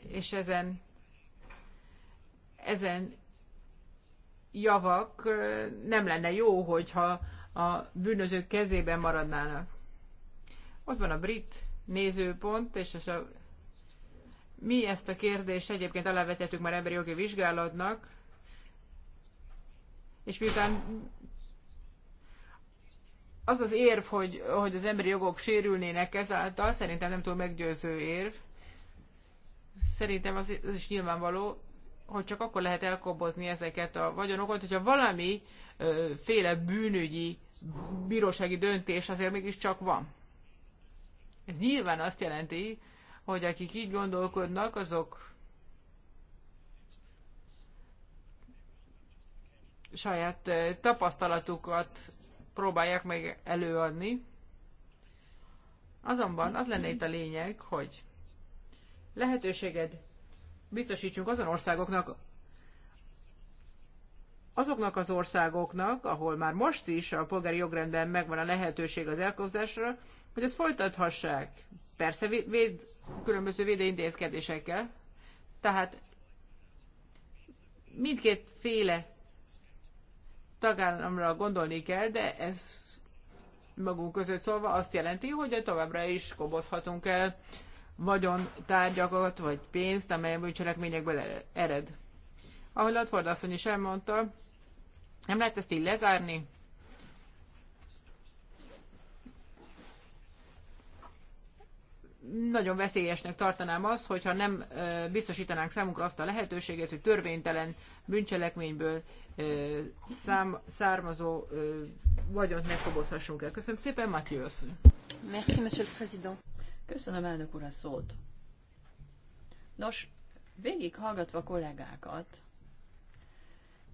és ezen, ezen javak nem lenne jó, hogyha a bűnözők kezében maradnának. Ott van a brit nézőpont, és ez a, mi ezt a kérdést egyébként alávetettük már emberi jogi vizsgálatnak, és miután az az érv, hogy, hogy az emberi jogok sérülnének ezáltal, szerintem nem túl meggyőző érv. Szerintem az, az is nyilvánvaló, hogy csak akkor lehet elkobozni ezeket a vagyonokat, hogyha valami ö, féle bűnügyi, bírósági döntés azért mégiscsak van. Ez nyilván azt jelenti, hogy akik így gondolkodnak, azok saját tapasztalatukat próbálják meg előadni. Azonban az lenne itt a lényeg, hogy lehetőséget biztosítsunk azon országoknak, azoknak az országoknak, ahol már most is a polgári jogrendben megvan a lehetőség az elkozásra, hogy ezt folytathassák. Persze véd, különböző védőintézkedésekkel. Tehát mindkét féle tagállamra gondolni kell, de ez magunk között szólva azt jelenti, hogy továbbra is kobozhatunk el vagyon tárgyakat, vagy pénzt, amely bűncselekményekből ered. Ahogy Latford asszony is elmondta, nem lehet ezt így lezárni, nagyon veszélyesnek tartanám azt, hogyha nem biztosítanánk számunkra azt a lehetőséget, hogy törvénytelen bűncselekményből szám, származó vagyont megkobozhassunk el. Köszönöm szépen, Matthias. Merci, monsieur le président. Köszönöm, elnök úr, a szót. Nos, végig hallgatva kollégákat,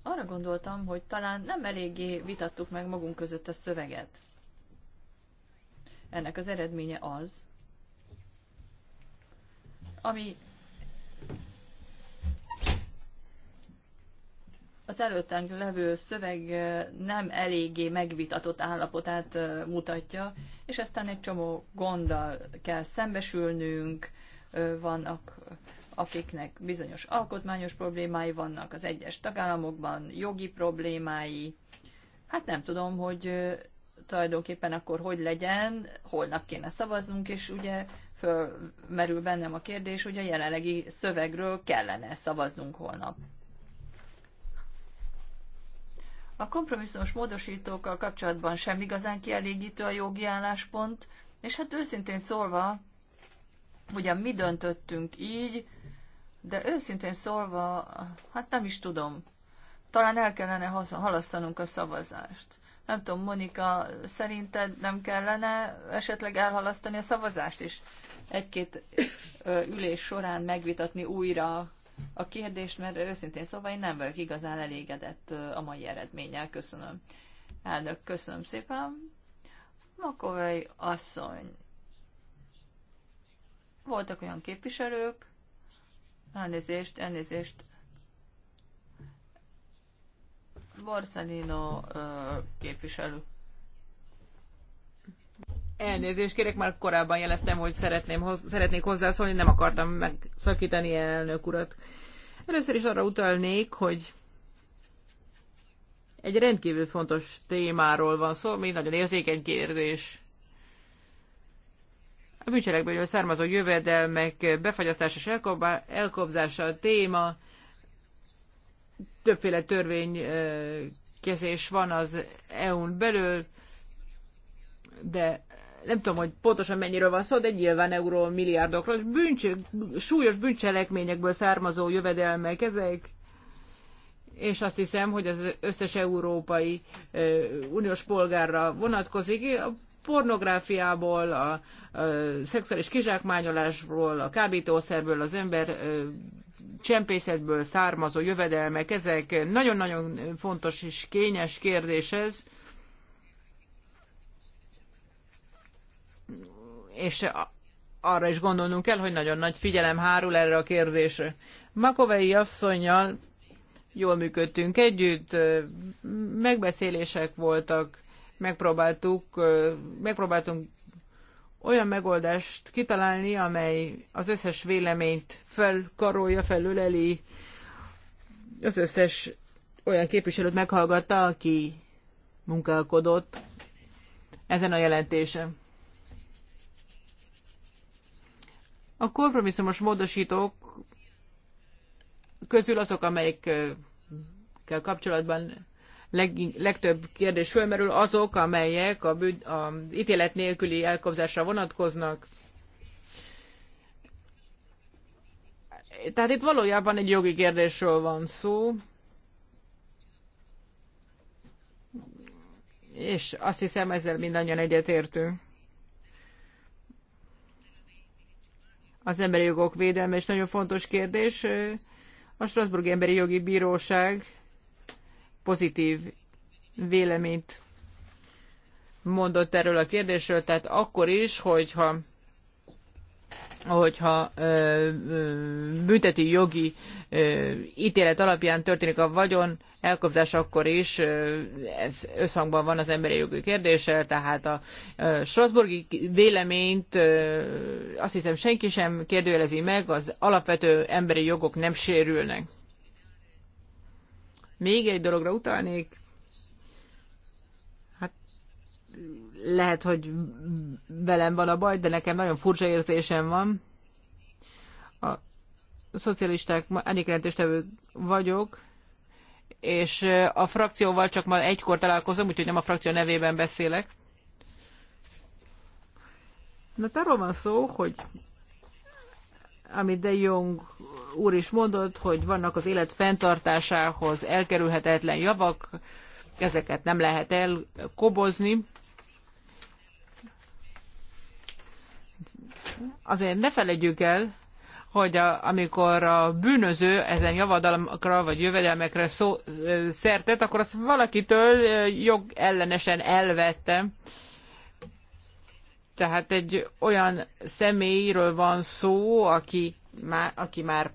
arra gondoltam, hogy talán nem eléggé vitattuk meg magunk között a szöveget. Ennek az eredménye az, ami az előttünk levő szöveg nem eléggé megvitatott állapotát mutatja, és aztán egy csomó gonddal kell szembesülnünk, vannak akiknek bizonyos alkotmányos problémái vannak az egyes tagállamokban, jogi problémái. Hát nem tudom, hogy tulajdonképpen akkor hogy legyen, holnap kéne szavaznunk, és ugye fölmerül bennem a kérdés, hogy a jelenlegi szövegről kellene szavaznunk holnap. A kompromisszumos módosítókkal kapcsolatban sem igazán kielégítő a jogi álláspont, és hát őszintén szólva, ugye mi döntöttünk így, de őszintén szólva, hát nem is tudom. Talán el kellene halasszanunk a szavazást. Nem tudom, Monika, szerinted nem kellene esetleg elhalasztani a szavazást is? Egy-két ülés során megvitatni újra a kérdést, mert őszintén szóval én nem vagyok igazán elégedett a mai eredménnyel. Köszönöm. Elnök, köszönöm szépen. Makovai asszony. Voltak olyan képviselők, elnézést, elnézést, Borsellino képviselő. Elnézést kérek, már korábban jeleztem, hogy szeretném, hoz, szeretnék hozzászólni, nem akartam megszakítani elnök urat. Először is arra utalnék, hogy egy rendkívül fontos témáról van szó, ami nagyon érzékeny kérdés. A bűncselekből származó jövedelmek befagyasztása és elkobzása a téma, többféle törvénykezés van az EU-n belül, de nem tudom, hogy pontosan mennyiről van szó, de nyilván euró milliárdokról. Bűncse, súlyos bűncselekményekből származó jövedelmek ezek, és azt hiszem, hogy az összes európai e, uniós polgárra vonatkozik. A pornográfiából, a, a szexuális kizsákmányolásból, a kábítószerből, az ember e, csempészetből származó jövedelmek, ezek nagyon-nagyon fontos és kényes kérdés ez. És arra is gondolnunk kell, hogy nagyon nagy figyelem hárul erre a kérdésre. Makovei asszonynal jól működtünk együtt, megbeszélések voltak, megpróbáltuk, megpróbáltunk olyan megoldást kitalálni, amely az összes véleményt felkarolja, felüleli, az összes olyan képviselőt meghallgatta, aki munkálkodott ezen a jelentésen. A kompromisszumos módosítók közül azok, amelyekkel kapcsolatban leg, legtöbb kérdés fölmerül, azok, amelyek a, bűn, a ítélet nélküli elkobzásra vonatkoznak. Tehát itt valójában egy jogi kérdésről van szó, és azt hiszem ezzel mindannyian egyetértünk. Az emberi jogok védelme is nagyon fontos kérdés. A Strasburg Emberi Jogi Bíróság pozitív véleményt mondott erről a kérdésről, tehát akkor is, hogyha hogyha ö, bünteti jogi ö, ítélet alapján történik a vagyon elkobzás, akkor is ö, ez összhangban van az emberi jogi kérdéssel, tehát a ö, Strasburgi véleményt ö, azt hiszem senki sem kérdőjelezi meg, az alapvető emberi jogok nem sérülnek. Még egy dologra utalnék, hát lehet, hogy velem van a baj, de nekem nagyon furcsa érzésem van. A szocialisták, ennyi árnyékrendéstevő vagyok, és a frakcióval csak már egykor találkozom, úgyhogy nem a frakció nevében beszélek. Na, arról van szó, hogy amit De Jong úr is mondott, hogy vannak az élet fenntartásához elkerülhetetlen javak, ezeket nem lehet elkobozni. Azért ne felejtjük el, hogy a, amikor a bűnöző ezen javadalmakra vagy jövedelmekre szó, szertet, akkor azt valakitől jogellenesen elvette. Tehát egy olyan személyről van szó, aki már, aki már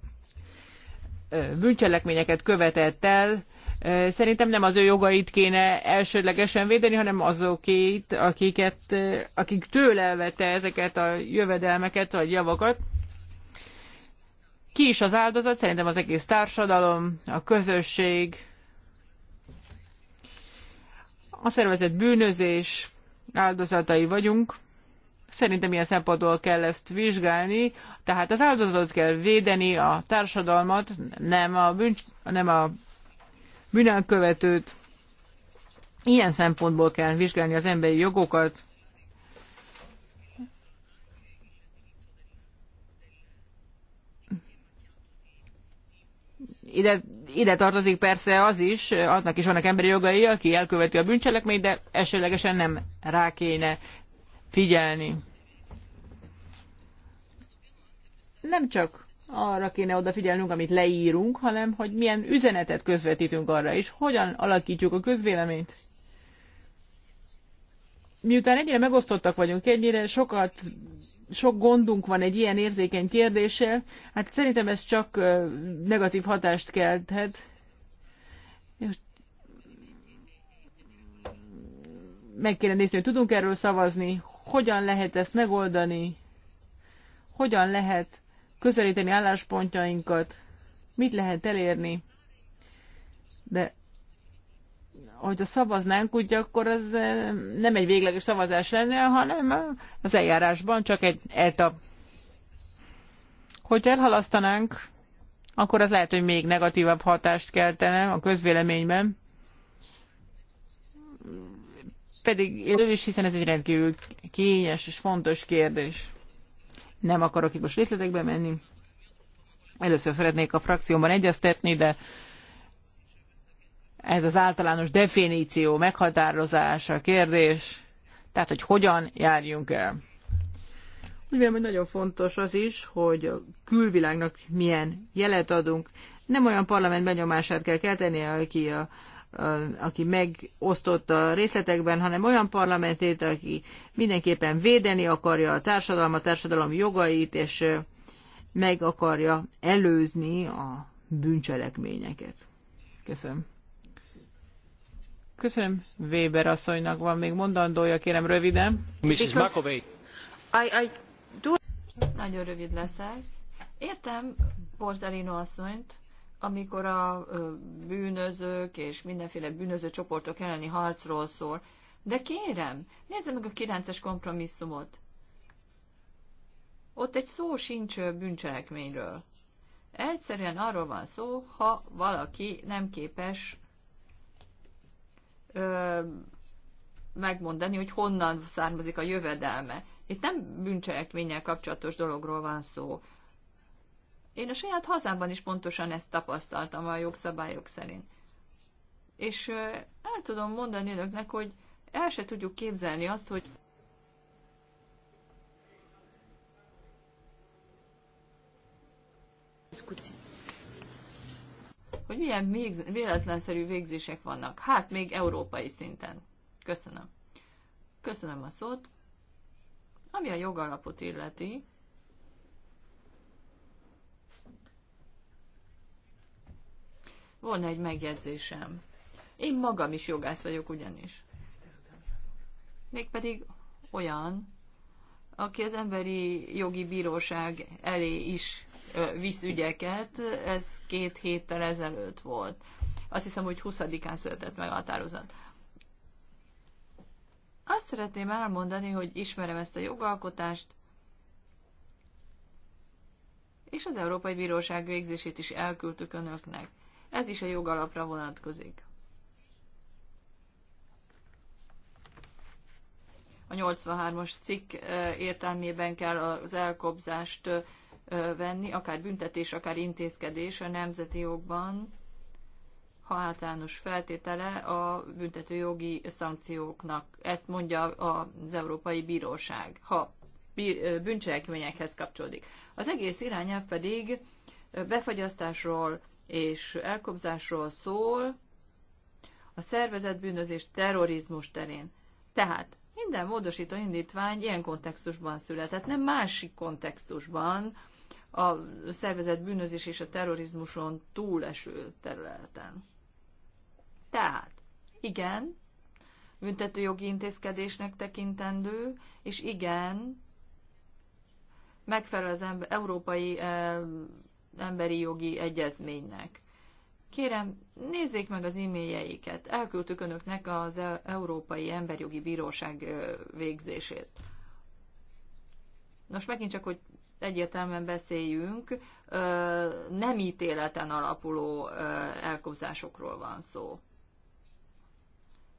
bűncselekményeket követett el, szerintem nem az ő jogait kéne elsődlegesen védeni, hanem azokét, akiket, akik tőle elvette ezeket a jövedelmeket vagy javakat. Ki is az áldozat? Szerintem az egész társadalom, a közösség, a szervezet bűnözés áldozatai vagyunk. Szerintem ilyen szempontból kell ezt vizsgálni, tehát az áldozatot kell védeni, a társadalmat, nem a, bűn, nem a bűnelkövetőt. Ilyen szempontból kell vizsgálni az emberi jogokat. Ide, ide tartozik persze az is, annak is vannak emberi jogai, aki elköveti a bűncselekményt, de esetlegesen nem rá kéne figyelni. Nem csak arra kéne odafigyelnünk, amit leírunk, hanem hogy milyen üzenetet közvetítünk arra is, hogyan alakítjuk a közvéleményt. Miután ennyire megosztottak vagyunk, ennyire sokat, sok gondunk van egy ilyen érzékeny kérdéssel, hát szerintem ez csak negatív hatást kelthet. Meg kéne nézni, hogy tudunk erről szavazni, hogyan lehet ezt megoldani, hogyan lehet közelíteni álláspontjainkat, mit lehet elérni. De hogyha szavaznánk, úgy akkor az eh, nem egy végleges szavazás lenne, hanem az eljárásban csak egy etap. Hogyha elhalasztanánk, akkor az lehet, hogy még negatívabb hatást keltene a közvéleményben pedig én is, hiszen ez egy rendkívül kényes és fontos kérdés. Nem akarok itt most részletekbe menni. Először szeretnék a frakcióban egyeztetni, de ez az általános definíció, meghatározása a kérdés, tehát hogy hogyan járjunk el. Úgy vélem, hogy nagyon fontos az is, hogy a külvilágnak milyen jelet adunk. Nem olyan parlament benyomását kell kelteni, aki a aki megosztott a részletekben, hanem olyan parlamentét, aki mindenképpen védeni akarja a társadalmat, a társadalom jogait, és meg akarja előzni a bűncselekményeket. Köszönöm. Köszönöm. Weber asszonynak van még mondandója, kérem röviden. Mrs. McAvey. I, I do... Nagyon rövid leszek. Értem Borzalino asszonyt, amikor a bűnözők és mindenféle bűnöző csoportok elleni harcról szól. De kérem, nézze meg a 9-es kompromisszumot. Ott egy szó sincs bűncselekményről. Egyszerűen arról van szó, ha valaki nem képes ö, megmondani, hogy honnan származik a jövedelme. Itt nem bűncselekménnyel kapcsolatos dologról van szó. Én a saját hazámban is pontosan ezt tapasztaltam a jogszabályok szerint. És el tudom mondani önöknek, hogy el se tudjuk képzelni azt, hogy hogy milyen véletlenszerű végzések vannak. Hát még európai szinten. Köszönöm. Köszönöm a szót. Ami a jogalapot illeti, Volna egy megjegyzésem. Én magam is jogász vagyok ugyanis. Mégpedig olyan, aki az emberi jogi bíróság elé is visz ügyeket, ez két héttel ezelőtt volt. Azt hiszem, hogy 20-án született meg a határozat. Azt szeretném elmondani, hogy ismerem ezt a jogalkotást, és az Európai Bíróság végzését is elküldtük önöknek. Ez is a jogalapra vonatkozik. A 83-as cikk értelmében kell az elkobzást venni, akár büntetés, akár intézkedés a nemzeti jogban, ha általános feltétele a büntetőjogi szankcióknak. Ezt mondja az Európai Bíróság, ha bűncselekményekhez kapcsolódik. Az egész irányelv pedig befagyasztásról, és elkobzásról szól a szervezet bűnözés terrorizmus terén. Tehát minden módosító indítvány ilyen kontextusban született, nem másik kontextusban, a szervezet bűnözés és a terrorizmuson túleső területen. Tehát, igen, büntetőjogi intézkedésnek tekintendő, és igen, megfelel az ember, európai emberi jogi egyezménynek. Kérem, nézzék meg az e-mailjeiket. Elküldtük önöknek az e- Európai emberi jogi Bíróság végzését. Nos, megint csak, hogy egyértelműen beszéljünk, nem ítéleten alapuló elkobzásokról van szó.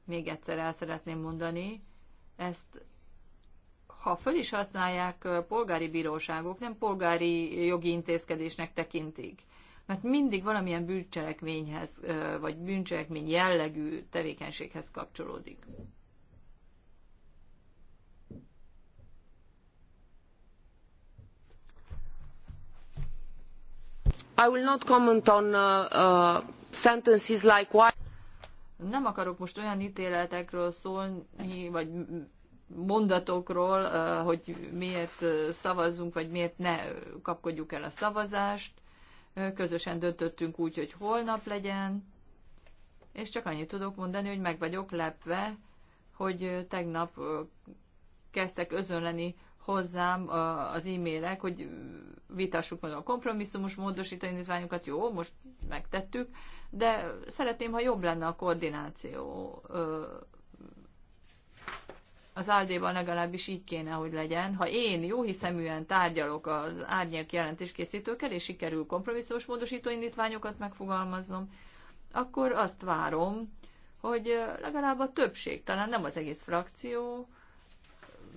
Még egyszer el szeretném mondani, ezt ha föl is használják polgári bíróságok, nem polgári jogi intézkedésnek tekintik. Mert mindig valamilyen bűncselekményhez, vagy bűncselekmény jellegű tevékenységhez kapcsolódik. I will not comment on uh, uh, sentences like why. Nem akarok most olyan ítéletekről szólni, vagy mondatokról, hogy miért szavazzunk, vagy miért ne kapkodjuk el a szavazást. Közösen döntöttünk úgy, hogy holnap legyen, és csak annyit tudok mondani, hogy meg vagyok lepve, hogy tegnap kezdtek özönleni hozzám az e-mailek, hogy vitassuk meg a kompromisszumos módosító indítványokat, jó, most megtettük, de szeretném, ha jobb lenne a koordináció az áldéban legalábbis így kéne, hogy legyen. Ha én jó hiszeműen tárgyalok az árnyék jelentéskészítőkkel, és sikerül kompromisszós módosító indítványokat megfogalmaznom, akkor azt várom, hogy legalább a többség, talán nem az egész frakció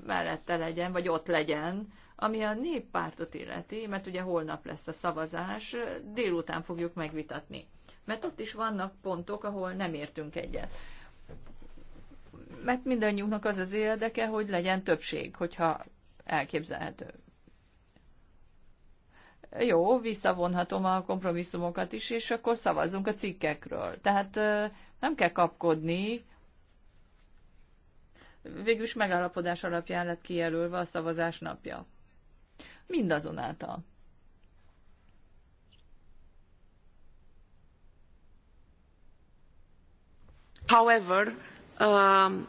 mellette legyen, vagy ott legyen, ami a néppártot illeti, mert ugye holnap lesz a szavazás, délután fogjuk megvitatni. Mert ott is vannak pontok, ahol nem értünk egyet mert mindannyiunknak az az érdeke, hogy legyen többség, hogyha elképzelhető. Jó, visszavonhatom a kompromisszumokat is, és akkor szavazunk a cikkekről. Tehát nem kell kapkodni, végülis megállapodás alapján lett kijelölve a szavazás napja. Mindazonáltal. However, Um,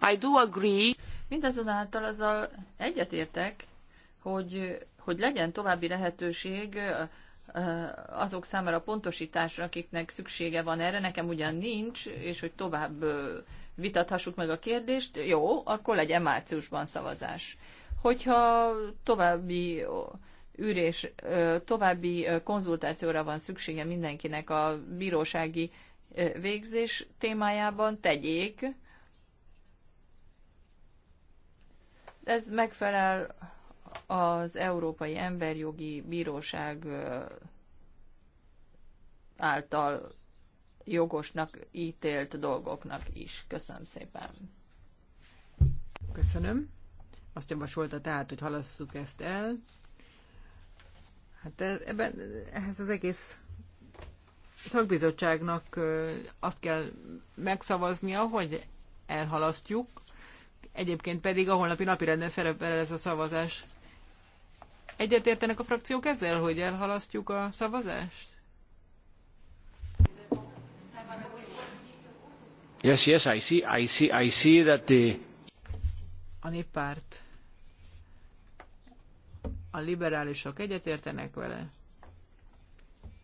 I do agree. Mindazonáltal azzal egyetértek, hogy, hogy legyen további lehetőség azok számára pontosításra, akiknek szüksége van erre, nekem ugyan nincs, és hogy tovább vitathassuk meg a kérdést, jó, akkor legyen márciusban szavazás. Hogyha további ürés, további konzultációra van szüksége mindenkinek a bírósági végzés témájában tegyék. Ez megfelel az Európai Emberjogi Bíróság által jogosnak ítélt dolgoknak is. Köszönöm szépen. Köszönöm. Azt javasolta tehát, hogy halasszuk ezt el. Hát e- ebben, ehhez az egész szakbizottságnak azt kell megszavaznia, hogy elhalasztjuk, egyébként pedig a holnapi napirenden szerepel ez a szavazás. Egyetértenek a frakciók ezzel, hogy elhalasztjuk a szavazást? Yes, yes, I see, I see, I see that the... A néppárt. A liberálisok egyetértenek vele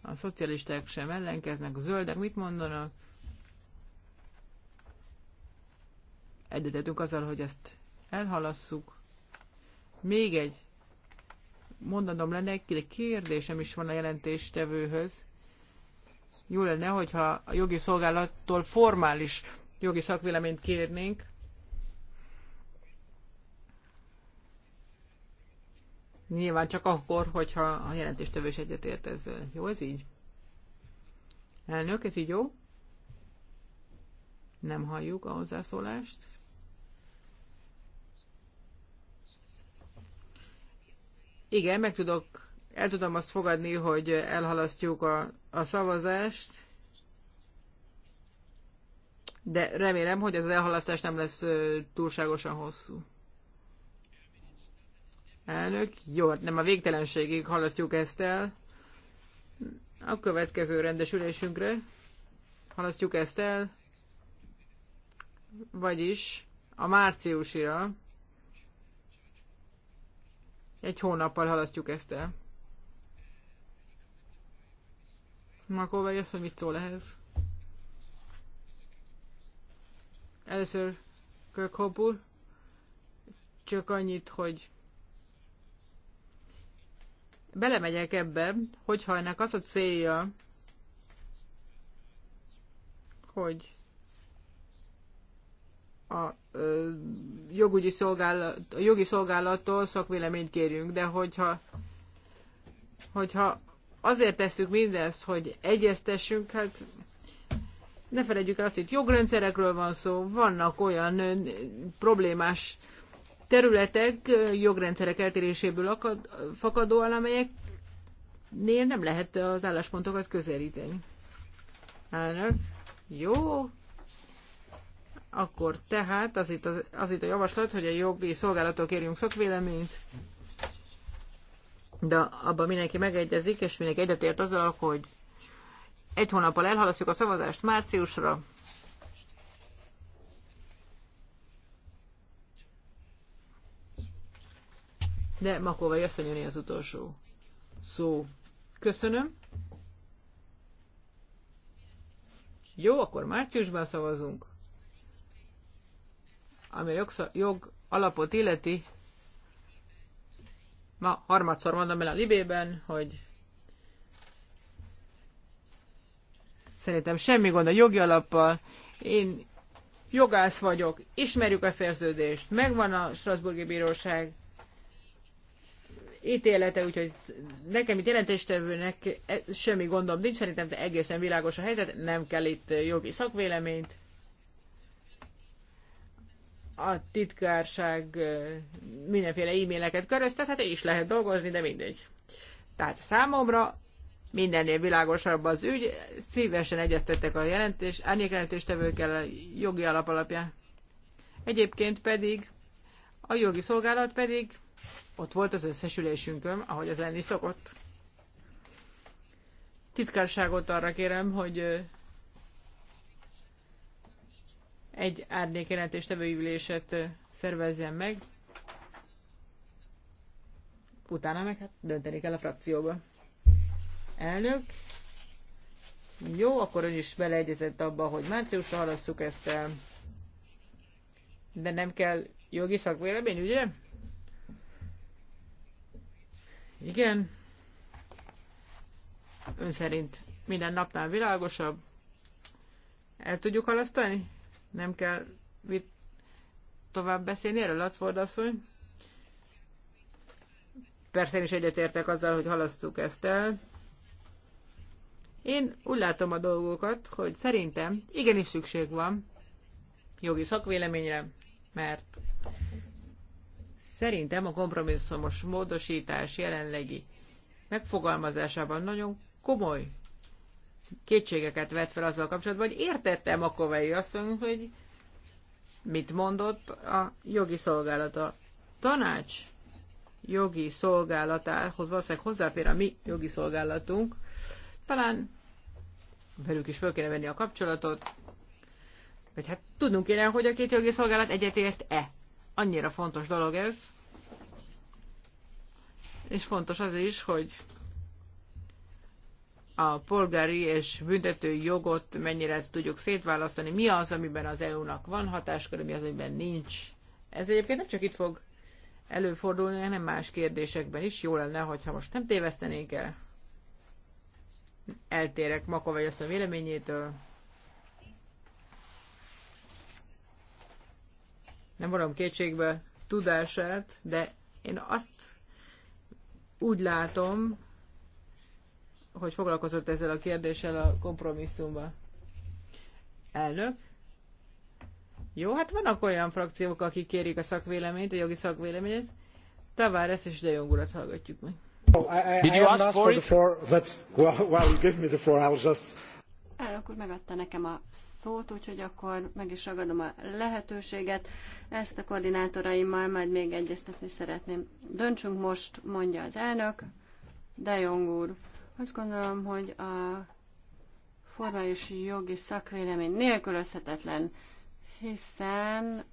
a szocialisták sem ellenkeznek, a zöldek mit mondanak? Egyetetünk azzal, hogy ezt elhalasszuk. Még egy mondanom lenne, egy kérdésem is van a jelentéstevőhöz. Jó lenne, hogyha a jogi szolgálattól formális jogi szakvéleményt kérnénk, nyilván csak akkor, hogyha a jelentéstevő is egyetért ezzel. Jó ez így? Elnök, ez így jó? Nem halljuk a hozzászólást. Igen, meg tudok, el tudom azt fogadni, hogy elhalasztjuk a, a szavazást, de remélem, hogy az elhalasztás nem lesz túlságosan hosszú. Elnök, jó, hát nem a végtelenségig halasztjuk ezt el. A következő rendesülésünkre halasztjuk ezt el, vagyis a márciusira egy hónappal halasztjuk ezt el. Makovai azt, hogy mit szól ehhez. Először Kirkhope úr, csak annyit, hogy belemegyek ebbe, hogyha ennek az a célja, hogy a ö, jogügyi szolgálat, a jogi szolgálattól szakvéleményt kérjünk, de hogyha, hogyha azért tesszük mindezt, hogy egyeztessünk, hát ne felejtjük el azt, hogy jogrendszerekről van szó, vannak olyan problémás területek jogrendszerek eltéréséből akad, fakadóan, amelyeknél nem lehet az álláspontokat közelíteni. Elnök, jó, akkor tehát az itt, az, az itt a javaslat, hogy a jogi szolgálatok érjünk szakvéleményt, de abban mindenki megegyezik, és mindenki egyetért azzal, hogy egy hónappal elhalasztjuk a szavazást márciusra, de Makovai asszonyoni az utolsó szó. Köszönöm. Jó, akkor márciusban szavazunk. Ami a jog alapot illeti, ma harmadszor mondom el a libében, hogy szerintem semmi gond a jogi alappal. Én jogász vagyok, ismerjük a szerződést, megvan a Strasburgi Bíróság ítélete, úgyhogy nekem itt jelentéstevőnek e, semmi gondom nincs, szerintem de egészen világos a helyzet, nem kell itt jogi szakvéleményt. A titkárság e, mindenféle e-maileket köröztet, hát is lehet dolgozni, de mindegy. Tehát számomra mindennél világosabb az ügy, szívesen egyeztettek a jelentés, árnyékjelentéstevőkkel a jogi alap alapján. Egyébként pedig a jogi szolgálat pedig ott volt az összesülésünkön, ahogy az lenni szokott. Titkárságot arra kérem, hogy egy árnyékjelentés tevőüléset szervezzen meg, utána meg hát dönteni kell a frakcióba. Elnök, jó, akkor ön is beleegyezett abba, hogy márciusra halasszuk ezt el. De nem kell jogi szakvélemény, ugye? Igen. Ön szerint minden napnál világosabb? El tudjuk halasztani? Nem kell mit tovább beszélni erről, Latford asszony? Persze én is egyetértek azzal, hogy halasztjuk ezt el. Én úgy látom a dolgokat, hogy szerintem igenis szükség van jogi szakvéleményre, mert Szerintem a kompromisszumos módosítás jelenlegi megfogalmazásában nagyon komoly kétségeket vett fel azzal kapcsolatban, hogy értettem a Kovei asszony, hogy mit mondott a jogi szolgálata. Tanács jogi szolgálatához valószínűleg hozzáfér a mi jogi szolgálatunk. Talán velük is föl kéne venni a kapcsolatot, vagy hát tudnunk kéne, hogy a két jogi szolgálat egyetért-e. Annyira fontos dolog ez és fontos az is, hogy a polgári és büntető jogot mennyire tudjuk szétválasztani, mi az, amiben az EU-nak van hatáskör, mi az, amiben nincs. Ez egyébként nem csak itt fog előfordulni, hanem más kérdésekben is. Jó lenne, hogyha most nem tévesztenénk el. Eltérek Makovai azt a véleményétől. Nem vonom kétségbe tudását, de én azt úgy látom, hogy foglalkozott ezzel a kérdéssel a kompromisszumban. Elnök? Jó, hát vannak olyan frakciók, akik kérik a szakvéleményt, a jogi szakvéleményt. Tavares és De Jong urat hallgatjuk meg. Oh, Did you ask for well, you give me the I was just... Elnök úr megadta nekem a szót, úgyhogy akkor meg is ragadom a lehetőséget. Ezt a koordinátoraimmal majd még egyeztetni szeretném. Döntsünk most, mondja az elnök. De Jong úr, azt gondolom, hogy a formális jogi szakvélemény nélkülözhetetlen, hiszen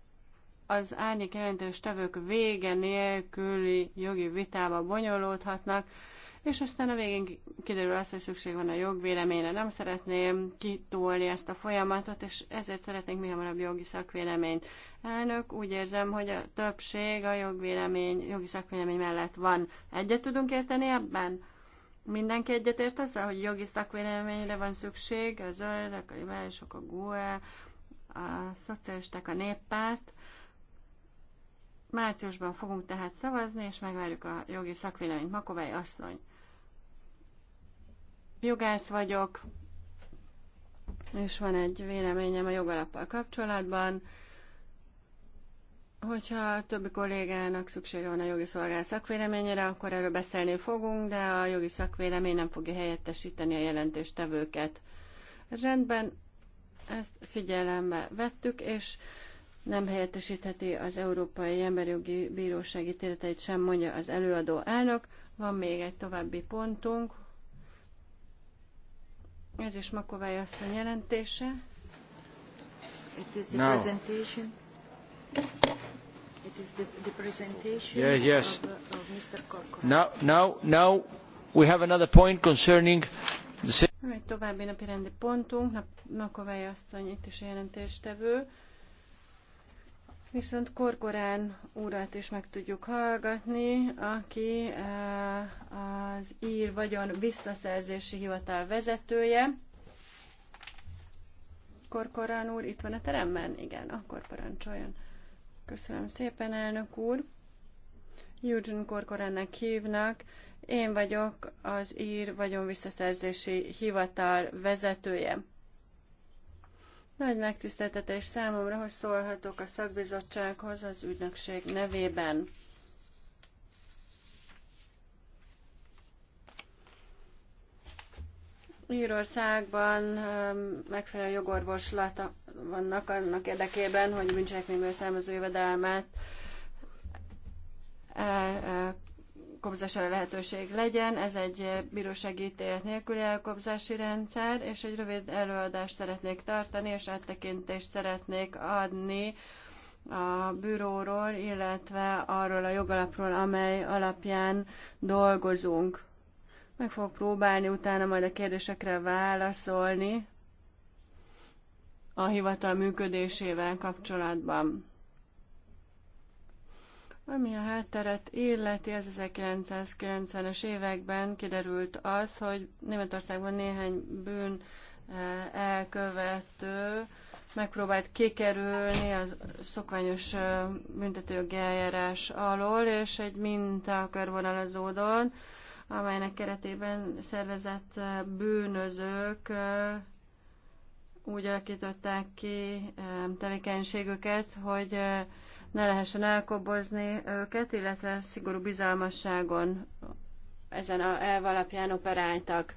az árnyék jelentős tevők vége nélküli jogi vitába bonyolódhatnak, és aztán a végén kiderül az, hogy szükség van a jogvéleményre. Nem szeretném kitolni ezt a folyamatot, és ezért szeretnénk mi hamarabb jogi szakvéleményt. Elnök, úgy érzem, hogy a többség a jogvélemény, jogi szakvélemény mellett van. Egyet tudunk érteni ebben? Mindenki egyetért azzal, hogy jogi szakvéleményre van szükség, a zöldek, a liberálisok, a GUE, a szocialisták, a néppárt. Márciusban fogunk tehát szavazni, és megvárjuk a jogi szakvéleményt. Makovály asszony jogász vagyok, és van egy véleményem a jogalappal kapcsolatban. Hogyha a többi kollégának szüksége van a jogi szolgálat szakvéleményére, akkor erről beszélni fogunk, de a jogi szakvélemény nem fogja helyettesíteni a jelentéstevőket. Rendben, ezt figyelembe vettük, és nem helyettesítheti az Európai Emberjogi Bíróság ítéleteit sem, mondja az előadó elnök. Van még egy további pontunk, ez is Makovály asszony jelentése. It is the no. presentation. It is the, the presentation yeah, yes. Uh, of, of Mr. Corcoran. Now, now, now we have another point concerning the... Egy további napi rendi pontunk, Makovály asszony itt is a jelentéstevő. Viszont Korkorán úrát is meg tudjuk hallgatni, aki eh, az ír vagyon visszaszerzési hivatal vezetője. Korkorán úr itt van a teremben? Igen, akkor parancsoljon. Köszönöm szépen, elnök úr. Eugene Korkorennek hívnak. Én vagyok az ír vagyon visszaszerzési hivatal vezetője. Nagy megtiszteltetés számomra, hogy szólhatok a szakbizottsághoz az ügynökség nevében. Írországban megfelelő jogorvoslata vannak annak érdekében, hogy a bűncselekményből származó jövedelmet elkobzására lehetőség legyen. Ez egy bírósági ítélet nélküli elkobzási rendszer, és egy rövid előadást szeretnék tartani, és áttekintést szeretnék adni a bűróról, illetve arról a jogalapról, amely alapján dolgozunk. Meg fogok próbálni utána majd a kérdésekre válaszolni a hivatal működésével kapcsolatban. Ami a hátteret illeti, az 1990-es években kiderült az, hogy Németországban néhány bűn eh, elkövető megpróbált kikerülni az szokványos eh, büntetőjogi eljárás alól, és egy minta körvonalazódott, amelynek keretében szervezett eh, bűnözők úgy alakították ki tevékenységüket, hogy ne lehessen elkobozni őket, illetve szigorú bizalmasságon ezen a elv alapján operáltak.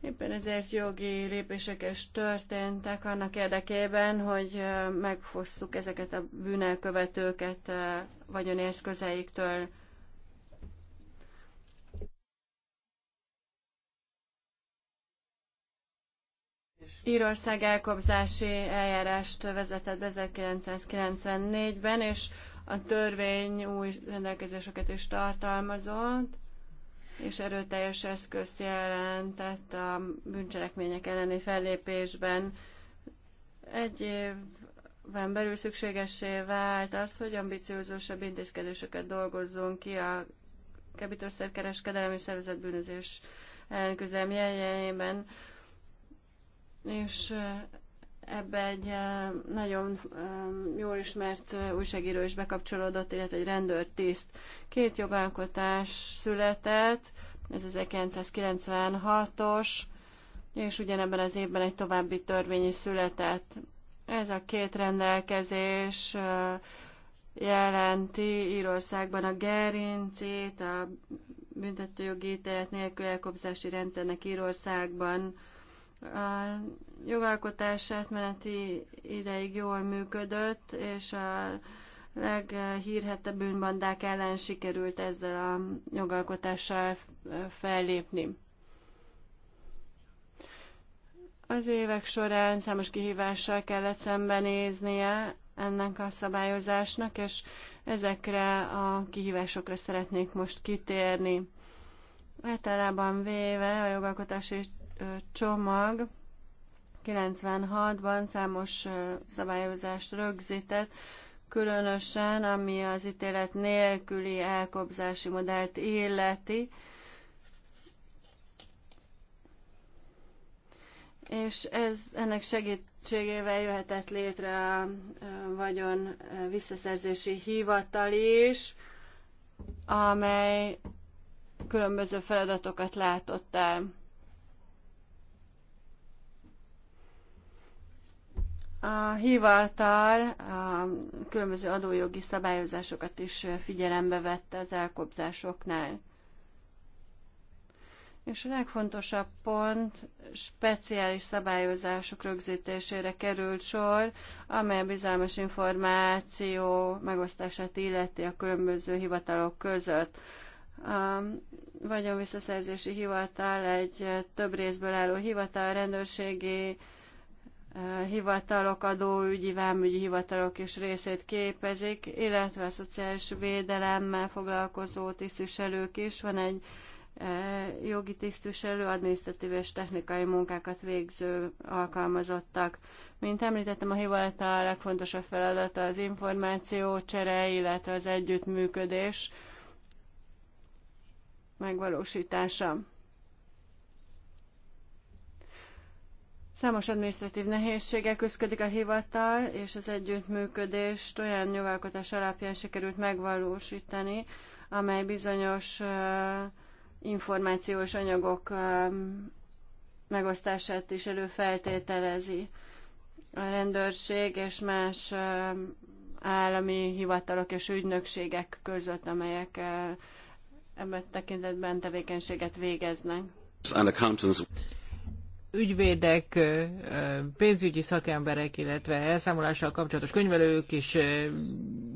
Éppen ezért jogi lépések is történtek annak érdekében, hogy megfosszuk ezeket a bűnelkövetőket vagyonérszközeiktől. Írország elkobzási eljárást vezetett 1994-ben, és a törvény új rendelkezéseket is tartalmazott, és erőteljes eszközt jelentett a bűncselekmények elleni fellépésben. Egy évben belül szükségessé vált az, hogy ambiciózusabb intézkedéseket dolgozzunk ki a kábítószerkereskedelemi szervezet bűnözés ellen és ebbe egy nagyon jól ismert újságíró is bekapcsolódott, illetve egy rendőrtiszt. Két jogalkotás született, ez 1996-os, és ugyanebben az évben egy további törvény is született. Ez a két rendelkezés jelenti Írországban a gerincét, a büntetőjogi ítélet nélkül elkobzási rendszernek Írországban, a jogalkotás átmeneti ideig jól működött, és a leghírhettebb bűnbandák ellen sikerült ezzel a jogalkotással fellépni. Az évek során számos kihívással kellett szembenéznie ennek a szabályozásnak, és ezekre a kihívásokra szeretnék most kitérni. Általában véve a jogalkotási csomag 96-ban számos szabályozást rögzített, különösen ami az ítélet nélküli elkobzási modellt illeti, és ez, ennek segítségével jöhetett létre a vagyon visszaszerzési hivatal is, amely különböző feladatokat látott el. A hivatal a különböző adójogi szabályozásokat is figyelembe vette az elkobzásoknál. És a legfontosabb pont speciális szabályozások rögzítésére került sor, amely a bizalmas információ megosztását illeti a különböző hivatalok között. A vagyonvisszaszerzési hivatal egy több részből álló hivatal, rendőrségi Eh, hivatalok, adóügyi, vámügyi hivatalok is részét képezik, illetve a szociális védelemmel foglalkozó tisztviselők is. Van egy eh, jogi tisztviselő, adminisztratív és technikai munkákat végző alkalmazottak. Mint említettem, a hivatal legfontosabb feladata az információ csere, illetve az együttműködés megvalósítása. Számos administratív nehézségek közködik a hivatal, és az együttműködést olyan jogalkotás alapján sikerült megvalósítani, amely bizonyos uh, információs anyagok uh, megosztását is előfeltételezi. A rendőrség és más uh, állami hivatalok és ügynökségek között, amelyek uh, ebben tekintetben tevékenységet végeznek ügyvédek, pénzügyi szakemberek, illetve elszámolással kapcsolatos könyvelők is,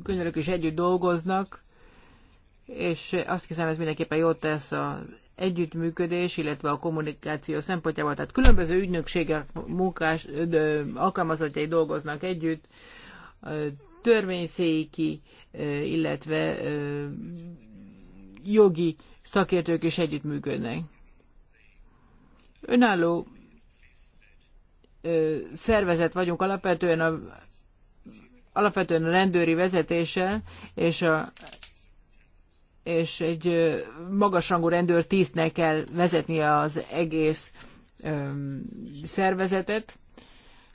könyvelők is együtt dolgoznak, és azt hiszem, ez mindenképpen jót tesz az együttműködés, illetve a kommunikáció szempontjából. Tehát különböző ügynökségek munkás, alkalmazottjai dolgoznak együtt, törvényszéki, illetve jogi szakértők is együttműködnek. Önálló szervezet vagyunk alapvetően a, alapvetően a rendőri vezetése, és a és egy magasrangú rendőr tisztnek kell vezetnie az egész öm, szervezetet,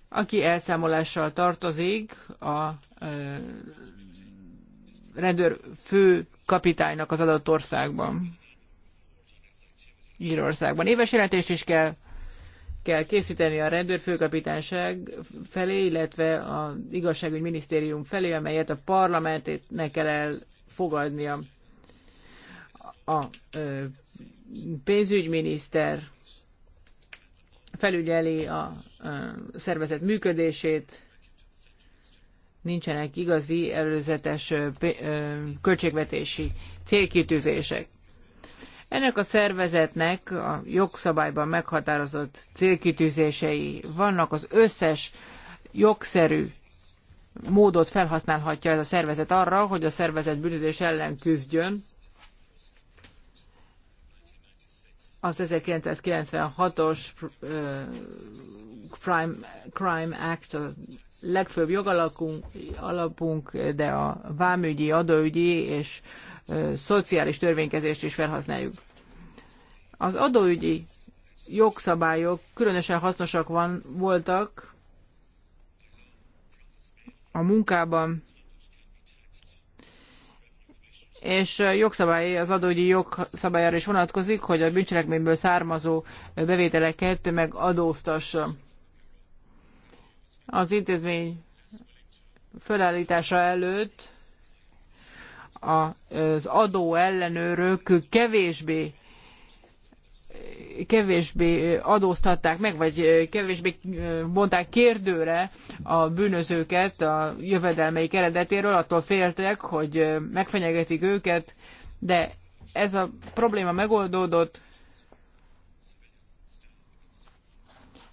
aki elszámolással tartozik a öm, rendőr fő kapitánynak az adott országban. Írországban. Éves jelentést is kell kell készíteni a rendőrfőkapitányság felé, illetve az igazságügy minisztérium felé, amelyet a ne kell elfogadnia. A ö, pénzügyminiszter felügyeli a ö, szervezet működését, nincsenek igazi előzetes ö, ö, költségvetési célkitűzések. Ennek a szervezetnek a jogszabályban meghatározott célkitűzései vannak, az összes jogszerű módot felhasználhatja ez a szervezet arra, hogy a szervezet bűnözés ellen küzdjön. az 1996-os Crime, Crime Act a legfőbb jogalapunk, alapunk, de a vámügyi, adóügyi és szociális törvénykezést is felhasználjuk. Az adóügyi jogszabályok különösen hasznosak van, voltak a munkában és jogszabály, az adógyi jogszabályára is vonatkozik, hogy a bűncselekményből származó bevételeket megadóztassa. Az intézmény felállítása előtt az adóellenőrök kevésbé kevésbé adóztatták meg, vagy kevésbé mondták eh, kérdőre a bűnözőket a jövedelmeik eredetéről, attól féltek, hogy eh, megfenyegetik őket, de ez a probléma megoldódott,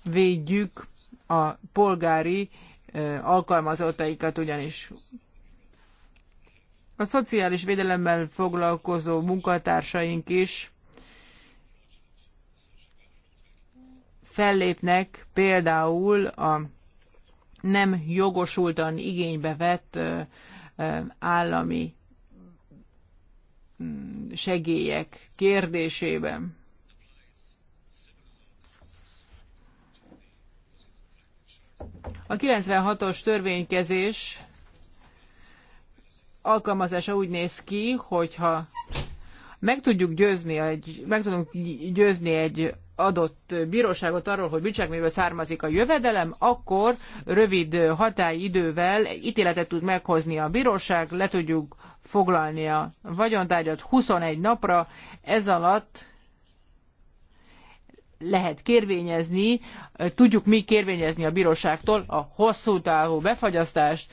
védjük a polgári eh, alkalmazottaikat ugyanis. A szociális védelemmel foglalkozó munkatársaink is fellépnek például a nem jogosultan igénybe vett állami mm, segélyek kérdésében. A 96-os törvénykezés alkalmazása úgy néz ki, hogyha meg tudjuk győzni egy, meg tudunk győzni egy adott bíróságot arról, hogy bűncselekményből származik a jövedelem, akkor rövid határidővel ítéletet tud meghozni a bíróság, le tudjuk foglalni a vagyontárgyat 21 napra, ez alatt lehet kérvényezni, tudjuk mi kérvényezni a bíróságtól a hosszú távú befagyasztást,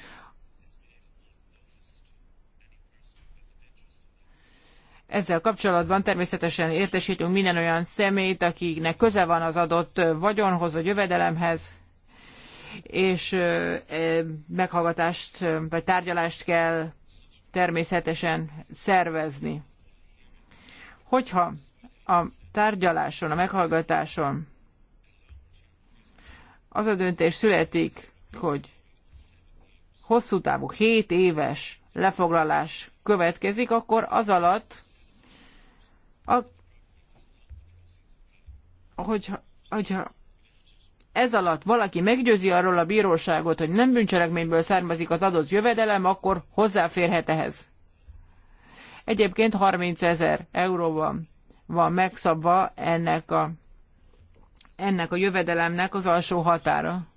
Ezzel kapcsolatban természetesen értesítünk minden olyan személyt, akinek köze van az adott vagyonhoz vagy jövedelemhez, és e, meghallgatást vagy tárgyalást kell természetesen szervezni. Hogyha a tárgyaláson, a meghallgatáson az a döntés születik, hogy hosszú távú, 7 éves lefoglalás következik, akkor az alatt a, hogyha, hogyha ez alatt valaki meggyőzi arról a bíróságot, hogy nem bűncselekményből származik az adott jövedelem, akkor hozzáférhet ehhez. Egyébként 30 ezer euróban van megszabva ennek a, ennek a jövedelemnek az alsó határa.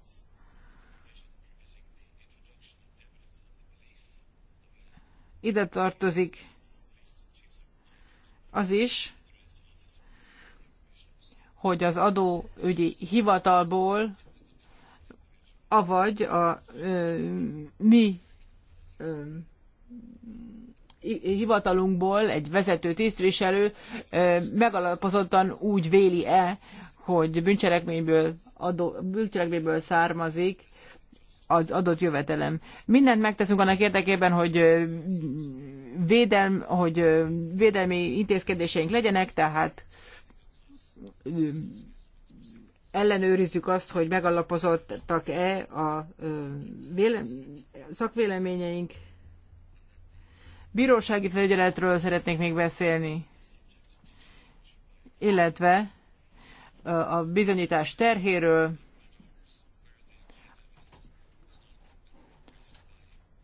Ide tartozik az is, hogy az adóügyi hivatalból, avagy a ö, mi ö, hivatalunkból egy vezető tisztviselő megalapozottan úgy véli-e, hogy bűncselekményből, adó, bűncselekményből származik az adott jövedelem. Mindent megteszünk annak érdekében, hogy, védelm, hogy védelmi intézkedéseink legyenek, tehát ellenőrizzük azt, hogy megalapozottak-e a szakvéleményeink. Bírósági felügyeletről szeretnék még beszélni, illetve a bizonyítás terhéről,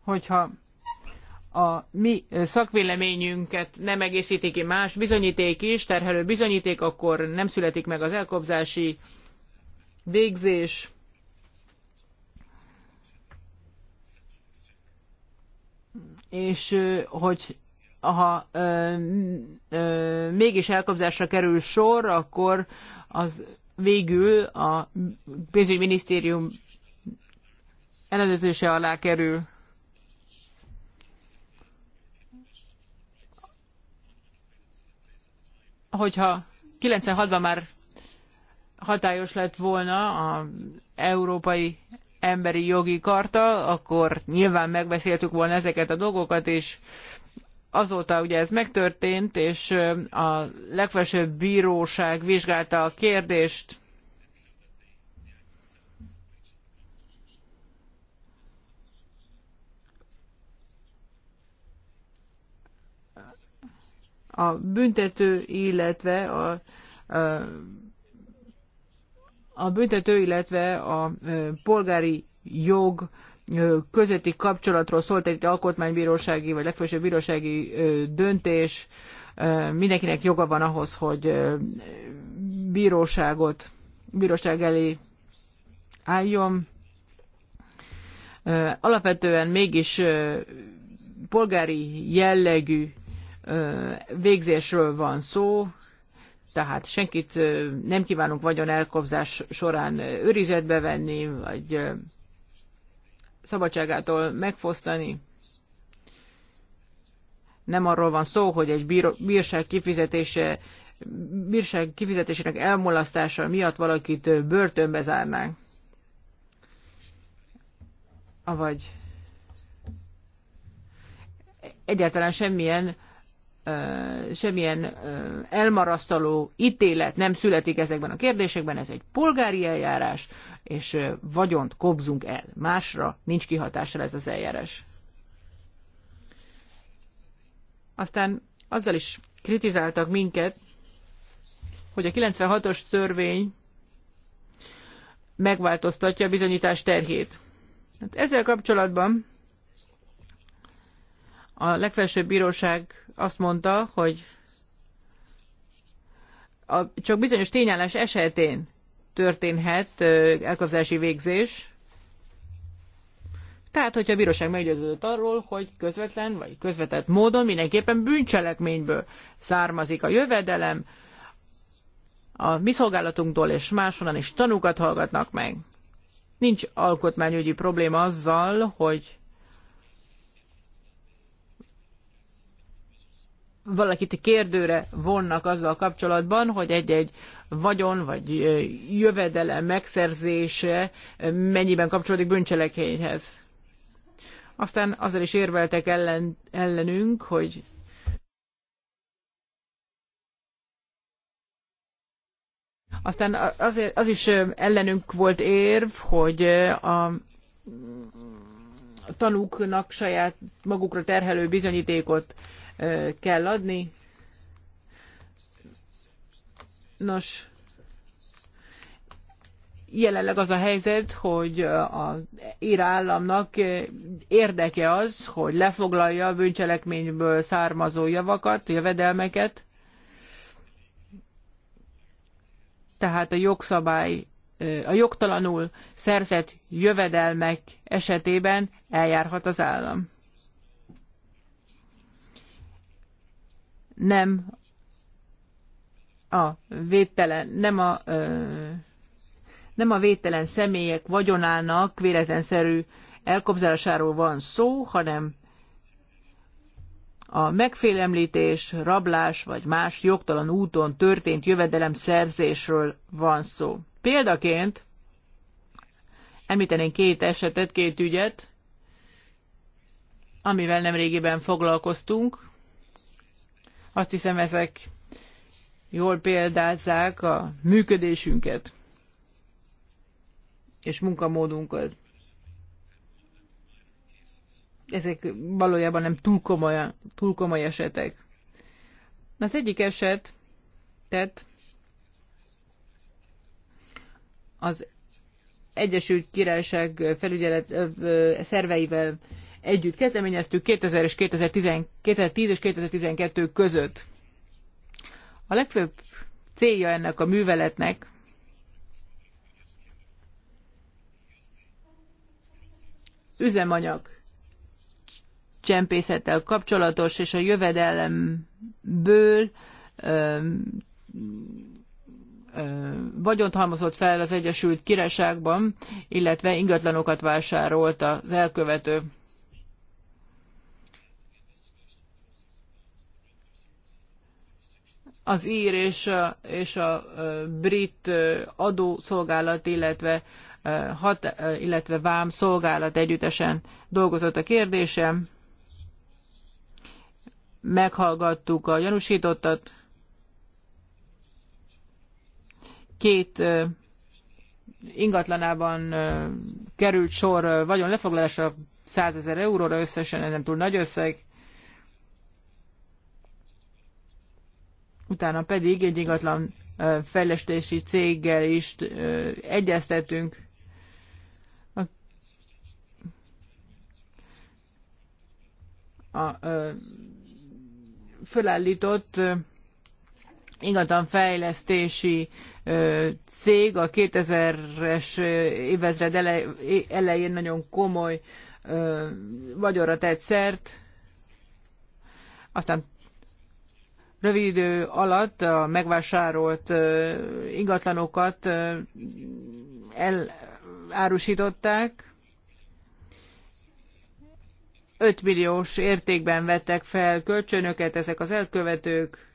hogyha a mi szakvéleményünket nem egészíti ki más bizonyíték is, terhelő bizonyíték, akkor nem születik meg az elkobzási végzés. És hogy ha ö, ö, mégis elkobzásra kerül sor, akkor az végül a pénzügyminisztérium ellenőrzése alá kerül. hogyha 96-ban már hatályos lett volna az Európai Emberi Jogi Karta, akkor nyilván megbeszéltük volna ezeket a dolgokat, és azóta ugye ez megtörtént, és a legfelsőbb bíróság vizsgálta a kérdést, a büntető, illetve a, a a büntető, illetve a polgári jog közötti kapcsolatról szólt egy alkotmánybírósági vagy legfősebb bírósági döntés. Mindenkinek joga van ahhoz, hogy bíróságot, bíróság elé álljon. Alapvetően mégis polgári jellegű végzésről van szó, tehát senkit nem kívánunk vagyon elkobzás során őrizetbe venni, vagy szabadságától megfosztani. Nem arról van szó, hogy egy bírság kifizetése bírság kifizetésének elmulasztása miatt valakit börtönbe zárnánk. Avagy egyáltalán semmilyen semmilyen elmarasztaló ítélet nem születik ezekben a kérdésekben, ez egy polgári eljárás, és vagyont kobzunk el. Másra nincs kihatással ez az eljárás. Aztán azzal is kritizáltak minket, hogy a 96-os törvény megváltoztatja a bizonyítás terhét. Hát ezzel kapcsolatban a legfelsőbb bíróság azt mondta, hogy a, csak bizonyos tényállás esetén történhet elkapzási végzés. Tehát, hogyha a bíróság meggyőződött arról, hogy közvetlen vagy közvetett módon mindenképpen bűncselekményből származik a jövedelem, a mi szolgálatunktól és máshonnan is tanúkat hallgatnak meg. Nincs alkotmányügyi probléma azzal, hogy valakit kérdőre vonnak azzal kapcsolatban, hogy egy-egy vagyon vagy jövedelem megszerzése mennyiben kapcsolódik bűncselekményhez. Aztán azzal is érveltek ellen, ellenünk, hogy Aztán az, az is ellenünk volt érv, hogy a tanúknak saját magukra terhelő bizonyítékot kell adni. Nos, jelenleg az a helyzet, hogy az ír államnak érdeke az, hogy lefoglalja a bűncselekményből származó javakat, jövedelmeket, tehát a jogszabály, a jogtalanul szerzett jövedelmek esetében eljárhat az állam. nem a védtelen, nem a, nem a vételen személyek vagyonának véletlenszerű elkobzásáról van szó, hanem a megfélemlítés, rablás vagy más jogtalan úton történt szerzésről van szó. Példaként említenénk két esetet, két ügyet, amivel nemrégiben foglalkoztunk. Azt hiszem, ezek jól példázzák a működésünket és munkamódunkat. Ezek valójában nem túl komoly, túl komoly esetek. Az egyik eset, tehát az Egyesült Királyság felügyelet ö, ö, szerveivel együtt kezdeményeztük 2000 és 2010, 2010 és 2012 között. A legfőbb célja ennek a műveletnek, üzemanyag csempészettel kapcsolatos, és a jövedelemből vagyont halmozott fel az Egyesült Királyságban, illetve ingatlanokat vásárolt az elkövető. az ír és a, és a brit adószolgálat, illetve, hat, illetve vám szolgálat együttesen dolgozott a kérdésem. Meghallgattuk a gyanúsítottat. Két ingatlanában került sor vagyon lefoglalása 100 ezer euróra összesen, ez nem túl nagy összeg utána pedig egy ingatlan fejlesztési céggel is egyeztetünk. A, a, a fölállított ingatlan fejlesztési cég a 2000-es évezred elején nagyon komoly vagyonra tett szert, aztán rövid idő alatt a megvásárolt ingatlanokat elárusították, 5 milliós értékben vettek fel kölcsönöket ezek az elkövetők,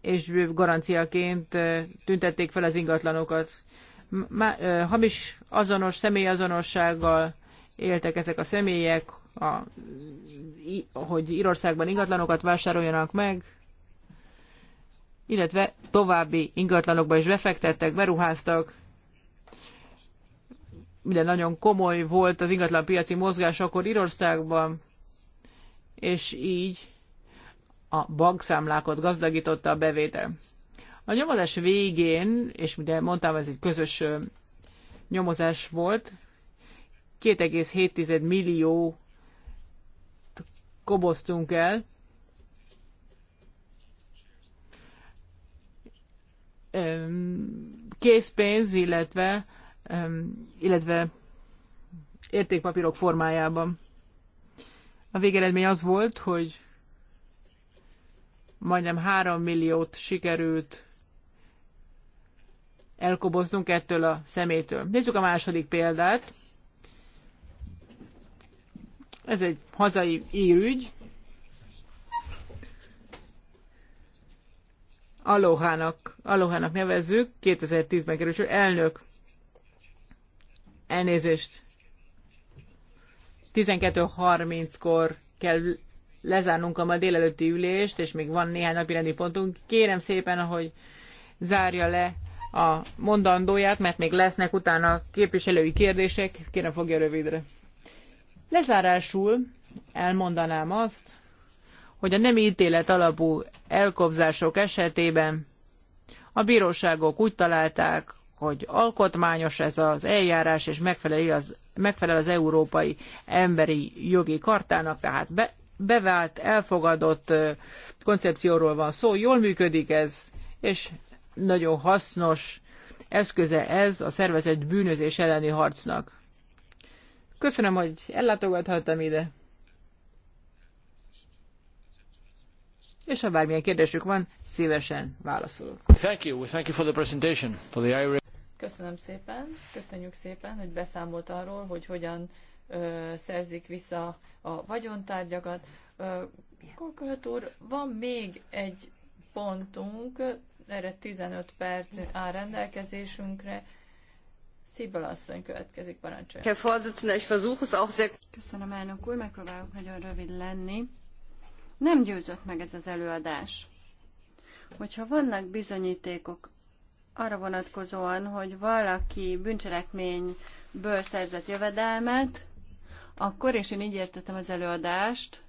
és garanciaként tüntették fel az ingatlanokat. Hamis azonos személyazonossággal éltek ezek a személyek, a, hogy Írországban ingatlanokat vásároljanak meg, illetve további ingatlanokba is befektettek, beruháztak. Minden nagyon komoly volt az ingatlanpiaci mozgás akkor Írországban, és így a bankszámlákat gazdagította a bevétel. A nyomozás végén, és ugye mondtam, ez egy közös nyomozás volt, 2,7 millió koboztunk el. Készpénz, illetve, illetve értékpapírok formájában. A végeredmény az volt, hogy majdnem 3 milliót sikerült elkoboznunk ettől a szemétől. Nézzük a második példát. Ez egy hazai írügy. Alohának, Alohának nevezzük, 2010-ben kerülső elnök. Elnézést. 12.30-kor kell lezárnunk a ma délelőtti ülést, és még van néhány napi rendi pontunk. Kérem szépen, hogy zárja le a mondandóját, mert még lesznek utána képviselői kérdések. Kérem fogja rövidre. Lezárásul elmondanám azt, hogy a nem ítélet alapú elkobzások esetében a bíróságok úgy találták, hogy alkotmányos ez az eljárás, és megfelel az, megfelel az Európai Emberi Jogi Kartának, tehát be, bevált, elfogadott koncepcióról van szó, jól működik ez, és nagyon hasznos eszköze ez a szervezett bűnözés elleni harcnak. Köszönöm, hogy ellátogathattam ide. És ha bármilyen kérdésük van, szívesen válaszolok. Thank you. Thank you for the presentation, for the IRA. Köszönöm szépen, köszönjük szépen, hogy beszámolt arról, hogy hogyan ö, szerzik vissza a vagyontárgyakat. Kolkölt úr, van még egy pontunk, erre 15 perc áll rendelkezésünkre, Szibel asszony következik, parancsolja. Köszönöm, elnök úr, megpróbálok nagyon rövid lenni. Nem győzött meg ez az előadás. Hogyha vannak bizonyítékok arra vonatkozóan, hogy valaki bűncselekményből szerzett jövedelmet, akkor, és én így értettem az előadást,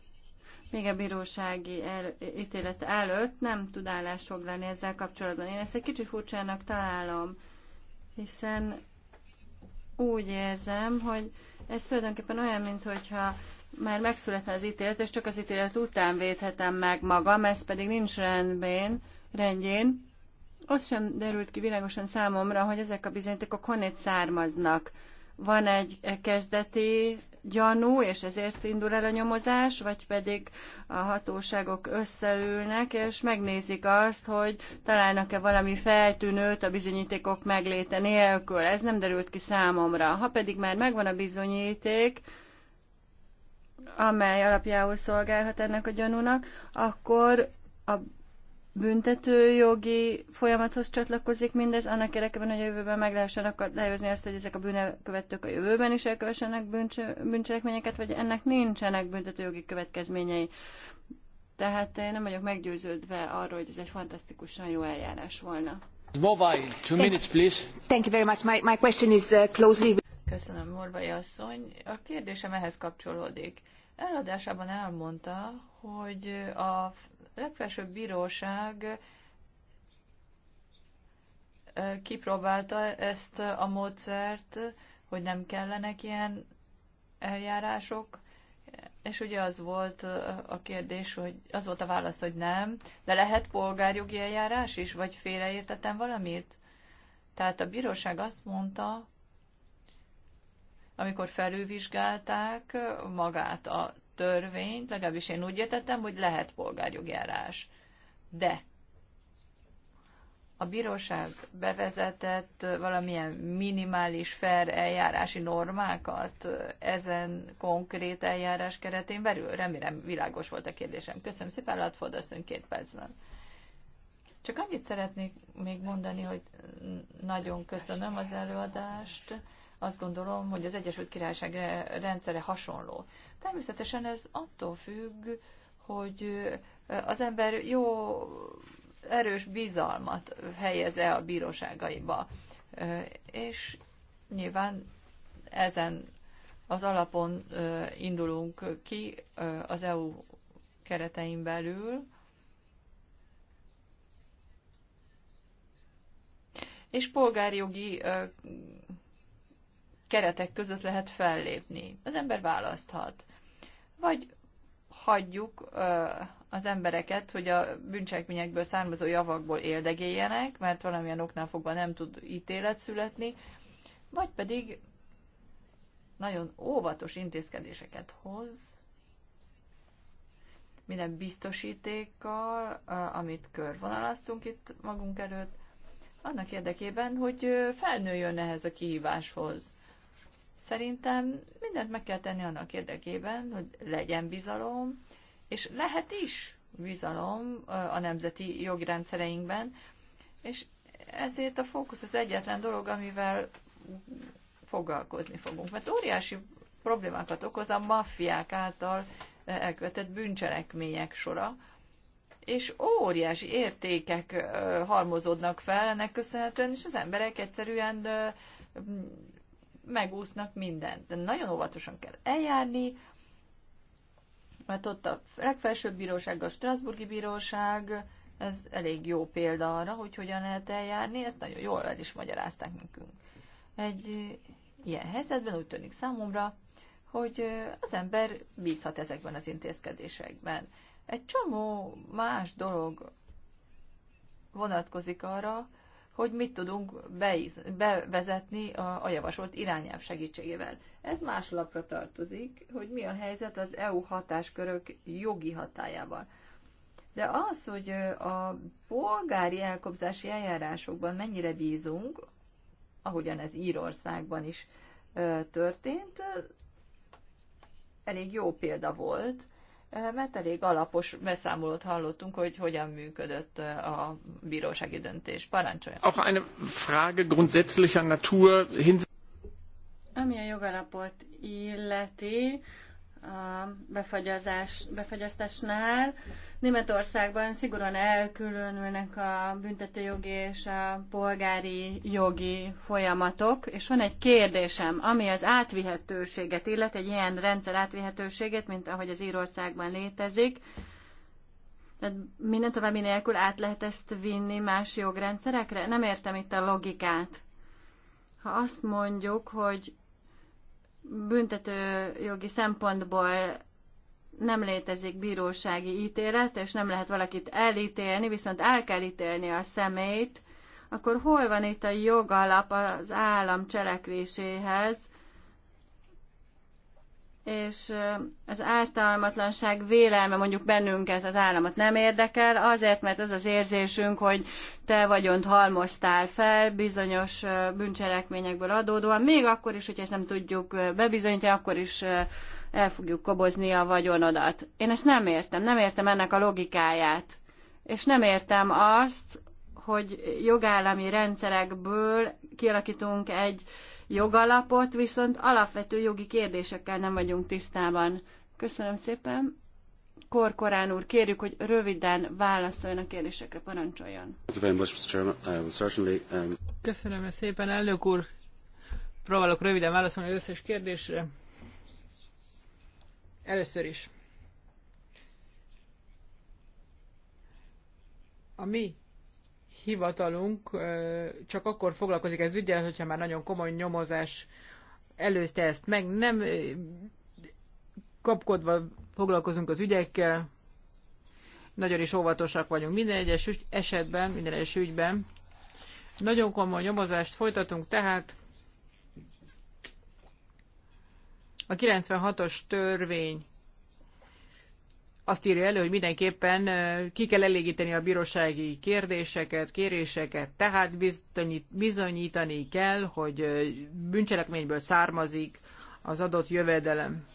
még a bírósági el, ítélet előtt nem tud állást foglalni ezzel kapcsolatban. Én ezt egy kicsit furcsának találom, hiszen úgy érzem, hogy ez tulajdonképpen olyan, mintha már megszületne az ítélet, és csak az ítélet után védhetem meg magam, ez pedig nincs rendben, rendjén. Az sem derült ki világosan számomra, hogy ezek a bizonyítékok honnét származnak. Van egy kezdeti gyanú, és ezért indul el a nyomozás, vagy pedig a hatóságok összeülnek, és megnézik azt, hogy találnak-e valami feltűnőt a bizonyítékok megléte nélkül. Ez nem derült ki számomra. Ha pedig már megvan a bizonyíték, amely alapjául szolgálhat ennek a gyanúnak, akkor a büntetőjogi folyamathoz csatlakozik mindez, annak érdekében, hogy a jövőben meg lehessen akadályozni azt, hogy ezek a bűnkövetők a jövőben is elkövessenek bűncselekményeket, vagy ennek nincsenek büntetőjogi következményei. Tehát én nem vagyok meggyőződve arról, hogy ez egy fantasztikusan jó eljárás volna. Mobile, two minutes, please. Thank you very much. My, my question is uh, closely... Köszönöm, Morvai asszony. A kérdésem ehhez kapcsolódik. Eladásában elmondta, hogy a legfelsőbb bíróság kipróbálta ezt a módszert, hogy nem kellenek ilyen eljárások, és ugye az volt a kérdés, hogy az volt a válasz, hogy nem, de lehet polgárjogi eljárás is, vagy félreértettem valamit? Tehát a bíróság azt mondta, amikor felülvizsgálták magát a törvényt, legalábbis én úgy értettem, hogy lehet polgárjogjárás. De a bíróság bevezetett valamilyen minimális fair eljárási normákat ezen konkrét eljárás keretén belül? Remélem világos volt a kérdésem. Köszönöm szépen, Latford asszony két percben. Csak annyit szeretnék még mondani, hogy nagyon köszönöm az előadást, azt gondolom, hogy az Egyesült Királyság rendszere hasonló. Természetesen ez attól függ, hogy eh, az ember jó, erős bizalmat helyez el a bíróságaiba. Eh, és nyilván ezen az alapon eh, indulunk ki az EU keretein belül, és polgárjogi keretek között lehet fellépni. Az ember választhat. Vagy hagyjuk az embereket, hogy a bűncselekményekből származó javakból éldegéljenek, mert valamilyen oknál fogva nem tud ítélet születni, vagy pedig nagyon óvatos intézkedéseket hoz, minden biztosítékkal, amit körvonalaztunk itt magunk előtt, annak érdekében, hogy felnőjön ehhez a kihíváshoz. Szerintem mindent meg kell tenni annak érdekében, hogy legyen bizalom, és lehet is bizalom a nemzeti jogrendszereinkben, és ezért a fókusz az egyetlen dolog, amivel foglalkozni fogunk. Mert óriási problémákat okoz a maffiák által elkövetett bűncselekmények sora, és óriási értékek halmozódnak fel ennek köszönhetően, és az emberek egyszerűen megúsznak mindent. De nagyon óvatosan kell eljárni, mert ott a legfelsőbb bíróság, a Strasburgi Bíróság, ez elég jó példa arra, hogy hogyan lehet eljárni, ezt nagyon jól el is magyarázták nekünk. Egy ilyen helyzetben úgy tűnik számomra, hogy az ember bízhat ezekben az intézkedésekben. Egy csomó más dolog vonatkozik arra, hogy mit tudunk beiz, bevezetni a, a javasolt irányelv segítségével. Ez más lapra tartozik, hogy mi a helyzet az EU hatáskörök jogi hatájával. De az, hogy a polgári elkobzási eljárásokban mennyire bízunk, ahogyan ez Írországban is történt, elég jó példa volt mert elég alapos beszámolót hallottunk, hogy hogyan működött a bírósági döntés. Parancsolja. Auch eine Frage grundsätzlicher Natur hin... Ami a jogalapot illeti, a befagyazás, befagyasztásnál. Németországban szigorúan elkülönülnek a büntetőjogi és a polgári jogi folyamatok, és van egy kérdésem, ami az átvihetőséget illet, egy ilyen rendszer átvihetőséget, mint ahogy az Írországban létezik. Tehát minden további nélkül át lehet ezt vinni más jogrendszerekre? Nem értem itt a logikát. Ha azt mondjuk, hogy büntető jogi szempontból nem létezik bírósági ítélet, és nem lehet valakit elítélni, viszont el kell ítélni a szemét, akkor hol van itt a jogalap az állam cselekvéséhez, és az ártalmatlanság vélelme mondjuk bennünket, az államot nem érdekel, azért, mert az az érzésünk, hogy te vagyont halmoztál fel bizonyos bűncselekményekből adódóan, még akkor is, hogyha ezt nem tudjuk bebizonyítani, akkor is el fogjuk kobozni a vagyonodat. Én ezt nem értem, nem értem ennek a logikáját. És nem értem azt, hogy jogállami rendszerekből kialakítunk egy uh, jogalapot, viszont alapvető jogi kérdésekkel nem vagyunk tisztában. Köszönöm szépen. Korkorán úr, kérjük, hogy röviden válaszoljon a kérdésekre, parancsoljon. Uh, um, Köszönöm szépen, elnök úr. Próbálok röviden válaszolni az összes kérdésre. Először is. A mi hivatalunk csak akkor foglalkozik ez ügyel, hogyha már nagyon komoly nyomozás előzte ezt meg. Nem kapkodva foglalkozunk az ügyekkel, nagyon is óvatosak vagyunk minden egyes esetben, minden egyes ügyben. Nagyon komoly nyomozást folytatunk, tehát a 96-os törvény azt írja elő, hogy mindenképpen ki kell elégíteni a bírósági kérdéseket, kéréseket, tehát bizonyítani kell, hogy bűncselekményből származik az adott jövedelem.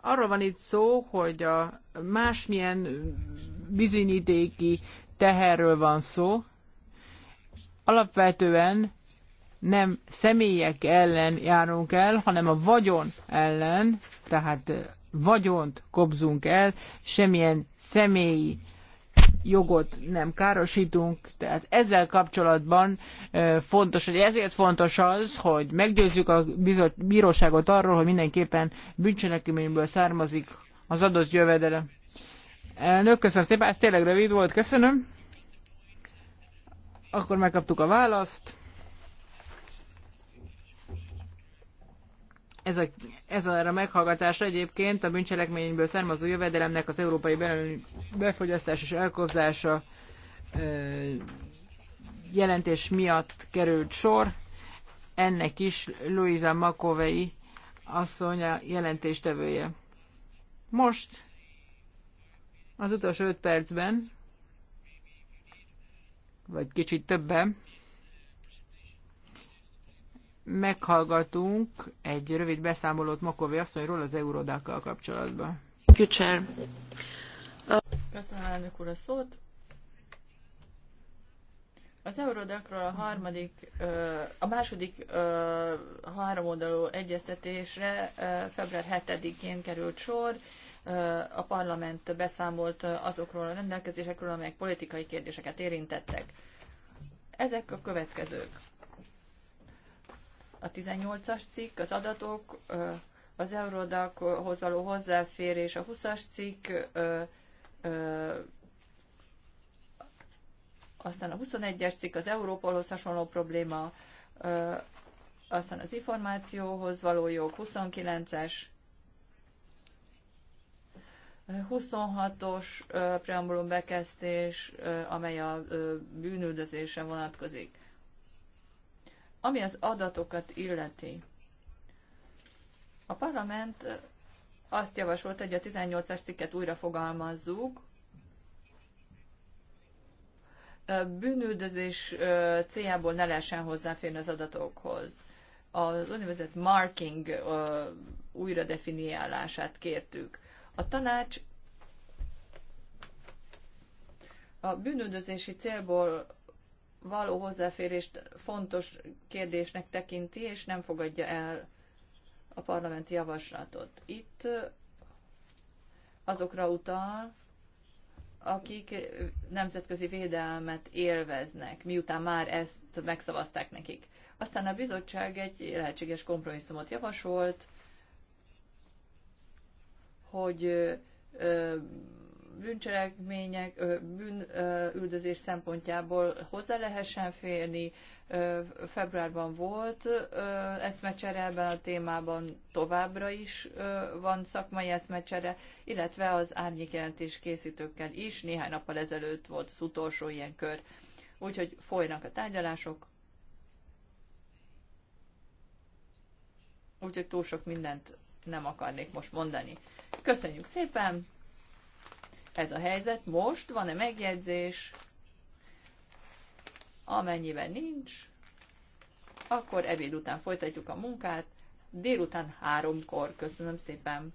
Arról van itt szó, hogy a másmilyen bizonyítéki teherről van szó. Alapvetően nem személyek ellen járunk el, hanem a vagyon ellen, tehát vagyont kobzunk el, semmilyen személyi jogot nem károsítunk. Tehát ezzel kapcsolatban fontos, hogy ezért fontos az, hogy meggyőzzük a bíróságot arról, hogy mindenképpen bűncselekményből származik az adott jövedelem. Elnök, köszönöm szépen, ez tényleg rövid volt, köszönöm. Akkor megkaptuk a választ. Ez a, ez a meghallgatás egyébként a bűncselekményből származó jövedelemnek az európai befogyasztás és elkobzása jelentés miatt került sor. Ennek is Luisa Makovei asszony a jelentéstevője. Most az utolsó öt percben, vagy kicsit többen, meghallgatunk egy rövid beszámolót Makovi asszonyról az eurodákkal kapcsolatban. Kücsel. Uh, Köszönöm elnök úr a szót. Az eurodákról a harmadik, a második háromoldalú egyeztetésre február 7-én került sor. A parlament beszámolt azokról a rendelkezésekről, amelyek politikai kérdéseket érintettek. Ezek a következők a 18-as cikk, az adatok, az eurodakhoz való hozzáférés, a 20-as cikk, aztán a 21-es cikk, az Európolhoz hasonló probléma, aztán az információhoz való jog, 29-es, 26-os preambulum bekezdés, amely a bűnüldözésre vonatkozik. Ami az adatokat illeti, a parlament azt javasolt, hogy a 18-as cikket újra fogalmazzuk, bűnüldözés céljából ne lehessen hozzáférni az adatokhoz. Az úgynevezett marking újra definiálását kértük. A tanács a bűnüldözési célból való hozzáférést fontos kérdésnek tekinti, és nem fogadja el a parlamenti javaslatot. Itt azokra utal, akik nemzetközi védelmet élveznek, miután már ezt megszavazták nekik. Aztán a bizottság egy lehetséges kompromisszumot javasolt, hogy bűncselekmények, bűnüldözés szempontjából hozzá lehessen férni. Februárban volt eszmecsere ebben a témában, továbbra is van szakmai eszmecsere, illetve az árnyékjelentés készítőkkel is. Néhány nappal ezelőtt volt az utolsó ilyen kör. Úgyhogy folynak a tárgyalások. Úgyhogy túl sok mindent nem akarnék most mondani. Köszönjük szépen! ez a helyzet most, van-e megjegyzés, amennyiben nincs, akkor ebéd után folytatjuk a munkát, délután háromkor. Köszönöm szépen!